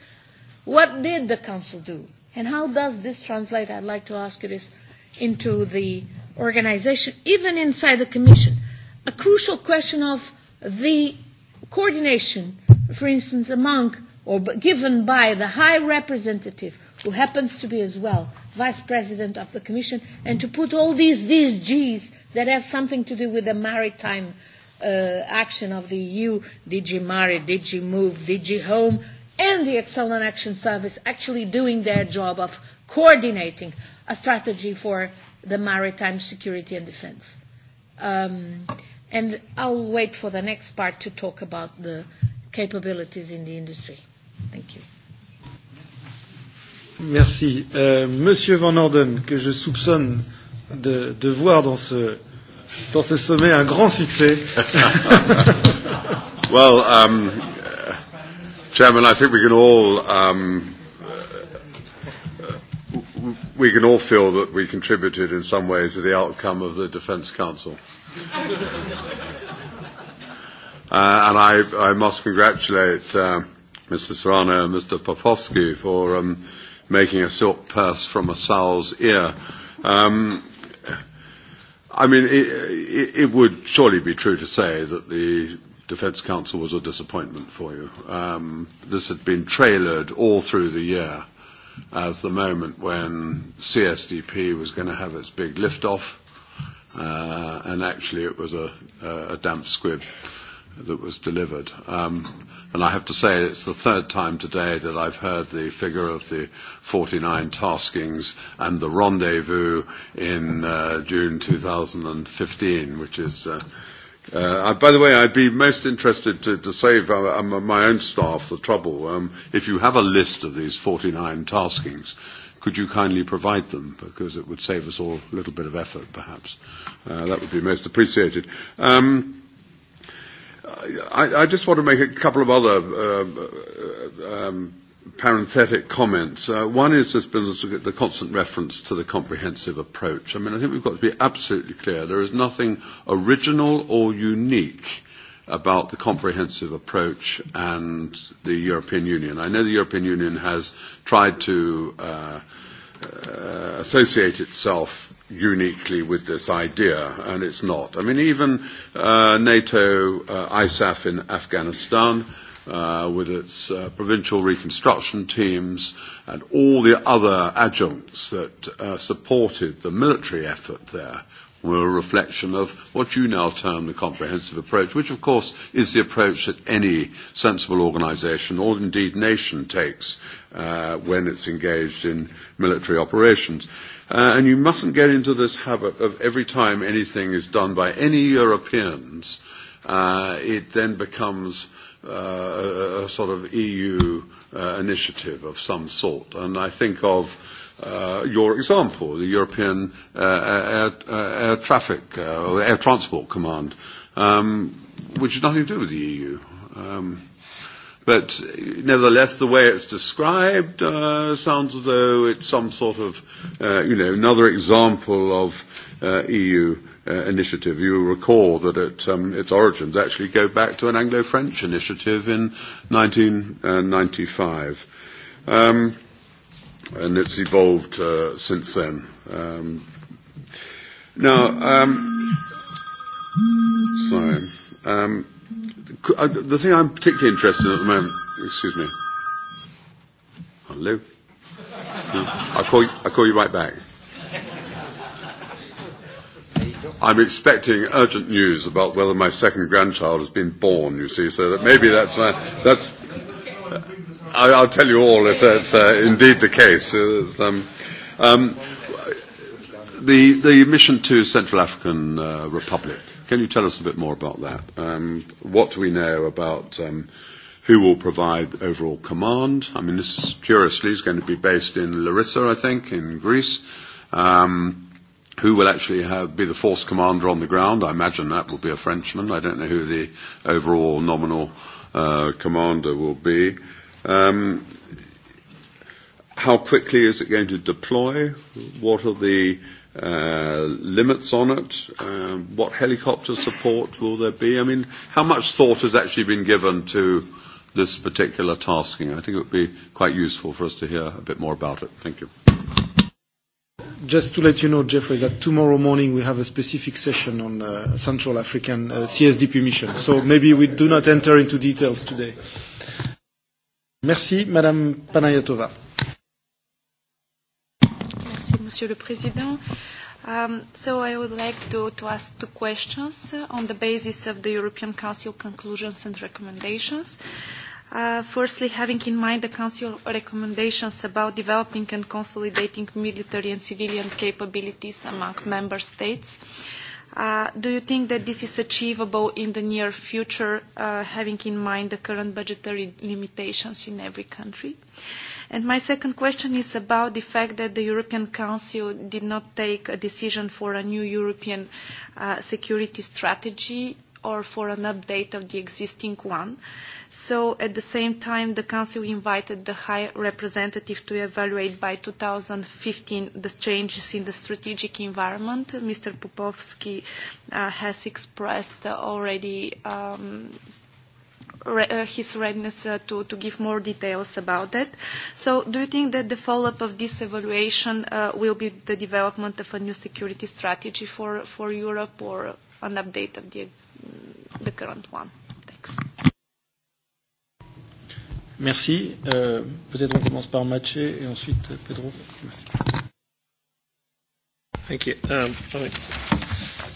What did the Council do? And how does this translate, I'd like to ask you this, into the organization, even inside the Commission, a crucial question of the coordination, for instance, among or given by the high representative, who happens to be as well vice president of the Commission, and to put all these, these Gs that have something to do with the maritime uh, action of the EU, DigiMari, DigiMove, DigiHome, and the Excellent Action Service actually doing their job of coordinating a strategy for the maritime security and defense. Um, and I'll wait for the next part to talk about the capabilities in the industry. Thank you. Merci. Euh, Monsieur Van Orden, que je soupçonne de, de voir dans ce, dans ce sommet un grand succès. well, um, uh, Chairman, I think we can all um, we can all feel that we contributed in some way to the outcome of the Defence Council. uh, and I, I must congratulate uh, Mr. Serrano and Mr. Popovsky for um, making a silk purse from a sow's ear. Um, I mean, it, it, it would surely be true to say that the Defence Council was a disappointment for you. Um, this had been trailered all through the year as the moment when CSDP was going to have its big liftoff, uh, and actually it was a, a, a damp squib that was delivered. Um, and I have to say it's the third time today that I've heard the figure of the 49 taskings and the rendezvous in uh, June 2015, which is uh, Uh, uh, by the way, I'd be most interested to, to save uh, um, uh, my own staff the trouble. Um, if you have a list of these 49 taskings, could you kindly provide them? Because it would save us all a little bit of effort, perhaps. Uh, that would be most appreciated. Um, I, I just want to make a couple of other uh, uh, um, parenthetic comments. Uh, one is just the constant reference to the comprehensive approach. I mean, I think we've got to be absolutely clear. There is nothing original or unique about the comprehensive approach and the European Union. I know the European Union has tried to uh, uh, associate itself uniquely with this idea, and it's not. I mean, even uh, NATO uh, ISAF in Afghanistan uh, with its uh, provincial reconstruction teams and all the other adjuncts that uh, supported the military effort there were a reflection of what you now term the comprehensive approach, which of course is the approach that any sensible organisation or indeed nation takes uh, when it's engaged in military operations. Uh, and you mustn't get into this habit of every time anything is done by any Europeans, uh, it then becomes uh, Uh, a sort of EU uh, initiative of some sort. And I think of uh, your example, the European uh, air, uh, air Traffic, uh, Air Transport Command, um, which has nothing to do with the EU. Um, but nevertheless, the way it's described uh, sounds as though it's some sort of, uh, you know, another example of uh, EU uh, initiative. You recall that it, um, its origins actually go back to an Anglo-French initiative in 1995, uh, um, and it's evolved uh, since then. Um, now, um, sorry. Um, uh, the thing I'm particularly interested in at the moment. Excuse me. Hello. No, I'll, call you, I'll call you right back. I'm expecting urgent news about whether my second grandchild has been born, you see, so that maybe that's my, that's, I, I'll tell you all if that's uh, indeed the case. Uh, um, um, the, the mission to Central African uh, Republic, can you tell us a bit more about that? Um, what do we know about um, who will provide overall command? I mean, this, is, curiously, is going to be based in Larissa, I think, in Greece. Um, who will actually have, be the force commander on the ground. I imagine that will be a Frenchman. I don't know who the overall nominal uh, commander will be. Um, how quickly is it going to deploy? What are the uh, limits on it? Um, what helicopter support will there be? I mean, how much thought has actually been given to this particular tasking? I think it would be quite useful for us to hear a bit more about it. Thank you just to let you know, Jeffrey, that tomorrow morning we have a specific session on uh, Central African uh, CSDP mission. So maybe we do not enter into details today. Merci, Madame Panayotova. Merci, Monsieur le Président. Um, so I would like to, to ask two questions on the basis of the European Council conclusions and recommendations. Uh, Uh, firstly having in mind the Council recommendations about developing and consolidating military and civilian capabilities among member states. Uh, do you think that this is achievable in the near future, uh, having in mind the current budgetary limitations in every country? And my second question is about the fact that the European Council did not take a decision for a new European uh, security strategy or for an update of the existing one. Uh, So at the same time, the Council invited the High Representative to evaluate by 2015 the changes in the strategic environment. Mr. Popovsky uh, has expressed already um, re- uh, his readiness uh, to, to give more details about that. So do you think that the follow-up of this evaluation uh, will be the development of a new security strategy for, for Europe or an update of the, the current one? Thanks. Merci. Euh, peut-être on commence par Maché et ensuite euh, Pedro. Merci. Thank you. Um, all right.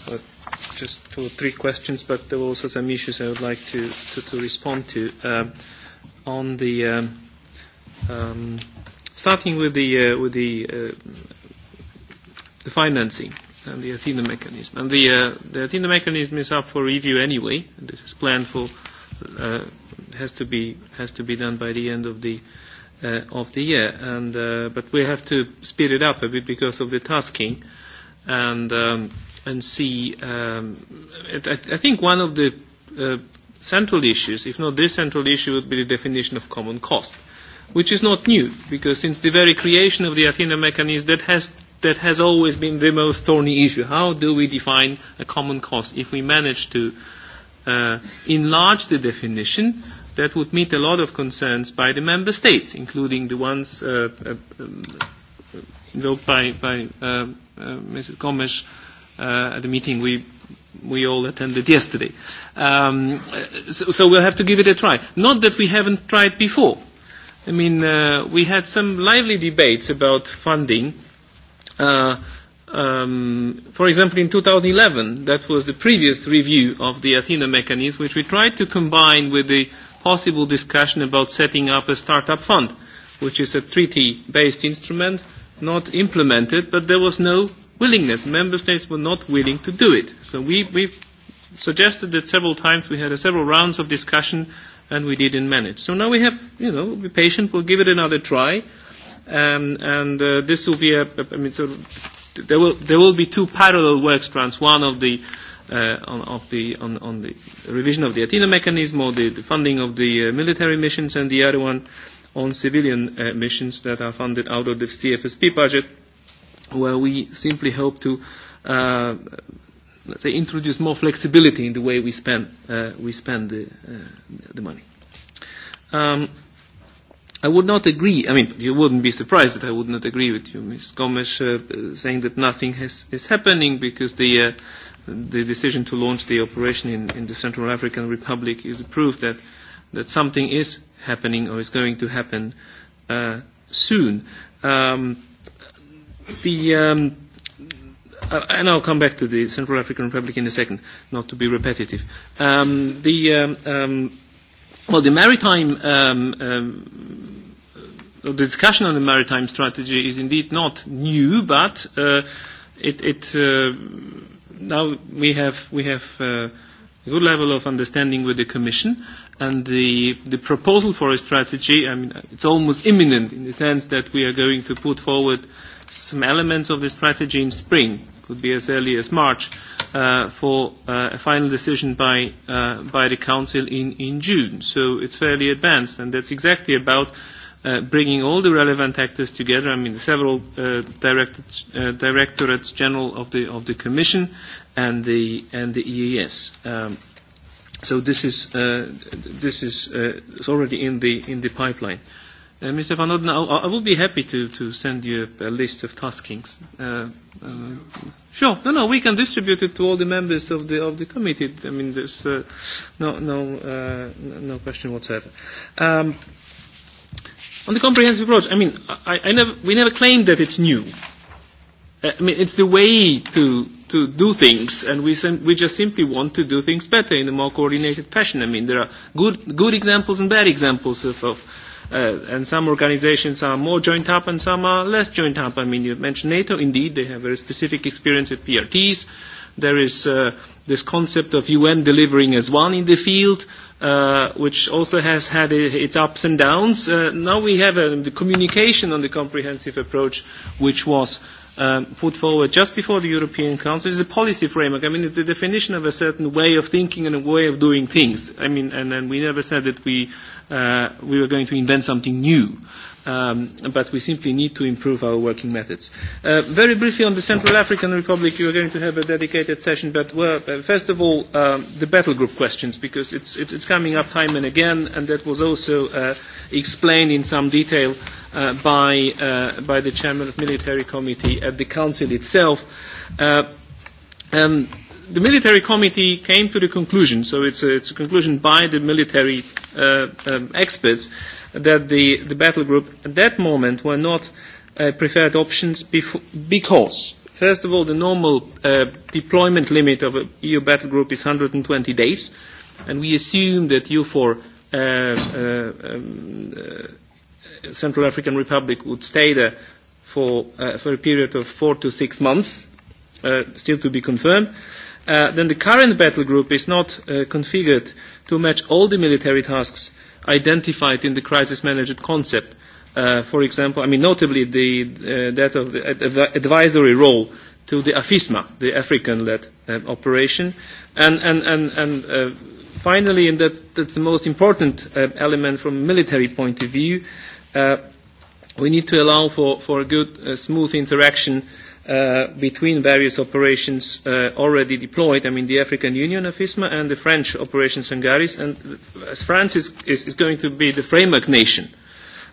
uh, just two or three questions, but there were also some issues I would like to, to, to respond to. Um, on the um, um, starting with the uh, with the, uh, the financing and the Athena mechanism, and the uh, the Athena mechanism is up for review anyway. And this is planned for uh, has to be has to be done by the end of the uh, of the year. And uh, but we have to speed it up a bit because of the tasking, and um, and see. Um, I, th- I think one of the uh, central issues, if not the central issue, would be the definition of common cost, which is not new because since the very creation of the Athena mechanism, that has that has always been the most thorny issue. How do we define a common cost if we manage to uh, uh, enlarge the definition, that would meet a lot of concerns by the member states, including the ones invoked uh, uh, by, by uh, uh, Mrs. Gomes uh, at the meeting we, we all attended yesterday. Um, so, so we'll have to give it a try. Not that we haven't tried before. I mean, uh, we had some lively debates about funding. Uh, um, for example, in 2011, that was the previous review of the Athena mechanism, which we tried to combine with the possible discussion about setting up a startup fund, which is a treaty based instrument, not implemented, but there was no willingness. Member states were not willing to do it. So we, we suggested that several times, we had a several rounds of discussion, and we didn't manage. So now we have, you know, we'll be patient, we'll give it another try. Um, and uh, this will be a, I mean, so there will there will be two parallel work strands one of the uh, on, of the, on, on the revision of the Athena mechanism or the, the funding of the uh, military missions and the other one on civilian uh, missions that are funded out of the CFSP budget where we simply hope to uh, let's say introduce more flexibility in the way we spend, uh, we spend the, uh, the money. Um, I would not agree, I mean, you wouldn't be surprised that I would not agree with you, Ms. Gomes, uh, saying that nothing has, is happening because the, uh, the decision to launch the operation in, in the Central African Republic is a proof that, that something is happening or is going to happen uh, soon. Um, the, um, uh, and I'll come back to the Central African Republic in a second, not to be repetitive. Um, the, um, um, Well, the maritime um, um, uh, the discussion on the maritime strategy is indeed not new, but uh, it, it, uh, now we have we have uh, a good level of understanding with the Commission, and the the proposal for a strategy. I mean, it's almost imminent in the sense that we are going to put forward some elements of this strategy in spring, could be as early as March, uh, for uh, a final decision by, uh, by the Council in, in June. So it's fairly advanced, and that's exactly about uh, bringing all the relevant actors together, I mean, the several uh, direct, uh, directorates general of the, of the Commission and the, and the EES. Um, so this is, uh, this is uh, it's already in the, in the pipeline. Uh, Uh, Mr. Van Odden, I, I will be happy to, to send you a, a list of taskings. Uh, uh, sure, no, no, we can distribute it to all the members of the, of the committee. I mean, there's uh, no, no, uh, no question whatsoever. Um, on the comprehensive approach, I mean, I, I never, we never claimed that it's new. Uh, I mean, it's the way to, to do things, and we, sem- we just simply want to do things better in a more coordinated fashion. I mean, there are good, good examples and bad examples of, of uh, and some organizations are more joined up and some are less joined up. I mean, you mentioned NATO. Indeed, they have very specific experience with PRTs. There is uh, this concept of UN delivering as one in the field, uh, which also has had a, its ups and downs. Uh, now we have a, uh, the communication on the comprehensive approach, which was uh, um, put forward just before the European Council is a policy framework. I mean, it's the definition of a certain way of thinking and a way of doing things. I mean, and then we never said that we, uh, we were going to invent something new. Uh, um, but we simply need to improve our working methods. Uh, very briefly on the Central African Republic, you are going to have a dedicated session, but well, uh, first of all, um, the battle group questions, because it's, it's, it's coming up time and again, and that was also uh, explained in some detail uh, by, uh, by the chairman of military committee at the council itself. Uh, um, the military committee came to the conclusion, so it's a, it's a conclusion by the military uh, um, experts, that the, the battle group at that moment were not uh, preferred options befo- because, first of all, the normal uh, deployment limit of a EU battle group is 120 days, and we assume that you for uh, uh, um, uh, Central African Republic would stay there for, uh, for a period of four to six months, uh, still to be confirmed. Uh, Uh, then the current battle group is not uh, configured to match all the military tasks identified in the crisis management concept. Uh, for example, I mean, notably the, uh, that of the ad- ad- advisory role to the AFISMA, the African-led uh, operation. And, and, and, and uh, finally, and that, that's the most important uh, element from a military point of view, uh, we need to allow for, for a good, uh, smooth interaction uh, uh, between various operations uh, already deployed. I mean, the African Union of ISMA and the French operation Sangaris. And France is, is, is going to be the framework nation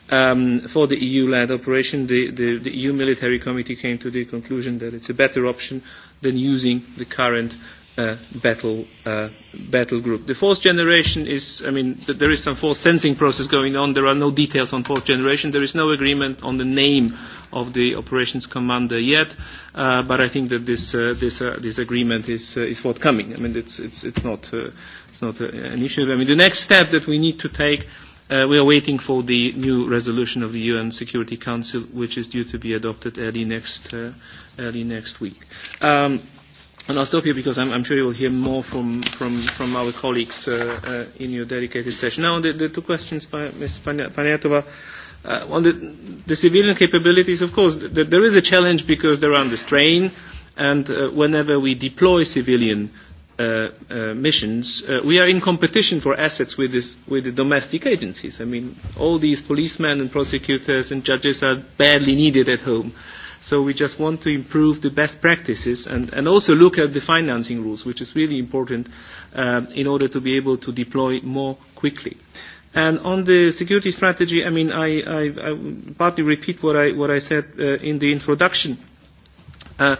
um, for the EU led operation. The, the, the EU Military Committee came to the conclusion that it's a better option than using the current Uh, battle, uh, battle group. The fourth generation is, I mean, th- there is some force sensing process going on. There are no details on fourth generation. There is no agreement on the name of the operations commander yet, uh, but I think that this, uh, this, uh, this agreement is, uh, is forthcoming. I mean, it's, it's, it's not, uh, it's not uh, an issue. I mean, the next step that we need to take. Uh, we are waiting for the new resolution of the UN Security Council, which is due to be adopted early next, uh, early next week. Um, And I'll stop here because I'm, I'm sure you'll hear more from, from, from our colleagues uh, uh, in your dedicated session. Now, the, the two questions by Ms. Panyatova. Uh, on the, the civilian capabilities, of course, th- th- there is a challenge because they're under strain, and uh, whenever we deploy civilian uh, uh, missions, uh, we are in competition for assets with, this, with the domestic agencies. I mean, all these policemen and prosecutors and judges are badly needed at home. Uh, So we just want to improve the best practices and, and also look at the financing rules, which is really important um, in order to be able to deploy more quickly. And on the security strategy, I mean, I, I, I partly repeat what I, what I said uh, in the introduction. Uh,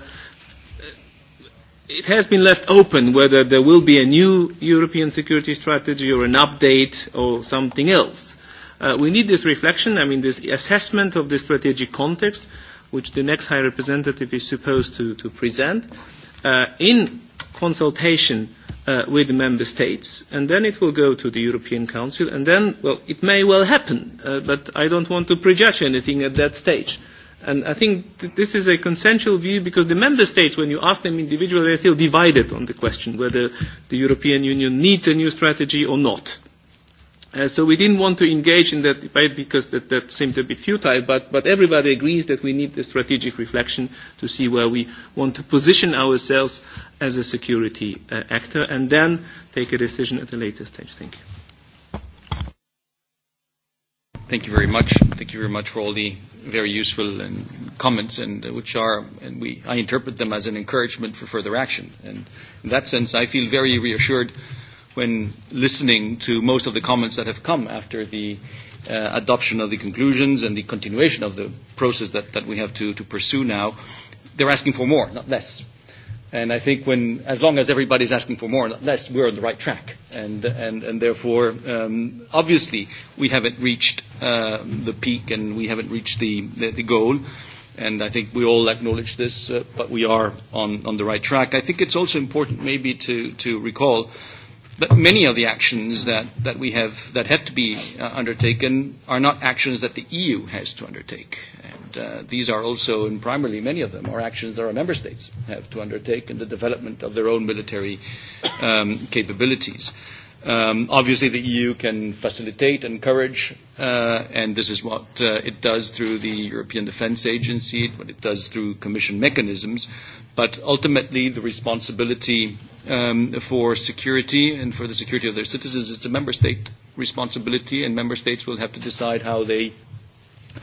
it has been left open whether there will be a new European security strategy or an update or something else. Uh, we need this reflection, I mean, this assessment of the strategic context. Uh, which the next High Representative is supposed to, to present, uh, in consultation uh, with the Member States, and then it will go to the European Council, and then, well, it may well happen, uh, but I don't want to prejudge anything at that stage. And I think th- this is a consensual view because the Member States, when you ask them individually, are still divided on the question whether the European Union needs a new strategy or not. Uh, Uh, so we didn't want to engage in that debate because that, that seemed a bit futile, but, but everybody agrees that we need the strategic reflection to see where we want to position ourselves as a security uh, actor and then take a decision at a later stage. Thank you. Thank you very much. Thank you very much for all the very useful and um, comments, and uh, which are, and we, I interpret them as an encouragement for further action. And in that sense, I feel very reassured when listening to most of the comments that have come after the uh, adoption of the conclusions and the continuation of the process that, that we have to, to pursue now, they're asking for more, not less. And I think when, as long as everybody's asking for more, not less, we're on the right track. And, and, and therefore, um, obviously, we haven't reached uh, the peak and we haven't reached the, the, the goal. And I think we all acknowledge this, uh, but we are on, on the right track. I think it's also important maybe to, to recall uh, but many of the actions that, that we have that have to be uh, undertaken are not actions that the EU has to undertake. And uh, these are also, and primarily many of them, are actions that our member states have to undertake in the development of their own military um, capabilities. Um, obviously, the EU can facilitate, encourage, uh, and this is what uh, it does through the European Defence Agency, what it does through Commission mechanisms. But ultimately, the responsibility um, for security and for the security of their citizens. It's a member state responsibility, and member states will have to decide how they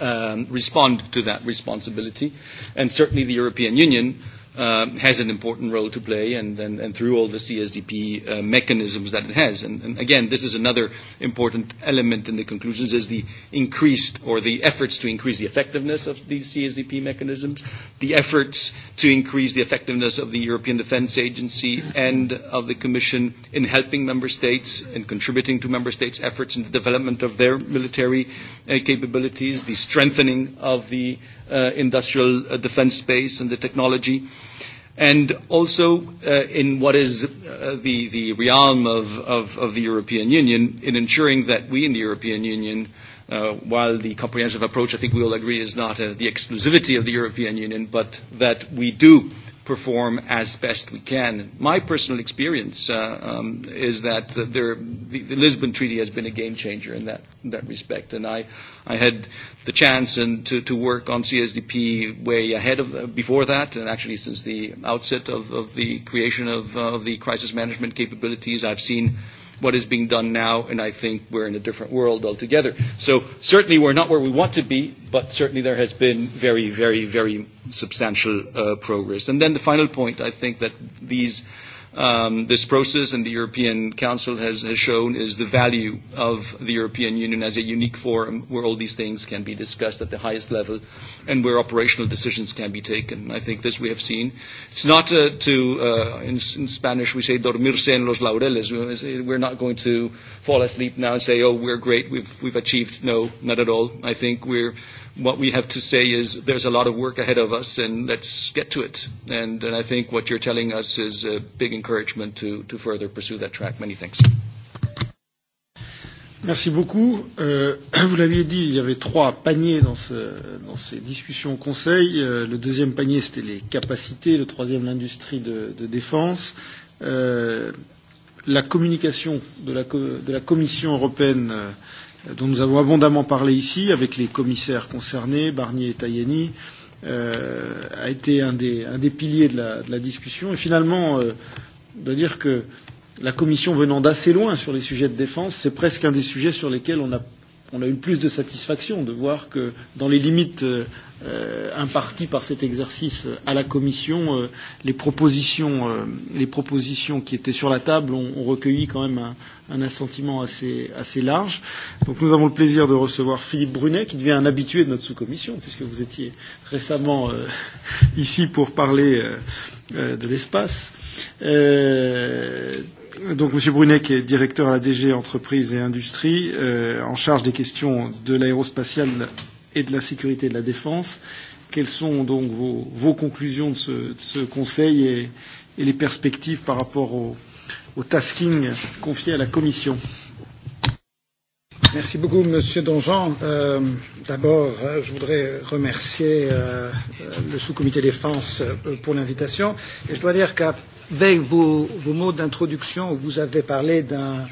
um, respond to that responsibility. And certainly the European Union uh, has an important role to play and, and, and through all the CSDP uh, mechanisms that it has. And, and again, this is another important element in the conclusions is the increased or the efforts to increase the effectiveness of these CSDP mechanisms, the efforts to increase the effectiveness of the European Defense Agency and of the Commission in helping member states and contributing to member states' efforts in the development of their military uh, capabilities, the strengthening of the uh, industrial uh, defense space and the technology, and also uh, in what is uh, the, the realm of, of, of the European Union in ensuring that we in the European Union. Uh, while the comprehensive approach, I think we all agree, is not uh, the exclusivity of the European Union, but that we do perform as best we can. My personal experience uh, um, is that there, the, the Lisbon Treaty has been a game changer in that, in that respect, and I uh, I had the chance and to, to work on CSDP way ahead of the, before that, and actually since the outset of, of the creation of, uh, of the crisis management capabilities, I've seen what is being done now, and I think we're in a different world altogether. So certainly we're not where we want to be, but certainly there has been very, very, very substantial uh, progress. And then the final point, I think that these um, this process and the European Council has, has shown is the value of the European Union as a unique forum where all these things can be discussed at the highest level and where operational decisions can be taken. I think this we have seen. It's not to, uh, to uh, in, in Spanish we say dormirse en los laureles. We're not going to fall asleep now and say, oh, we're great, we've, we've achieved. No, not at all. I think we're what we have to say is there's a lot of work ahead of us, and let's get to it. And, and I think what you're telling us is a big encouragement to, to further pursue that track. Many thanks. Merci beaucoup. Euh, vous l'aviez dit, il y avait trois paniers dans, ce, dans ces discussions au Conseil. Euh, le deuxième panier, c'était les capacités. Le troisième, l'industrie de, de défense. Euh, la communication de la, de la Commission européenne euh, dont nous avons abondamment parlé ici avec les commissaires concernés, Barnier et Tajani, euh, a été un des, un des piliers de la, de la discussion. Et finalement, euh, on doit dire que la Commission venant d'assez loin sur les sujets de défense, c'est presque un des sujets sur lesquels on a on a eu plus de satisfaction de voir que dans les limites euh, imparties par cet exercice à la Commission, euh, les, propositions, euh, les propositions qui étaient sur la table ont, ont recueilli quand même un, un assentiment assez, assez large. Donc nous avons le plaisir de recevoir Philippe Brunet, qui devient un habitué de notre sous-commission, puisque vous étiez récemment euh, ici pour parler euh, euh, de l'espace. Euh, Donc, Monsieur Brunet, qui est directeur à la DG Entreprises et Industries, euh, en charge des questions de l'aérospatiale et de la sécurité et de la défense, quelles sont donc vos, vos conclusions de ce, de ce conseil et, et les perspectives par rapport au, au tasking confié à la Commission Merci beaucoup, Monsieur Donjean. Euh, D'abord, euh, je voudrais remercier euh, le sous-comité défense euh, pour l'invitation. Et je dois dire qu'à avec vos, vos mots d'introduction, vous avez parlé d'un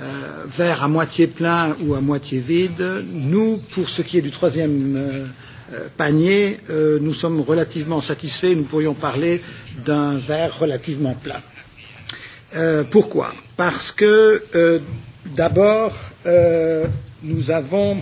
euh, verre à moitié plein ou à moitié vide. Nous, pour ce qui est du troisième euh, euh, panier, euh, nous sommes relativement satisfaits. Nous pourrions parler d'un verre relativement plein. Euh, pourquoi Parce que, euh, d'abord, euh, nous avons,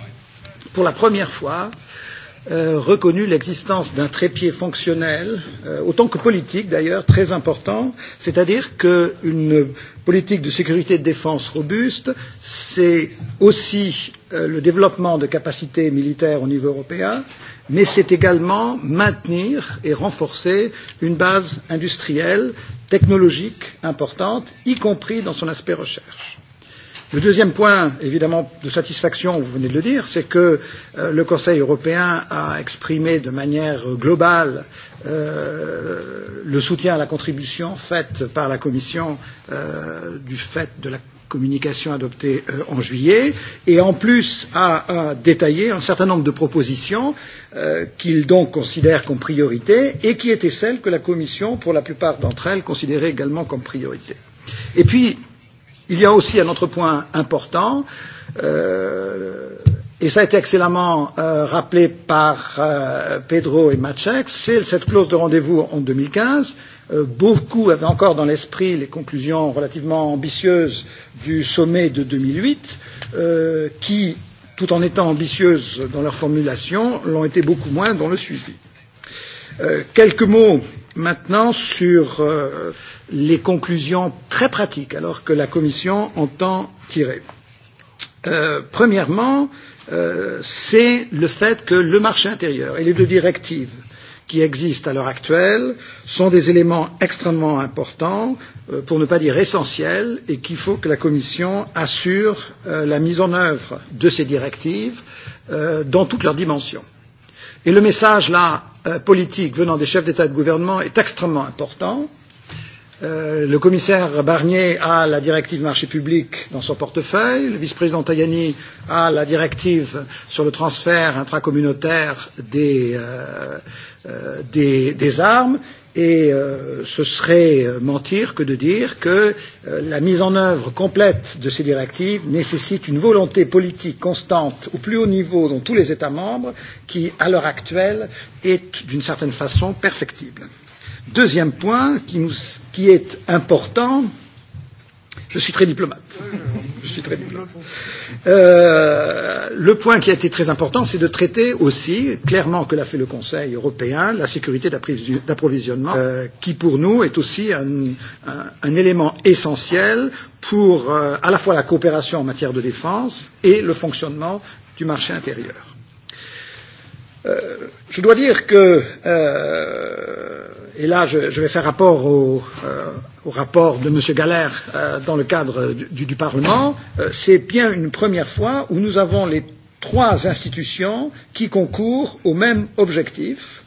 pour la première fois, euh, Euh, reconnu l'existence d'un trépied fonctionnel, euh, autant que politique d'ailleurs, très important, c'est-à-dire qu'une politique de sécurité et de défense robuste, c'est aussi euh, le développement de capacités militaires au niveau européen, mais c'est également maintenir et renforcer une base industrielle, technologique importante, y compris dans son aspect recherche. Le deuxième point, évidemment, de satisfaction, vous venez de le dire, c'est que euh, le Conseil européen a exprimé de manière globale euh, le soutien à la contribution faite par la Commission euh, du fait de la communication adoptée euh, en juillet et en plus a, a détaillé un certain nombre de propositions euh, qu'il donc considère comme priorité et qui étaient celles que la Commission, pour la plupart d'entre elles, considérait également comme priorité. Et puis, Il y a aussi un autre point important, euh, et ça a été excellemment euh, rappelé par euh, Pedro et Maciek, c'est cette clause de rendez-vous en 2015. Euh, beaucoup avaient encore dans l'esprit les conclusions relativement ambitieuses du sommet de 2008, euh, qui, tout en étant ambitieuses dans leur formulation, l'ont été beaucoup moins dans le suivi. Euh, quelques mots maintenant sur. Euh, les conclusions très pratiques alors que la Commission entend tirer. Euh, premièrement, euh, c'est le fait que le marché intérieur et les deux directives qui existent à l'heure actuelle sont des éléments extrêmement importants, euh, pour ne pas dire essentiels, et qu'il faut que la Commission assure euh, la mise en œuvre de ces directives euh, dans toutes leurs dimensions. Et le message là, euh, politique venant des chefs d'État et de gouvernement est extrêmement important euh, Euh, le commissaire Barnier a la directive marché public dans son portefeuille, le vice-président Tajani a la directive sur le transfert intracommunautaire des, euh, euh, des, des armes, et euh, ce serait euh, mentir que de dire que euh, la mise en œuvre complète de ces directives nécessite une volonté politique constante au plus haut niveau dans tous les États membres qui, à l'heure actuelle, est d'une certaine façon perfectible. Deuxième point qui, nous, qui est important, je suis très diplomate. Je suis très diplomate. Euh, le point qui a été très important, c'est de traiter aussi, clairement que l'a fait le Conseil européen, la sécurité d'approvisionnement, euh, qui pour nous est aussi un, un, un élément essentiel pour euh, à la fois la coopération en matière de défense et le fonctionnement du marché intérieur. Euh, je dois dire que. Euh, Et là, je, je vais faire rapport au, euh, au rapport de M. Galère euh, dans le cadre du, du Parlement. Euh, C'est bien une première fois où nous avons les trois institutions qui concourent au même objectif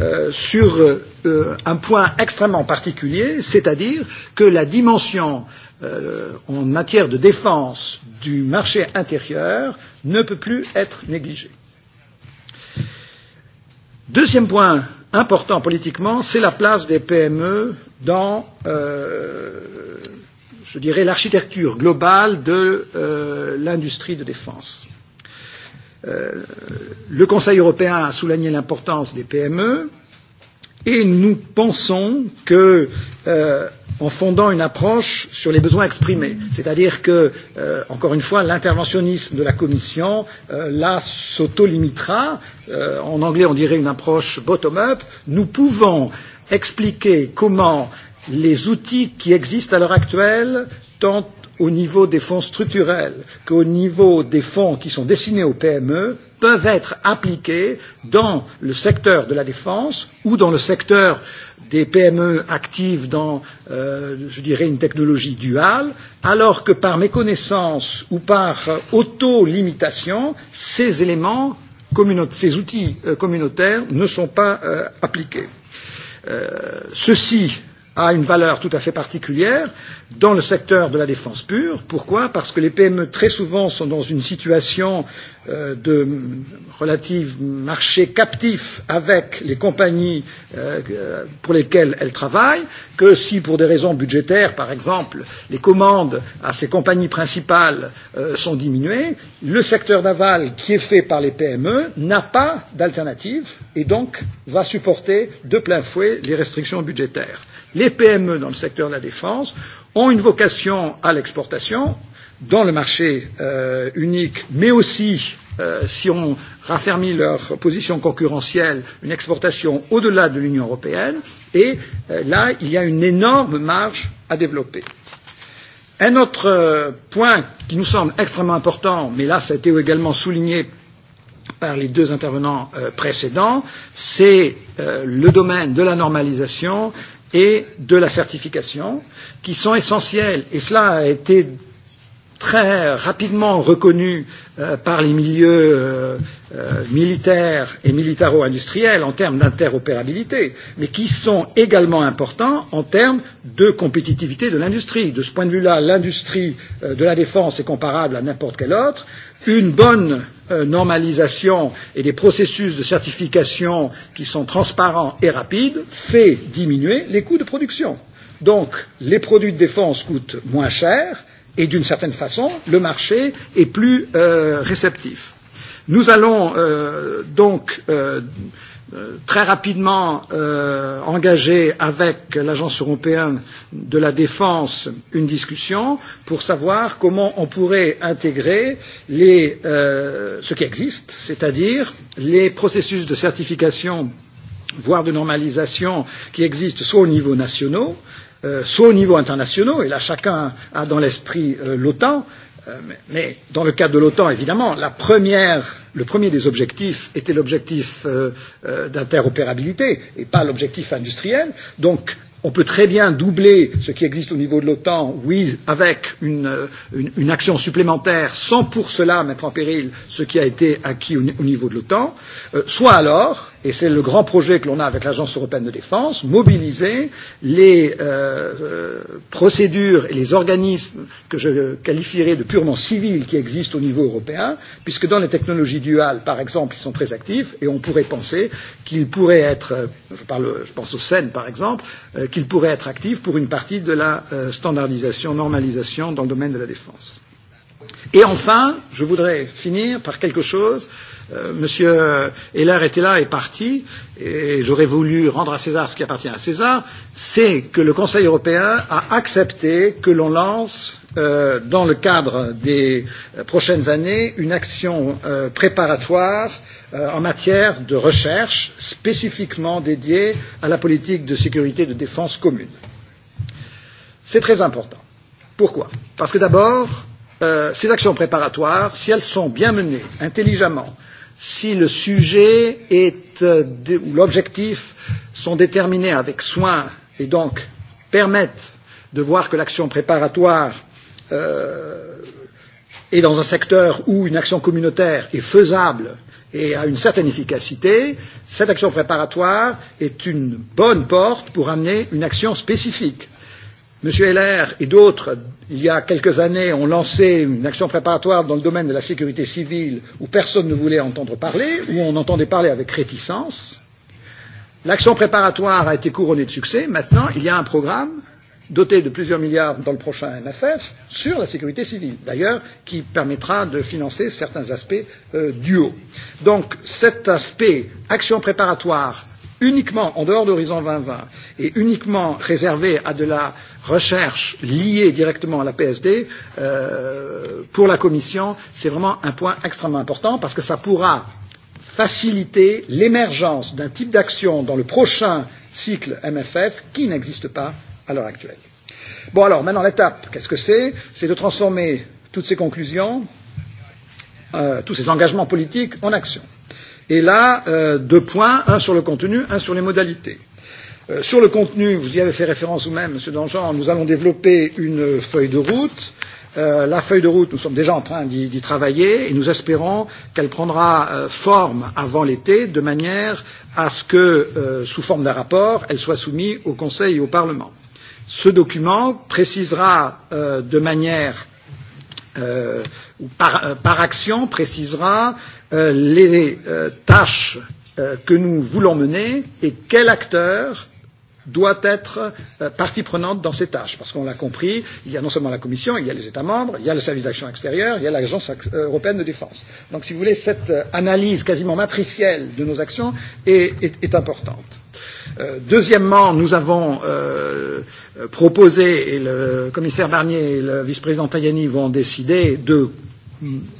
euh, sur euh, un point extrêmement particulier, c'est-à-dire que la dimension euh, en matière de défense du marché intérieur ne peut plus être négligée. Deuxième point important politiquement, c'est la place des PME dans, euh, je dirais, l'architecture globale de euh, l'industrie de défense. Euh, le Conseil européen a souligné l'importance des PME et nous pensons que euh, en fondant une approche sur les besoins exprimés. C'est-à-dire que, euh, encore une fois, l'interventionnisme de la Commission, euh, là, s'auto-limitera. Euh, en anglais, on dirait une approche bottom-up. Nous pouvons expliquer comment les outils qui existent à l'heure actuelle, tant au niveau des fonds structurels qu'au niveau des fonds qui sont destinés aux PME, peuvent être appliqués dans le secteur de la défense ou dans le secteur euh, des PME actives dans, euh, je dirais, une technologie duale, alors que par méconnaissance ou par euh, auto-limitation, ces éléments, ces outils euh, communautaires ne sont pas euh, appliqués. Euh, ceci euh, a une valeur tout à fait particulière dans le secteur de la défense pure. Pourquoi Parce que les PME, très souvent, sont dans une situation euh, de relative marché captif avec les compagnies euh, euh, pour lesquelles elles travaillent, que si, pour des raisons budgétaires, par exemple, les commandes à ces compagnies principales euh, sont diminuées, le secteur d'aval qui est fait par les PME n'a pas d'alternative et donc va supporter de plein fouet les restrictions budgétaires les PME dans le secteur de la défense ont une vocation à l'exportation dans le marché euh, unique, mais aussi euh, si on raffermit leur position concurrentielle, une exportation au delà de l'Union européenne, et euh, là, il y a une énorme marge à développer. Un autre euh, point qui nous semble extrêmement important, mais là, ça a été également souligné par les deux intervenants euh, précédents, c'est euh, le domaine de la normalisation et de la certification qui sont essentielles. Et cela a été très rapidement reconnu euh, par les milieux euh, euh, militaires et militaro-industriels en termes d'interopérabilité, mais qui sont également importants en termes de compétitivité de l'industrie. De ce point de vue-là, l'industrie euh, de la défense est comparable à n'importe quelle autre une bonne euh, normalisation et des processus de certification qui sont transparents et rapides fait diminuer les coûts de production. Donc, les produits de défense coûtent moins cher et, d'une certaine façon, le marché est plus euh, réceptif. Nous allons euh, donc euh, Euh, très rapidement euh, engagé avec l'Agence européenne de la défense une discussion pour savoir comment on pourrait intégrer les, euh, ce qui existe, c'est-à-dire les processus de certification, voire de normalisation qui existent soit au niveau national, euh, soit au niveau international, et là chacun a dans l'esprit euh, l'OTAN, euh, Euh, mais dans le cadre de l'OTAN, évidemment, la première, le premier des objectifs était l'objectif euh, euh, d'interopérabilité et pas l'objectif industriel. Donc, on peut très bien doubler ce qui existe au niveau de l'OTAN, oui, avec une, euh, une, une action supplémentaire sans pour cela mettre en péril ce qui a été acquis au, au niveau de l'OTAN, euh, soit alors Et c'est le grand projet que l'on a avec l'Agence européenne de défense, mobiliser les euh, euh, procédures et les organismes que je qualifierais de purement civils qui existent au niveau européen, puisque dans les technologies duales, par exemple, ils sont très actifs, et on pourrait penser qu'ils pourraient être, euh, je, parle, je pense au SEN par exemple, euh, qu'ils pourraient être actifs pour une partie de la euh, standardisation, normalisation dans le domaine de la défense. Et enfin, je voudrais finir par quelque chose. Euh, monsieur Heller était là et parti, et j'aurais voulu rendre à César ce qui appartient à César. C'est que le Conseil européen a accepté que l'on lance, euh, dans le cadre des euh, prochaines années, une action euh, préparatoire euh, en matière de recherche spécifiquement dédiée à la politique de sécurité et de défense commune. C'est très important. Pourquoi Parce que d'abord, Euh, ces actions préparatoires, si elles sont bien menées intelligemment, si le sujet est, euh, ou l'objectif sont déterminés avec soin et donc permettent de voir que l'action préparatoire euh, est dans un secteur où une action communautaire est faisable et a une certaine efficacité, cette action préparatoire est une bonne porte pour amener une action spécifique. M. Heller et d'autres, il y a quelques années, ont lancé une action préparatoire dans le domaine de la sécurité civile où personne ne voulait entendre parler, où on entendait parler avec réticence. L'action préparatoire a été couronnée de succès. Maintenant, il y a un programme doté de plusieurs milliards dans le prochain MFF sur la sécurité civile, d'ailleurs, qui permettra de financer certains aspects euh, du haut. Donc, cet aspect action préparatoire uniquement en dehors d'Horizon 2020 et uniquement réservée à de la recherche liée directement à la PSD, euh, pour la Commission, c'est vraiment un point extrêmement important parce que ça pourra faciliter l'émergence d'un type d'action dans le prochain cycle MFF qui n'existe pas à l'heure actuelle. Bon alors, maintenant l'étape, qu'est-ce que c'est C'est de transformer toutes ces conclusions, euh, tous ces engagements politiques en actions. Et là, euh, deux points, un sur le contenu, un sur les modalités. Euh, sur le contenu, vous y avez fait référence vous-même, Monsieur Dangean, nous allons développer une feuille de route. Euh, la feuille de route, nous sommes déjà en train d'y travailler et nous espérons qu'elle prendra euh, forme avant l'été de manière à ce que, euh, sous forme d'un rapport, elle soit soumise au Conseil et au Parlement. Ce document précisera euh, de manière euh, par, euh, par action précisera euh, les euh, tâches euh, que nous voulons mener et quel acteur doit être euh, partie prenante dans ces tâches. Parce qu'on l'a compris, il y a non seulement la Commission, il y a les États membres, il y a le service d'action extérieure, il y a l'Agence euh, européenne de défense. Donc, si vous voulez, cette analyse quasiment matricielle de nos actions est, est, est importante. Euh, deuxièmement, nous avons euh, Euh, proposé, et le commissaire Barnier et le vice-président Tajani vont décider de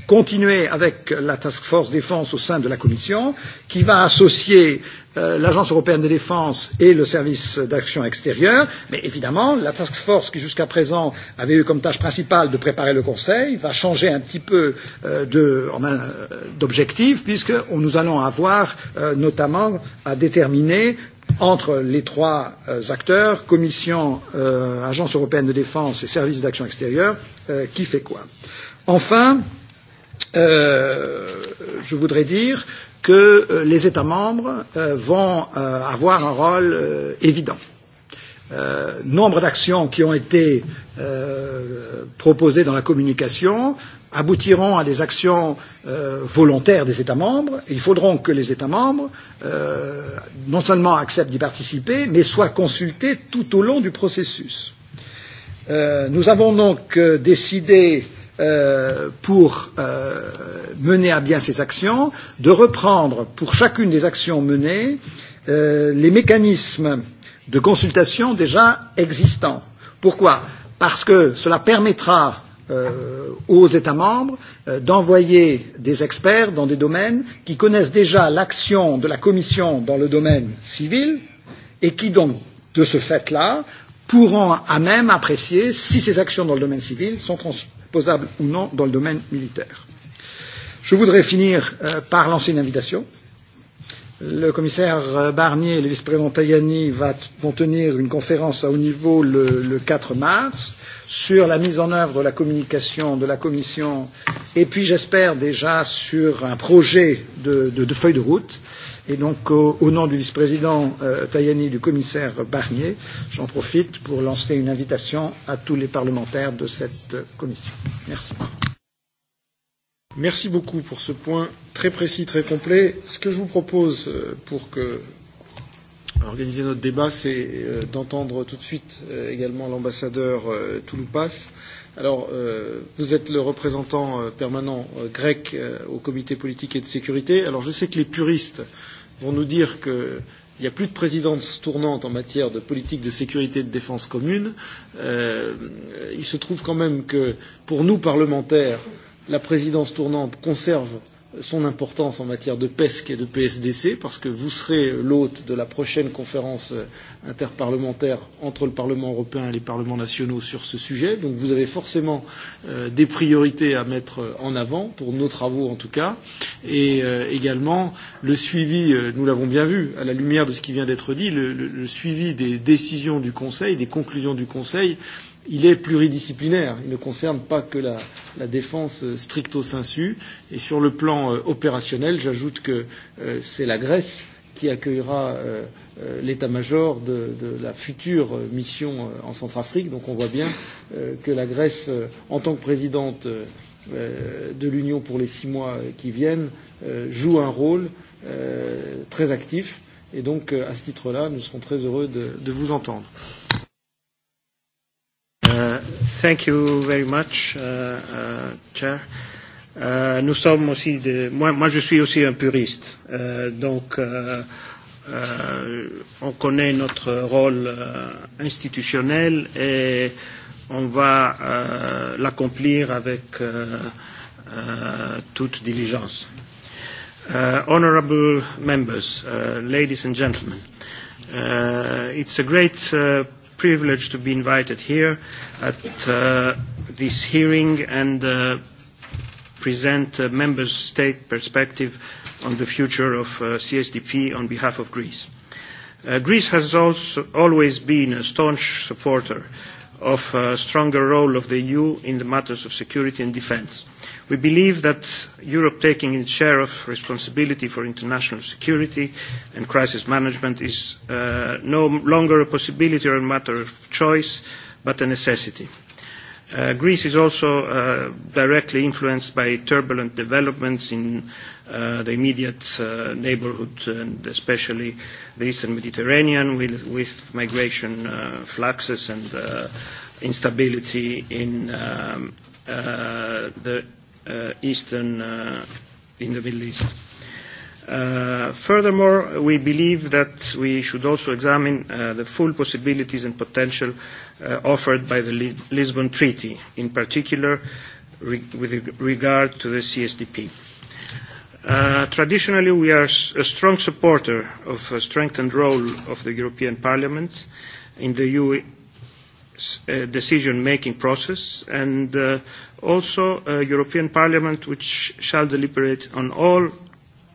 continuer avec la Task Force Défense au sein de la Commission, qui va associer euh, l'Agence européenne de défense et le service d'action extérieure, mais évidemment, la Task Force, qui jusqu'à présent avait eu comme tâche principale de préparer le Conseil, va changer un petit peu euh, d'objectif, puisque nous allons avoir euh, notamment à déterminer euh, entre les trois euh, acteurs, Commission, euh, Agence européenne de défense et Service d'action extérieure, euh, qui fait quoi Enfin, euh, je voudrais dire que euh, les États membres euh, vont euh, avoir un rôle euh, évident euh, nombre d'actions qui ont été euh, proposées dans la communication aboutiront à des actions euh, volontaires des États membres. Il faudra que les États membres euh, non seulement acceptent d'y participer, mais soient consultés tout au long du processus. Euh, nous avons donc euh, décidé, euh, pour euh, mener à bien ces actions, de reprendre pour chacune des actions menées euh, les mécanismes euh, de consultation déjà existants. Pourquoi Parce que cela permettra euh, aux États membres euh, d'envoyer des experts dans des domaines qui connaissent déjà l'action de la Commission dans le domaine civil et qui donc, de ce fait-là, pourront à même apprécier si ces actions dans le domaine civil sont transposables ou non dans le domaine militaire. Je voudrais finir euh, par lancer une invitation. Le commissaire euh, Barnier et le vice-président Tajani vont tenir une conférence à haut niveau le, le 4 mars sur la mise en œuvre de la communication de la Commission et puis j'espère déjà sur un projet de, de, de feuille de route. Et donc au, au nom du vice-président euh, Tajani et du commissaire Barnier, j'en profite pour lancer une invitation à tous les parlementaires de cette commission. Merci. Merci beaucoup pour ce point très précis, très complet. Ce que je vous propose euh, pour que euh, organiser notre débat, c'est euh, d'entendre tout de suite également l'ambassadeur Touloupas. Alors, vous êtes le représentant permanent grec au comité politique et de sécurité. Alors, je sais que les puristes vont nous dire que. Il n'y a plus de présidence tournante en matière de politique de sécurité et de défense commune. Euh, il se trouve quand même que pour nous parlementaires, euh, la présidence tournante conserve son importance en matière de PESC et de PSDC, parce que vous serez l'hôte de la prochaine conférence euh, interparlementaire entre le Parlement européen et les parlements nationaux sur ce sujet. Donc vous avez forcément euh, des priorités à mettre euh, en avant, pour nos travaux en tout cas. Et euh, également, le suivi, euh, nous l'avons bien vu, à la lumière de ce qui vient d'être dit, le, le, le suivi des décisions du Conseil, des conclusions du Conseil, euh, il est pluridisciplinaire, il ne concerne pas que la, la défense euh, stricto sensu et sur le plan euh, opérationnel, j'ajoute que euh, c'est la Grèce qui accueillera euh, euh l'état-major de, de la future euh, mission euh, en Centrafrique. Donc on voit bien euh, que la Grèce, euh, en tant que présidente euh, de l'Union pour les six mois qui viennent, euh, joue un rôle euh, très actif. Et donc, euh, à ce titre-là, nous serons très heureux de, de vous entendre. Thank you very much, uh, uh, Chair. Uh, nous sommes aussi de, moi, moi, je suis aussi un puriste. Uh, donc, uh, uh, on connaît notre rôle uh, institutionnel et on va uh, l'accomplir avec uh, uh, toute diligence. Uh, honorable members, uh, ladies and gentlemen, uh, it's a great uh, privilege to be invited here at uh, this hearing and uh, present a uh, member state perspective on the future of uh, CSDP on behalf of Greece. Uh, Greece has also always been a staunch supporter of a stronger role of the EU in the matters of security and defence. We believe that Europe taking its share of responsibility for international security and crisis management is uh, no longer a possibility or a matter of choice, but a necessity. Uh, Greece is also uh, directly influenced by turbulent developments in uh, the immediate uh, neighborhood, and especially the eastern Mediterranean, with, with migration uh, fluxes and uh, instability in um, uh, the uh, eastern, uh, in the Middle East. Uh, furthermore, we believe that we should also examine uh, the full possibilities and potential uh, offered by the Lisbon Treaty, in particular re- with regard to the CSDP. Uh, traditionally, we are a strong supporter of a strengthened role of the European Parliament in the EU e uh, decision-making process and uh, also a uh, European Parliament which shall deliberate on all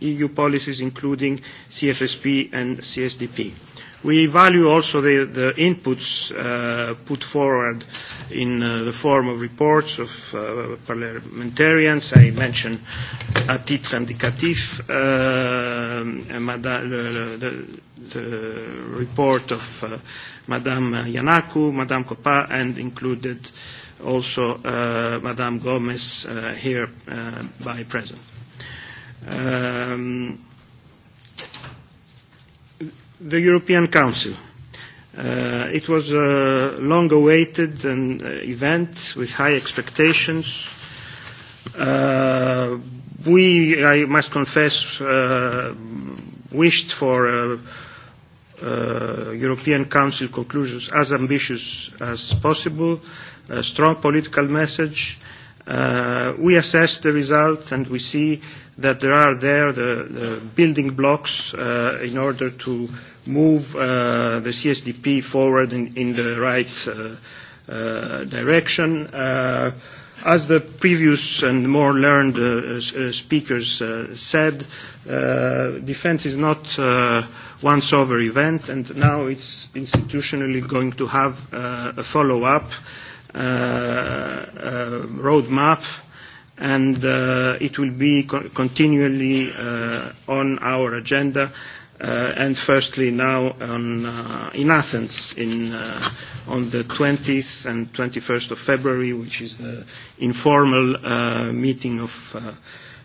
EU policies, including CFSP and CSDP. We value also the, the inputs uh, put forward in uh, the form of reports of uh, parliamentarians. I mentioned a titre indicatif, uh, le, le, the, the report of uh, Madame Yanaku, Madame Coppa, and included also uh, Madame Gomez uh, here uh, by present. Uh, um, the European Council. Uh, it was a long awaited um, uh, event with high expectations. Uh, we, I must confess, uh, wished for uh, uh, European Council conclusions as ambitious as possible, a strong political message. Uh, we assessed the result and we see uh, that there are there the, the building blocks uh, in order to move uh, the CSDP forward in, in the right uh, uh, direction. Uh, as the previous and more learned uh, uh, speakers uh, said, uh, defense is not a uh, once-over event, and now it's institutionally going to have uh, a follow-up uh, uh, roadmap uh, and uh, it will be co- continually uh, on our agenda uh, and firstly now on, uh, in Athens in, uh, on the 20th and 21st of February which is the informal uh, meeting of uh,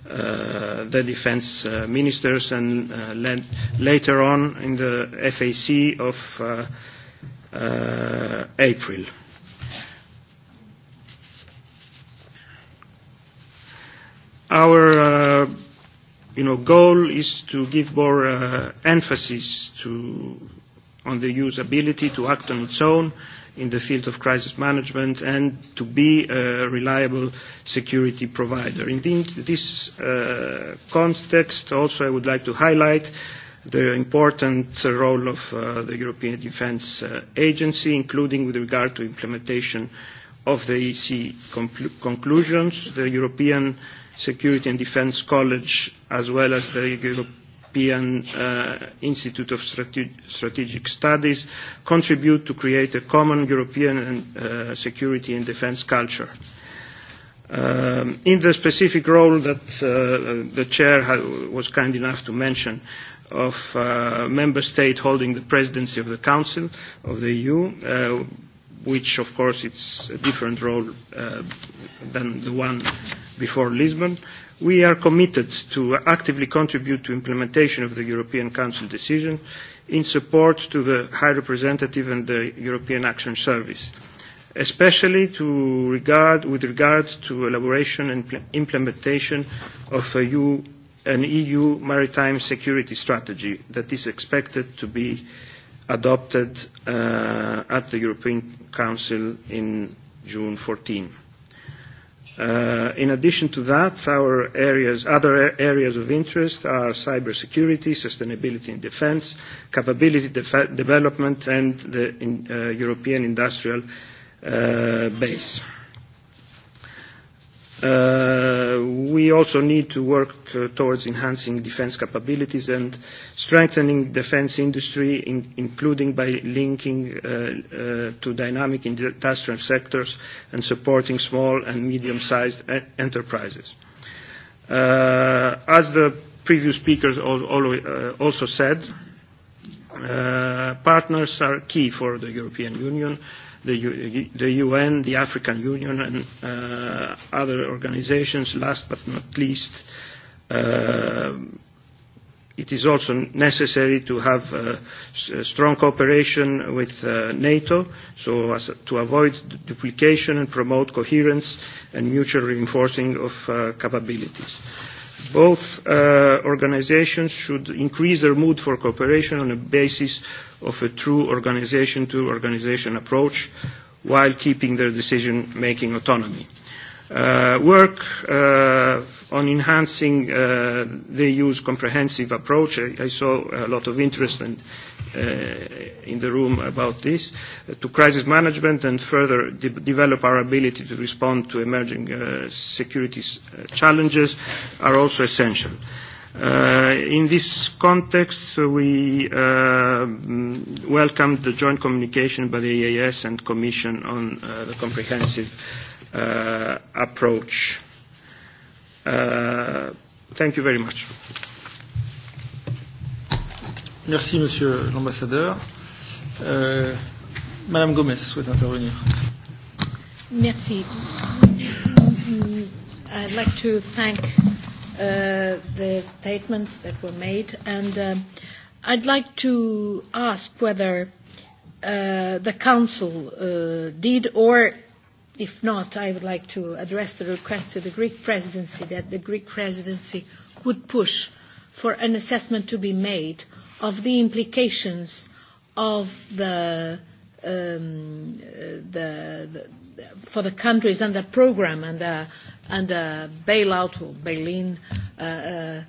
uh, the defense uh, ministers and uh, le- later on in the FAC of uh, uh, April. our uh, you know, goal is to give more uh, emphasis to, on the EU's ability to act on its own in the field of crisis management and to be a reliable security provider. In the, this uh, context, also I would like to highlight the important role of uh, the European Defence uh, Agency, including with regard to implementation of the EC conclu- conclusions. The European uh, Security and Defense College, as well as the European uh, Institute of Strate- Strategic Studies, contribute to create a common European uh, security and defense culture. Um, in the specific role that uh, the chair ha- was kind enough to mention, of uh, member state holding the presidency of the Council of the EU, uh, which of course it's a different role uh, than the one before Lisbon. We are committed to actively contribute to implementation of the European Council decision in support to the High Representative and the European Action Service, especially to regard, with regard to elaboration and pl- implementation of a U, an EU maritime security strategy that is expected to be uh, adopted uh, at the European Council in June 14. Uh, in addition to that, our areas, other areas of interest are cybersecurity, sustainability and defence, capability defa- development, and the in, uh, European industrial uh, base. Uh, Uh, we also need to work uh, towards enhancing defense capabilities and strengthening defense industry, in, including by linking uh, uh, to dynamic industrial sectors and supporting small and medium-sized enterprises. Uh, as the previous speakers all, all, uh, also said, uh, partners are key for the European Union. Uh, the, U- the UN, the African Union, and uh, other organizations. Last but not least, uh, it is also necessary to have uh, s- strong cooperation with uh, NATO so as to avoid duplication and promote coherence and mutual reinforcing of uh, capabilities. Uh, both uh, organizations should increase their mood for cooperation on the basis of a true organization to organization approach while keeping their decision making autonomy. Uh, work uh, on enhancing uh, the EU's comprehensive approach. I, I saw a lot of interest in, uh, in the room about this, uh, to crisis management and further de- develop our ability to respond to emerging uh, security uh, challenges are also essential. Uh, in this context, uh, we uh, mm, welcomed the joint communication by the EAS and Commission on uh, the comprehensive uh, approach. Uh, thank you very much. Merci, Monsieur l'Ambassadeur. Euh, Madame Gomez souhaite intervenir. Merci. I'd like to thank uh, the statements that were made, and uh, I'd like to ask whether uh, the Council uh, did or If not, I would like to address the request to the Greek presidency that the Greek presidency would push for an assessment to be made of the implications of the, um, uh, the, the, for the countries and the program and the, uh, and the uh, bailout or bail-in, uh, uh,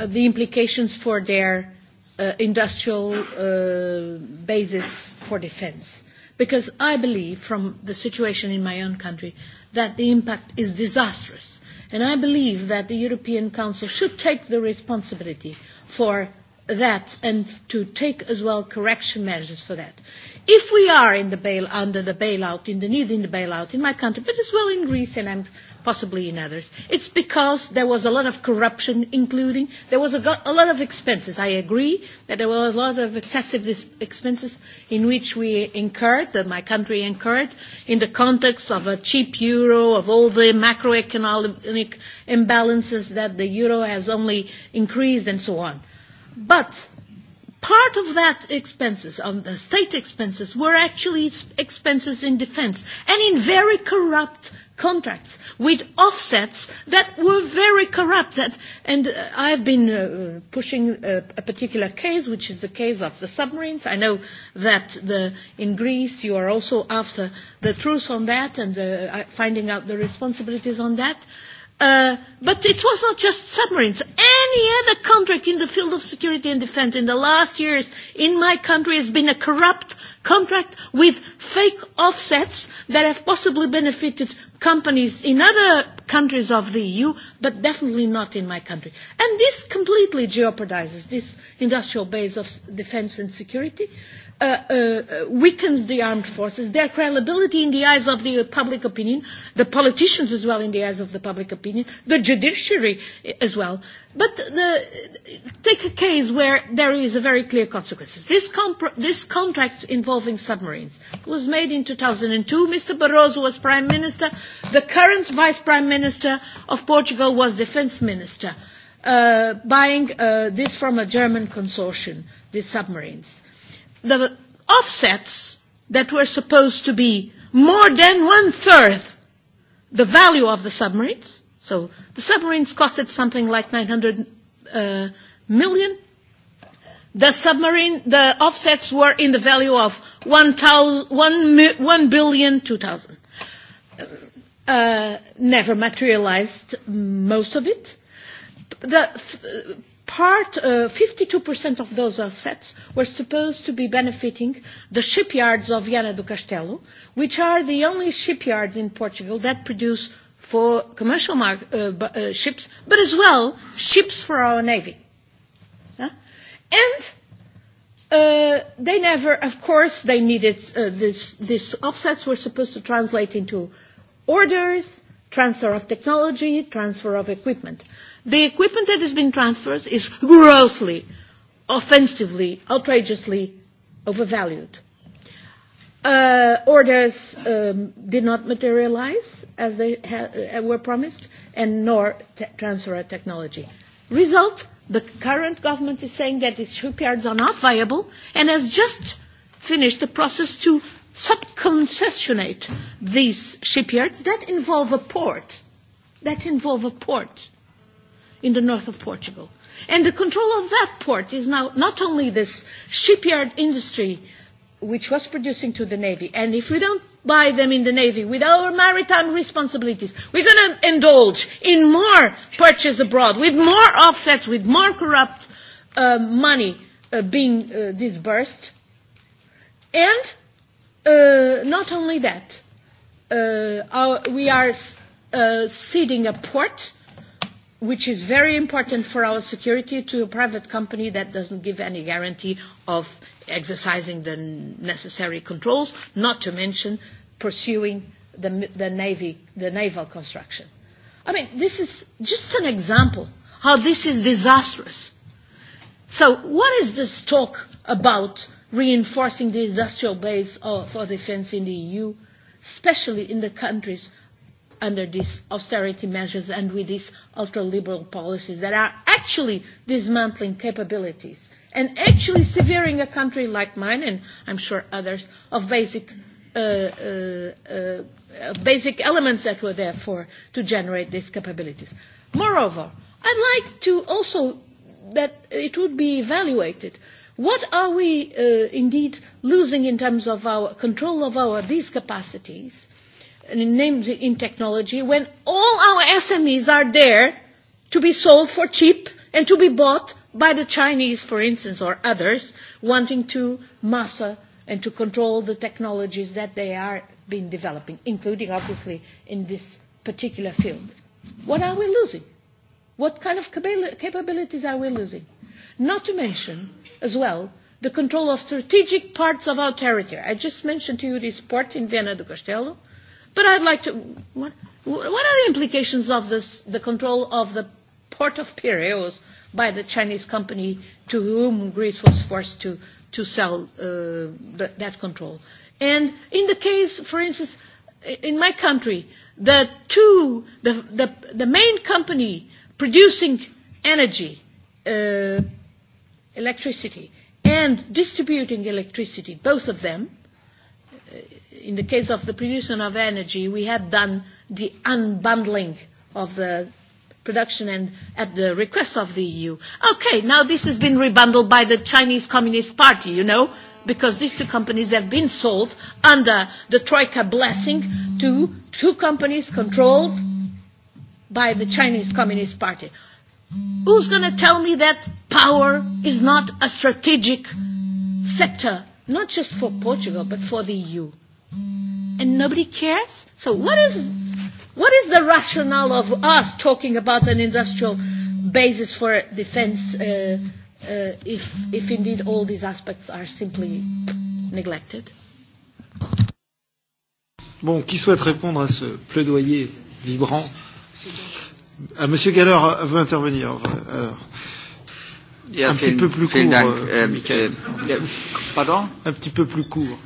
uh, the implications for their uh, industrial uh, basis for defense. Uh, because I believe, from the situation in my own country, that the impact is disastrous. And I believe that the European Council should take the responsibility for that and to take as well correction measures for that. If we are in the bail, under the bailout, in the need in the bailout in my country, but as well in Greece, and I'm possibly in others. It's because there was a lot of corruption, including there was a, go- a lot of expenses. I agree that there was a lot of excessive dis- expenses in which we incurred, that my country incurred, in the context of a cheap euro, of all the macroeconomic imbalances that the euro has only increased, and so on. But part of that expenses, on the state expenses, were actually expenses in defense and in very corrupt contracts with offsets that were very corrupt. That, and uh, I've been uh, pushing a, uh, a particular case, which is the case of the submarines. I know that the, in Greece you are also after the truth on that and the, uh, finding out the responsibilities on that. Uh, Uh, but it was not just submarines. Any other contract in the field of security and defense in the last years in my country has been a corrupt contract with fake offsets that have possibly benefited companies in other countries of the EU, but definitely not in my country. And this completely jeopardizes this industrial base of defense and security. Uh, Uh, uh, weakens the armed forces, their credibility in the eyes of the public opinion, the politicians as well in the eyes of the public opinion, the judiciary as well. But the, take a case where there is a very clear consequence. This, comp- this contract involving submarines was made in 2002. Mr. Barroso was prime minister. The current vice prime minister of Portugal was defense minister, uh, buying uh, this from a German consortium, these submarines. Uh, the offsets that were supposed to be more than one third the value of the submarines. So the submarines costed something like 900 uh, million. The submarine, the offsets were in the value of 1, 1, 1 billion 2000. Uh, never materialized most of it. The part, uh, 52% of those offsets were supposed to be benefiting the shipyards of Viana do Castelo, which are the only shipyards in Portugal that produce for commercial mar- uh, b- uh, ships, but as well ships for our navy. Huh? And uh, they never, of course, they needed uh, this. These offsets were supposed to translate into orders, transfer of technology, transfer of equipment. Uh, The equipment that has been transferred is grossly, offensively, outrageously overvalued. Uh, orders um, did not materialize as they ha- uh, were promised, and nor te- transfer of technology. Result the current government is saying that its shipyards are not viable and has just finished the process to subconcessionate these shipyards that involve a port. That involve a port in the north of Portugal. And the control of that port is now not only this shipyard industry, which was producing to the Navy, and if we don't buy them in the Navy with our maritime responsibilities, we're going to indulge in more purchase abroad, with more offsets, with more corrupt uh, money uh, being uh, disbursed. And uh, not only that, uh, our, we are uh, ceding a port uh, which is very important for our security, to a private company that doesn't give any guarantee of exercising the necessary controls, not to mention pursuing the, the, Navy, the naval construction. I mean, this is just an example how this is disastrous. So, what is this talk about reinforcing the industrial base of, for defense in the EU, especially in the countries under these austerity measures and with these ultra liberal policies that are actually dismantling capabilities and actually severing a country like mine and I'm sure others of basic. Uh, uh, uh, uh, basic elements that were there for to generate these capabilities. Moreover, I'd like to also that it would be evaluated. What are we uh, indeed losing in terms of our control of our these capacities? Uh, names in technology when all our SMEs are there to be sold for cheap and to be bought by the Chinese, for instance, or others, wanting to master and to control the technologies that they are been developing, including, obviously, in this particular field. What are we losing? What kind of capabilities are we losing? Not to mention, as well, the control of strategic parts of our territory. I just mentioned to you this port in Vienna do Castelo, But I'd like to. What, what are the implications of this, the control of the port of Piraeus by the Chinese company to whom Greece was forced to, to sell uh, the, that control? And in the case, for instance, in my country, the two, the, the, the main company producing energy, uh, electricity, and distributing electricity, both of them, Uh, in the case of the production of energy, we had done the unbundling of the production and at the request of the EU. Okay, now this has been rebundled by the Chinese Communist Party, you know, because these two companies have been sold under the Troika blessing to two companies controlled by the Chinese Communist Party. Who's going to tell me that power is not a strategic sector not just for Portugal, but for the EU. And nobody cares? So, what is, what is the rationale of us talking about an industrial basis for defense uh, uh, if, if indeed all these aspects are simply neglected? Bon, qui souhaite répondre à ce plaidoyer vibrant? Ah, Monsieur Galler euh, veut intervenir. Euh, alors. Yeah, un petit peu plus court, euh, Dank, euh, euh, euh Pardon Un petit peu plus court,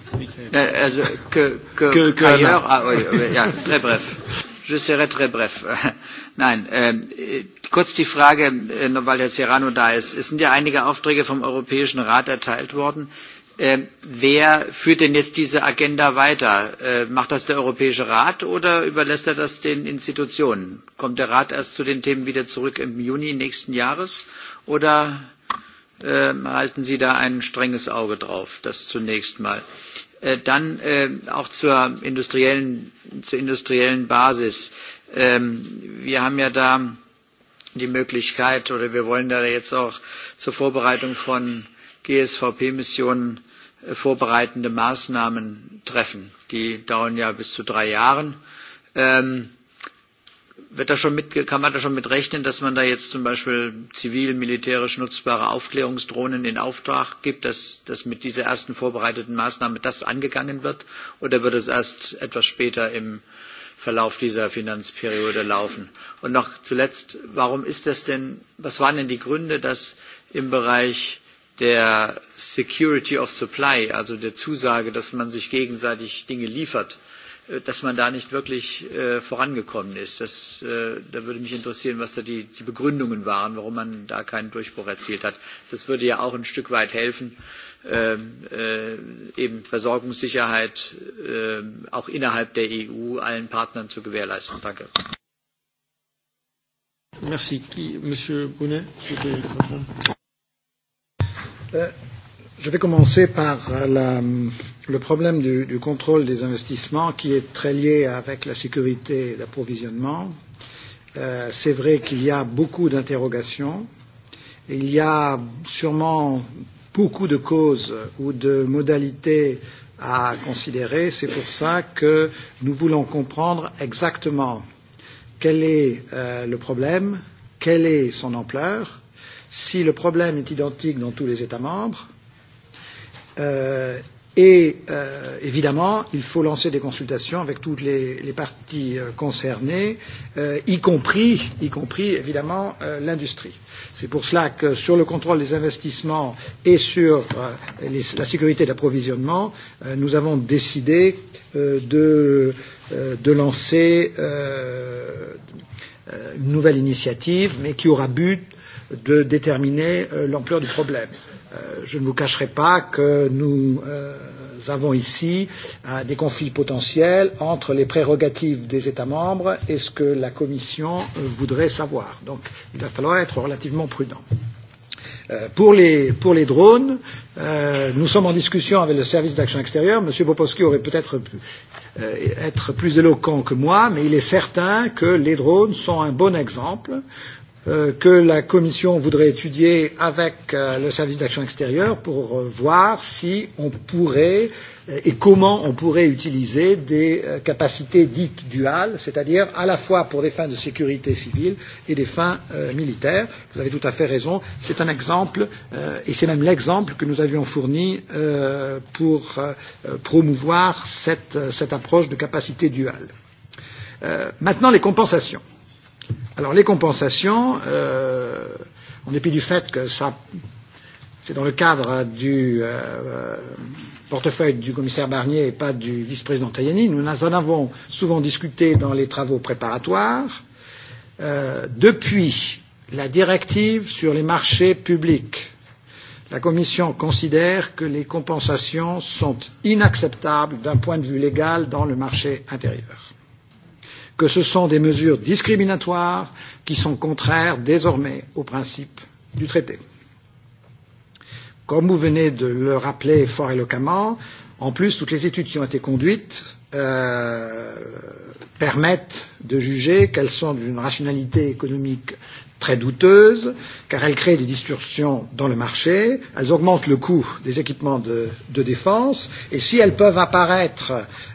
euh, euh, Que Que qu'ailleurs Ah oui, oui yeah, très bref. Je serai très bref. Nein, ähm, äh, kurz die Frage, äh, weil Herr Serrano da ist. Es sind ja einige Aufträge vom Europäischen Rat erteilt worden. Äh, wer führt denn jetzt diese Agenda weiter? Äh, macht das der Europäische Rat oder überlässt er das den Institutionen? Kommt der Rat erst zu den Themen wieder zurück im Juni nächsten Jahres oder äh, halten Sie da ein strenges Auge drauf, das zunächst mal. Äh, dann äh, auch zur industriellen, zur industriellen Basis. Ähm, wir haben ja da die Möglichkeit oder wir wollen da jetzt auch zur Vorbereitung von GSVP-Missionen äh, vorbereitende Maßnahmen treffen. Die dauern ja bis zu drei Jahren. Ähm, äh, wird da schon mit, kann man da schon mit rechnen, dass man da jetzt zum Beispiel zivil-militärisch nutzbare Aufklärungsdrohnen in Auftrag gibt, dass, dass mit dieser ersten vorbereiteten Maßnahme das angegangen wird? Oder wird es erst etwas später im Verlauf dieser Finanzperiode laufen? Und noch zuletzt, warum ist das denn, was waren denn die Gründe, dass im Bereich der Security of Supply, also der Zusage, dass man sich gegenseitig Dinge liefert, Äh, dass man da nicht wirklich äh, vorangekommen ist. Das, äh, da würde mich interessieren, was da die, die Begründungen waren, warum man da keinen Durchbruch erzielt hat. Das würde ja auch ein Stück weit helfen, ähm, eben Versorgungssicherheit auch innerhalb der EU allen Partnern zu gewährleisten. Danke. Merci. Monsieur Bonnet, Je vais commencer par euh, la, mm, le problème du, du contrôle des investissements qui est très lié avec la sécurité d'approvisionnement. Euh, C'est vrai qu'il y a beaucoup d'interrogations. Il y a sûrement beaucoup de causes ou de modalités à considérer. C'est pour ça que nous voulons comprendre exactement quel est euh, le problème, quelle est son ampleur, si le problème est identique dans tous les États membres, Euh, et euh, évidemment, il faut lancer des consultations avec toutes les, les parties euh, concernées, euh, y, compris, y compris évidemment euh, l'industrie. C'est pour cela que sur le contrôle des investissements et sur euh, les, la sécurité d'approvisionnement, euh, nous avons décidé euh, de, euh, de lancer euh, euh une nouvelle initiative, mais qui aura but de déterminer euh, l'ampleur du problème. Euh, Euh, je ne vous cacherai pas que nous euh, avons ici euh, des conflits potentiels entre les prérogatives des États membres et ce que la Commission euh, voudrait savoir. Donc il va falloir être relativement prudent. Euh, pour, les, pour les drones, euh, nous sommes en discussion avec le service d'action extérieure. Monsieur Boposki aurait peut-être pu euh, être plus éloquent que moi, mais il est certain que les drones sont un bon exemple Euh, que la Commission voudrait étudier avec euh, le service d'action extérieure pour euh, voir si on pourrait euh, et comment on pourrait utiliser des euh, capacités dites duales, c'est-à-dire à la fois pour des fins de sécurité civile et des fins euh, militaires. Vous avez tout à fait raison, c'est un exemple euh, et c'est même l'exemple que nous avions fourni euh, pour euh, promouvoir cette, euh, cette approche de capacité duale. Euh, maintenant, les compensations. Alors les compensations, euh, en dépit du fait que ça, c'est dans le cadre du euh, euh portefeuille du commissaire Barnier et pas du vice-président Tajani, nous en avons souvent discuté dans les travaux préparatoires. Euh, depuis la directive sur les marchés publics, la Commission considère que les compensations sont inacceptables d'un point de vue légal dans le marché intérieur que ce sont des mesures discriminatoires qui sont contraires désormais aux principes du traité. Comme vous venez de le rappeler fort éloquemment, en plus, toutes les études qui ont été conduites euh, permettent de juger qu'elles sont d'une rationalité économique très douteuse, car elles créent des distorsions dans le marché, elles augmentent le coût des équipements de, de défense, et si elles peuvent apparaître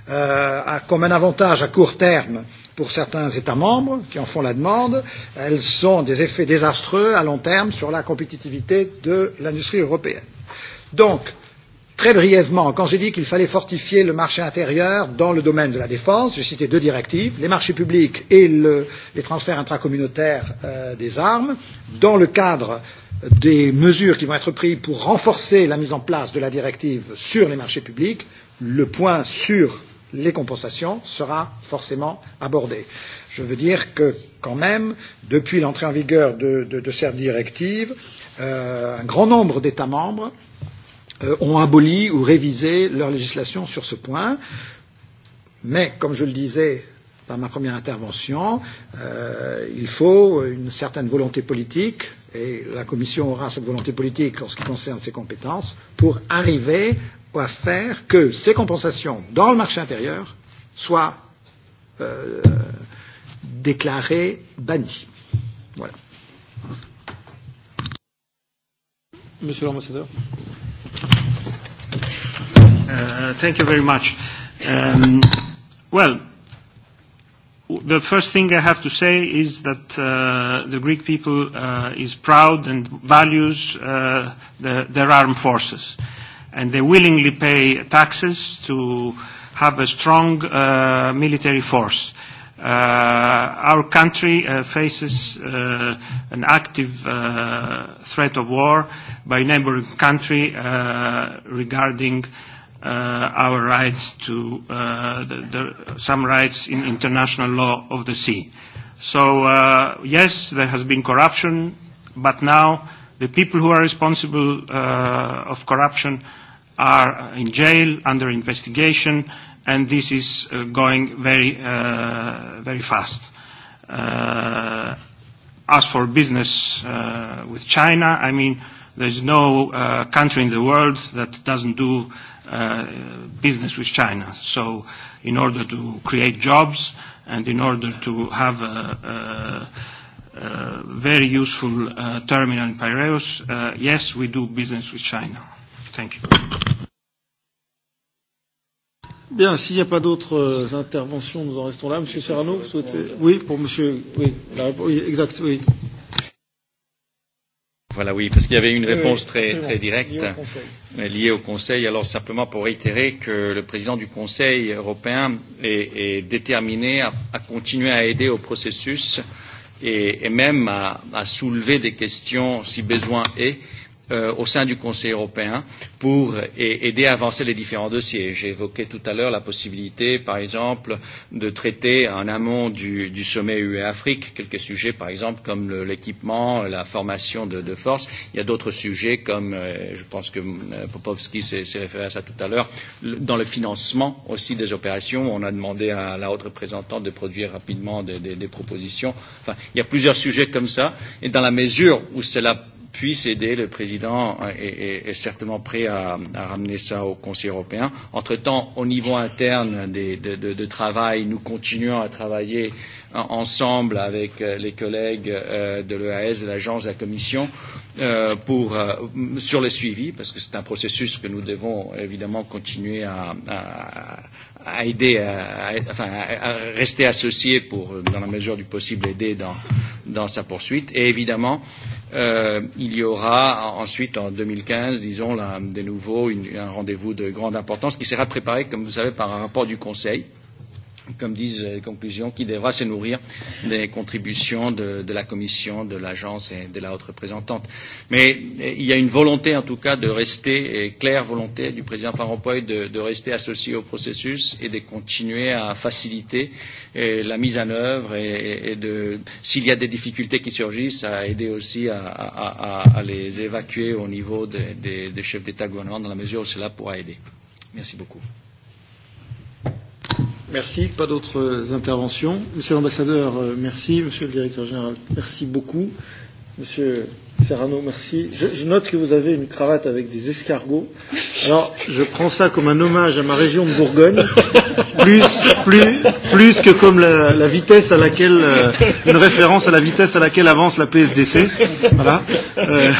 euh, à, comme un avantage à court terme euh, pour certains États membres qui en font la demande, elles sont des effets désastreux à long terme sur la compétitivité de l'industrie européenne. Donc, très brièvement, quand j'ai dit qu'il fallait fortifier le marché intérieur dans le domaine de la défense, j'ai cité deux directives les marchés publics et le, les transferts intracommunautaires euh, des armes, dans le cadre des mesures qui vont être prises pour renforcer la mise en place de la directive sur les marchés publics, le point sur euh, les compensations sera forcément abordée. Je veux dire que, quand même, depuis l'entrée en vigueur de, de, de cette directive, euh, un grand nombre d'États membres euh, ont aboli ou révisé leur législation sur ce point, mais, comme je le disais dans ma première intervention, euh, il faut une certaine volonté politique et la Commission aura cette volonté politique en ce qui concerne ses compétences pour arriver à faire que ces compensations dans le marché intérieur soient euh, déclarées bannies. Voilà. Monsieur l'ambassadeur. Uh, thank you very much. Um, well, the first thing I have to say is that uh, the Greek people uh, is proud and values uh, the, their armed forces. Uh, and they willingly pay taxes to have a strong uh, military force. Uh, our country uh, faces uh, an active uh, threat of war by neighboring country uh, regarding uh, our rights to uh, the, the, some rights in international law of the sea. So uh, yes, there has been corruption, but now uh, the people who are responsible uh, of corruption are in jail under investigation and this is uh, going very uh, very fast uh, as for business uh, with china i mean there's no uh, country in the world that doesn't do uh, business with china so in order to create jobs and in order to have a, a Uh, very useful uh, terminal in Piraeus. Uh, yes, we do business with China. Thank you. Bien, s'il n'y a pas d'autres euh, interventions, nous en restons là. Monsieur Serrano, vous souhaitez Oui, pour Monsieur. Oui, la... oui exact, oui. Voilà, oui, parce qu'il y avait une réponse oui, oui, très, très directe lié au euh, liée au Conseil. Alors, simplement pour réitérer que le président du Conseil européen est, est déterminé à, à continuer à aider au processus euh, et même à soulever des questions si besoin est euh, au sein du Conseil européen pour aider à avancer les différents dossiers. J'ai évoqué tout à l'heure la possibilité, par exemple, de traiter en amont du, du sommet UE Afrique quelques sujets, par exemple, comme l'équipement, la formation de, de forces. Il y a d'autres sujets, comme euh, je pense que euh, Popovski s'est référé à ça tout à l'heure, dans le financement aussi des opérations. On a demandé à la haute représentante de produire rapidement des, des, des propositions. Enfin, il y a plusieurs sujets comme ça. Et dans la mesure où cela puisse aider le président euh, est, est, est certainement prêt à, à ramener ça au Conseil européen. Entre temps, au niveau interne des, de, de, de travail, nous continuons à travailler ensemble avec euh, les collègues euh, de l'EAS, de l'agence, de la commission pour, sur le suivi, parce que c'est un processus que nous devons évidemment continuer à, à, à aider, à, à, enfin, à rester associé pour, euh, dans la mesure du possible, aider dans, dans sa poursuite. Et évidemment, euh, il y aura ensuite, en 2015, disons, là, de nouveau, une, un rendez-vous de grande importance qui sera préparé, comme vous savez, par un rapport du Conseil. Euh, comme disent les conclusions, qui devra se nourrir des contributions de, de la Commission, de l'agence et de la haute représentante. Mais eh, il y a une volonté, en tout cas, de rester, et claire volonté du président Van Rompuy, de, de rester associé au processus et de continuer à faciliter et eh, la mise en œuvre et, et de, s'il y a des difficultés qui surgissent, à aider aussi à, à, à, à les évacuer au niveau des, des, des chefs d'État gouvernement dans la mesure où cela pourra aider. Merci beaucoup. Merci. Pas d'autres euh, interventions. Monsieur l'ambassadeur, euh, merci. Monsieur le directeur général, merci beaucoup. Monsieur Serrano, merci. Je, je note que vous avez une cravate avec des escargots. Alors, je prends ça comme un hommage à ma région de Bourgogne, plus, plus, plus que comme la, la vitesse à laquelle, euh, une référence à la vitesse à laquelle avance la PSDC. Voilà. Euh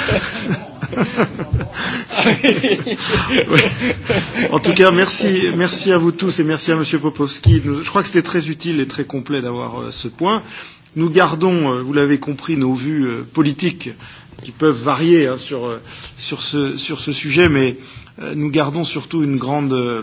en tout cas, merci, merci à vous tous et merci à Monsieur Popovski. Nous, je crois que c'était très utile et très complet d'avoir euh, ce point. Nous gardons, euh, vous l'avez compris, nos vues euh, politiques qui peuvent varier hein, sur, euh, sur, ce, sur ce sujet, mais euh, nous gardons surtout une grande, euh,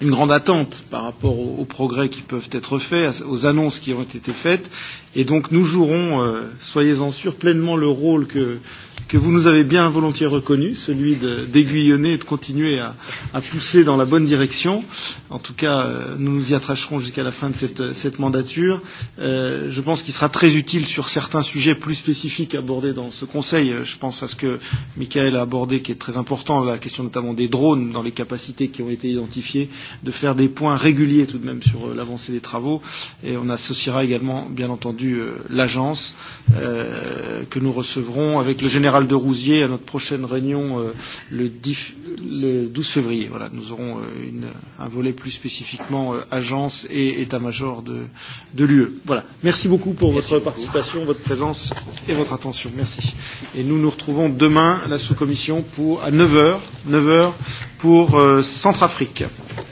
une grande attente par rapport aux, aux progrès qui peuvent être faits, aux annonces qui ont été faites, et donc nous jouerons, euh, soyez en sûrs, pleinement le rôle que que vous nous avez bien volontiers reconnu, celui d'aiguillonner et de continuer à, à pousser dans la bonne direction. En tout cas, euh, nous nous y attracherons jusqu'à la fin de cette, cette mandature. Euh, je pense qu'il sera très utile sur certains sujets plus spécifiques abordés dans ce Conseil. Je pense à ce que Michael a abordé, qui est très important, la question notamment des drones dans les capacités qui ont été identifiées, de faire des points réguliers tout de même sur euh, l'avancée des travaux. Et on associera également, bien entendu, euh, l'agence euh, que nous recevrons avec le général général de Rousier à notre prochaine réunion euh, le, 10, le 12 février. Voilà, nous aurons euh, une, un volet plus spécifiquement euh, agence et état-major de, de l'UE. Voilà. Merci beaucoup pour Merci votre beaucoup. participation, votre présence et votre attention. Merci. Merci. Et nous nous retrouvons demain à la sous-commission pour, à 9h, 9h pour euh, Centrafrique. Afrique.